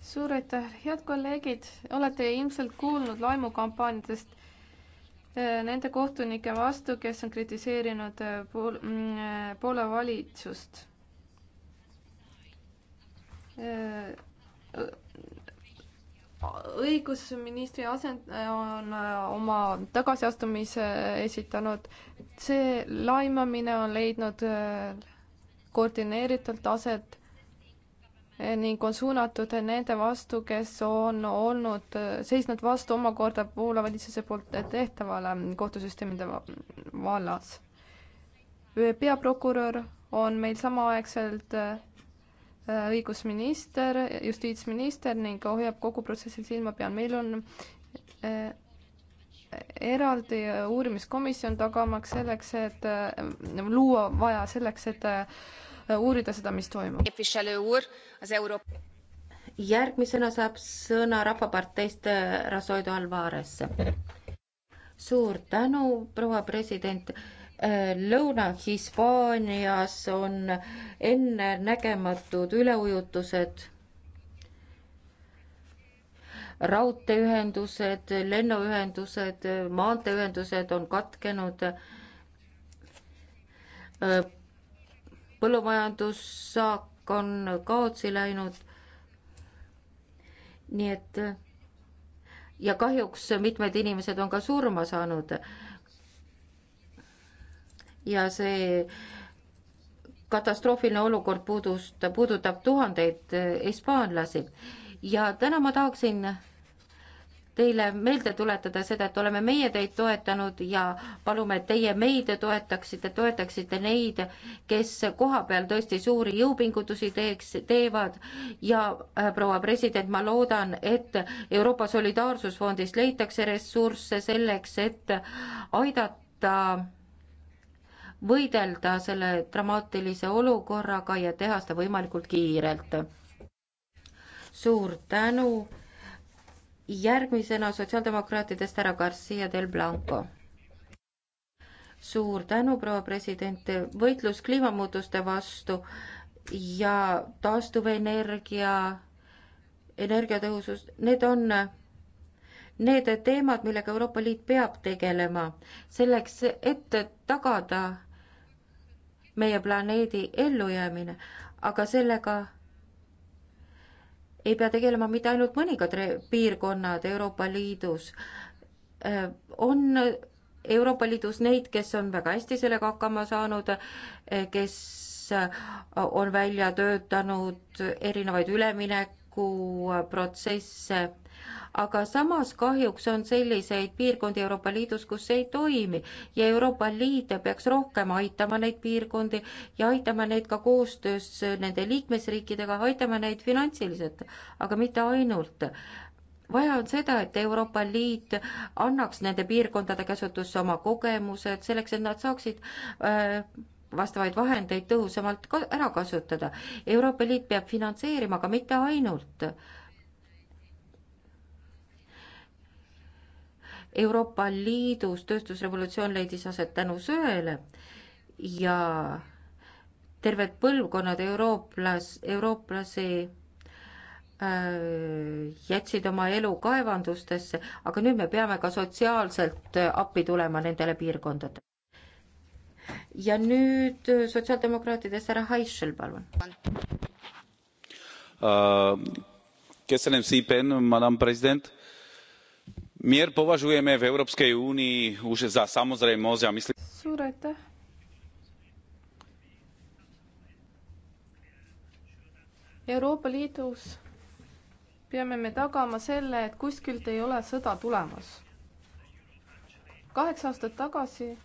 suur aitäh, head kolleegid, olete ilmselt kuulnud laimukampaaniatest äh, nende kohtunike vastu, kes on kritiseerinud äh, Pool-, mm, Poola valitsust. Äh, õigusministri asend- on oma tagasiastumise esitanud, see laimamine on leidnud koordineeritult aset ning on suunatud nende vastu, kes on olnud, seisnud vastu omakorda Poola valitsuse poolt tehtavale kohtusüsteemide vallas. peaprokurör on meil samaaegselt äh, õigusminister, justiitsminister ning hoiab kogu protsessil silma peal. meil on äh, eraldi uurimiskomisjon tagamaks selleks, et äh, luua vaja selleks, et Äh, uurida seda, mis toimub. järgmisena saab sõna Rahvaparteist äh, Rasoido Alvarez. suur tänu, proua president äh, Lõuna-Hispaanias on ennenägematud üleujutused, raudteeühendused, lennuühendused, maanteeühendused on katkenud põllumajandussaak on kaotsi läinud. nii et ja kahjuks mitmed inimesed on ka surma saanud. ja see katastroofiline olukord puudust, puudutab tuhandeid eh, hispaanlasi ja täna ma tahaksin teile meelde tuletada seda, et oleme meie teid toetanud ja palume, et teie meid toetaksite, toetaksite neid, kes koha peal tõesti suuri jõupingutusi teeks, teevad ja äh, proua president, ma loodan, et Euroopa Solidaarsusfondist leitakse ressursse selleks, et aidata võidelda selle dramaatilise olukorraga ja teha seda võimalikult kiirelt. suur tänu järgmisena sotsiaaldemokraatidest härra Garcia del Blanco. suur tänu, proua president, võitlus kliimamuutuste vastu ja taastuvenergia, energiatõhusus, need on need teemad, millega Euroopa Liit peab tegelema selleks, et tagada meie planeedi ellujäämine, aga sellega ei pea tegelema mitte ainult mõningad piirkonnad Euroopa Liidus. Äh, on Euroopa Liidus neid, kes on väga hästi sellega hakkama saanud, äh, kes äh, on välja töötanud erinevaid üleminekuprotsesse aga samas kahjuks on selliseid piirkondi Euroopa Liidus, kus see ei toimi ja Euroopa Liit peaks rohkem aitama neid piirkondi ja aitama neid ka koostöös nende liikmesriikidega, aitama neid finantsiliselt, aga mitte ainult vaja on seda, et Euroopa Liit annaks nende piirkondade käsutusse oma kogemused selleks, et nad saaksid öö, äh, vastavaid vahendeid tõhusamalt ka ära kasutada. Euroopa Liit peab finantseerima, aga mitte ainult. Euroopa Liidus tööstusrevolutsioon leidis aset tänu söele ja terved põlvkonnad eurooplas, eurooplasi äh, jätsid oma elu kaevandustesse, aga nüüd me peame ka sotsiaalselt äh, appi tulema nendele piirkondadele. ja nüüd äh, sotsiaaldemokraatidest härra Heischel, palun uh,. Köszönöm szépen, madam president mier považujeme v Európskej únii už za samozrejmosť a myslím... Suur aitäh! Euroopa Liidus peame me tagama selle, et kuskilt ei ole sõda tulemas. kaheksa aastat tagasi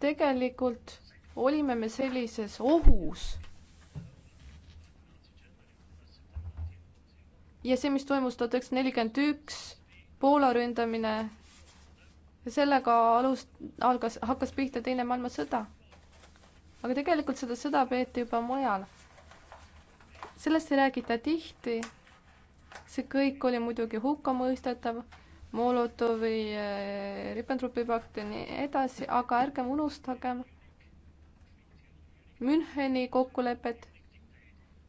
tegelikult olime me sellises ohus ja see, mis toimus tuhat üheksasada nelikümmend üks, Poola ründamine, sellega alus, algas, hakkas pihta Teine maailmasõda. aga tegelikult seda sõda peeti juba mujal. sellest ei räägita tihti. see kõik oli muidugi hukkamõistetav, Molotovi, eh, Ribbentropi pakt ja nii edasi, aga ärgem unustagem Müncheni kokkulepet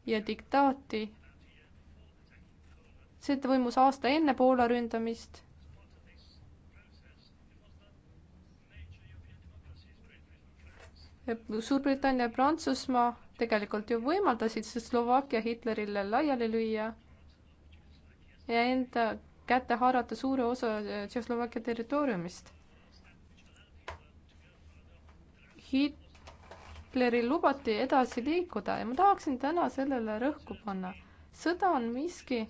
ja diktaati see toimus aasta enne Poola ründamist. Suurbritannia ja Prantsusmaa tegelikult ju võimaldasid Slovakkia Hitlerile laiali lüüa ja enda kätte haarata suure osa Tšehhoslovakkia territooriumist. Hitleril lubati edasi liikuda ja ma tahaksin täna sellele rõhku panna. sõda on miski,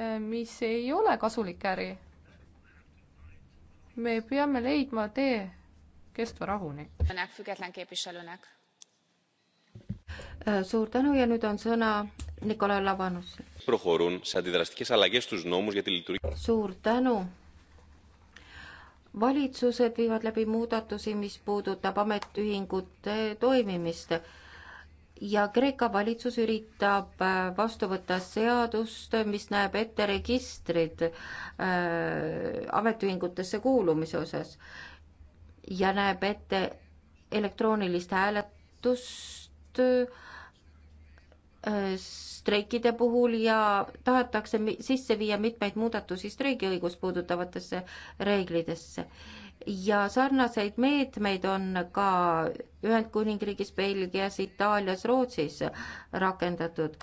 Äh, mis ei ole kasulik äri. me peame leidma tee kestva rahuni. Äh, suur tänu ja nüüd on sõna Nikolai Labanus. suur tänu valitsused viivad läbi muudatusi, mis puudutab ametiühingute toimimist ja Kreeka valitsus üritab äh, vastu võtta seadust, mis näeb ette registrid äh, ametiühingutesse kuulumise osas ja näeb ette elektroonilist hääletust äh, streikide puhul ja tahetakse sisse viia mitmeid muudatusi streigiõigust puudutavatesse reeglidesse äh, ja sarnaseid meetmeid on ka Ühendkuningriigis, Belgias, Itaalias, Rootsis rakendatud.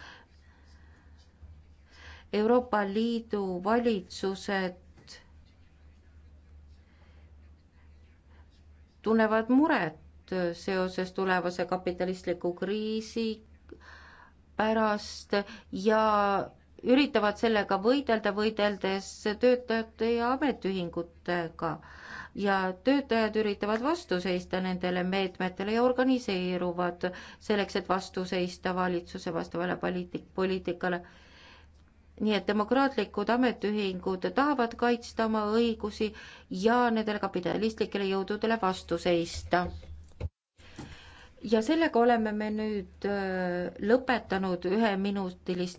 Euroopa Liidu valitsused tunnevad muret seoses tulevase kapitalistliku kriisi pärast ja üritavad sellega võidelda, võideldes töötajate ja ametiühingutega ja töötajad üritavad vastu seista nendele meetmetele ja organiseeruvad selleks, et vastu seista valitsuse vastavale poliitik-, poliitikale. nii et demokraatlikud ametiühingud tahavad kaitsta oma õigusi ja nendele kapitalistlikele jõududele vastu seista ja sellega oleme me nüüd äh, lõpetanud üheminutiliste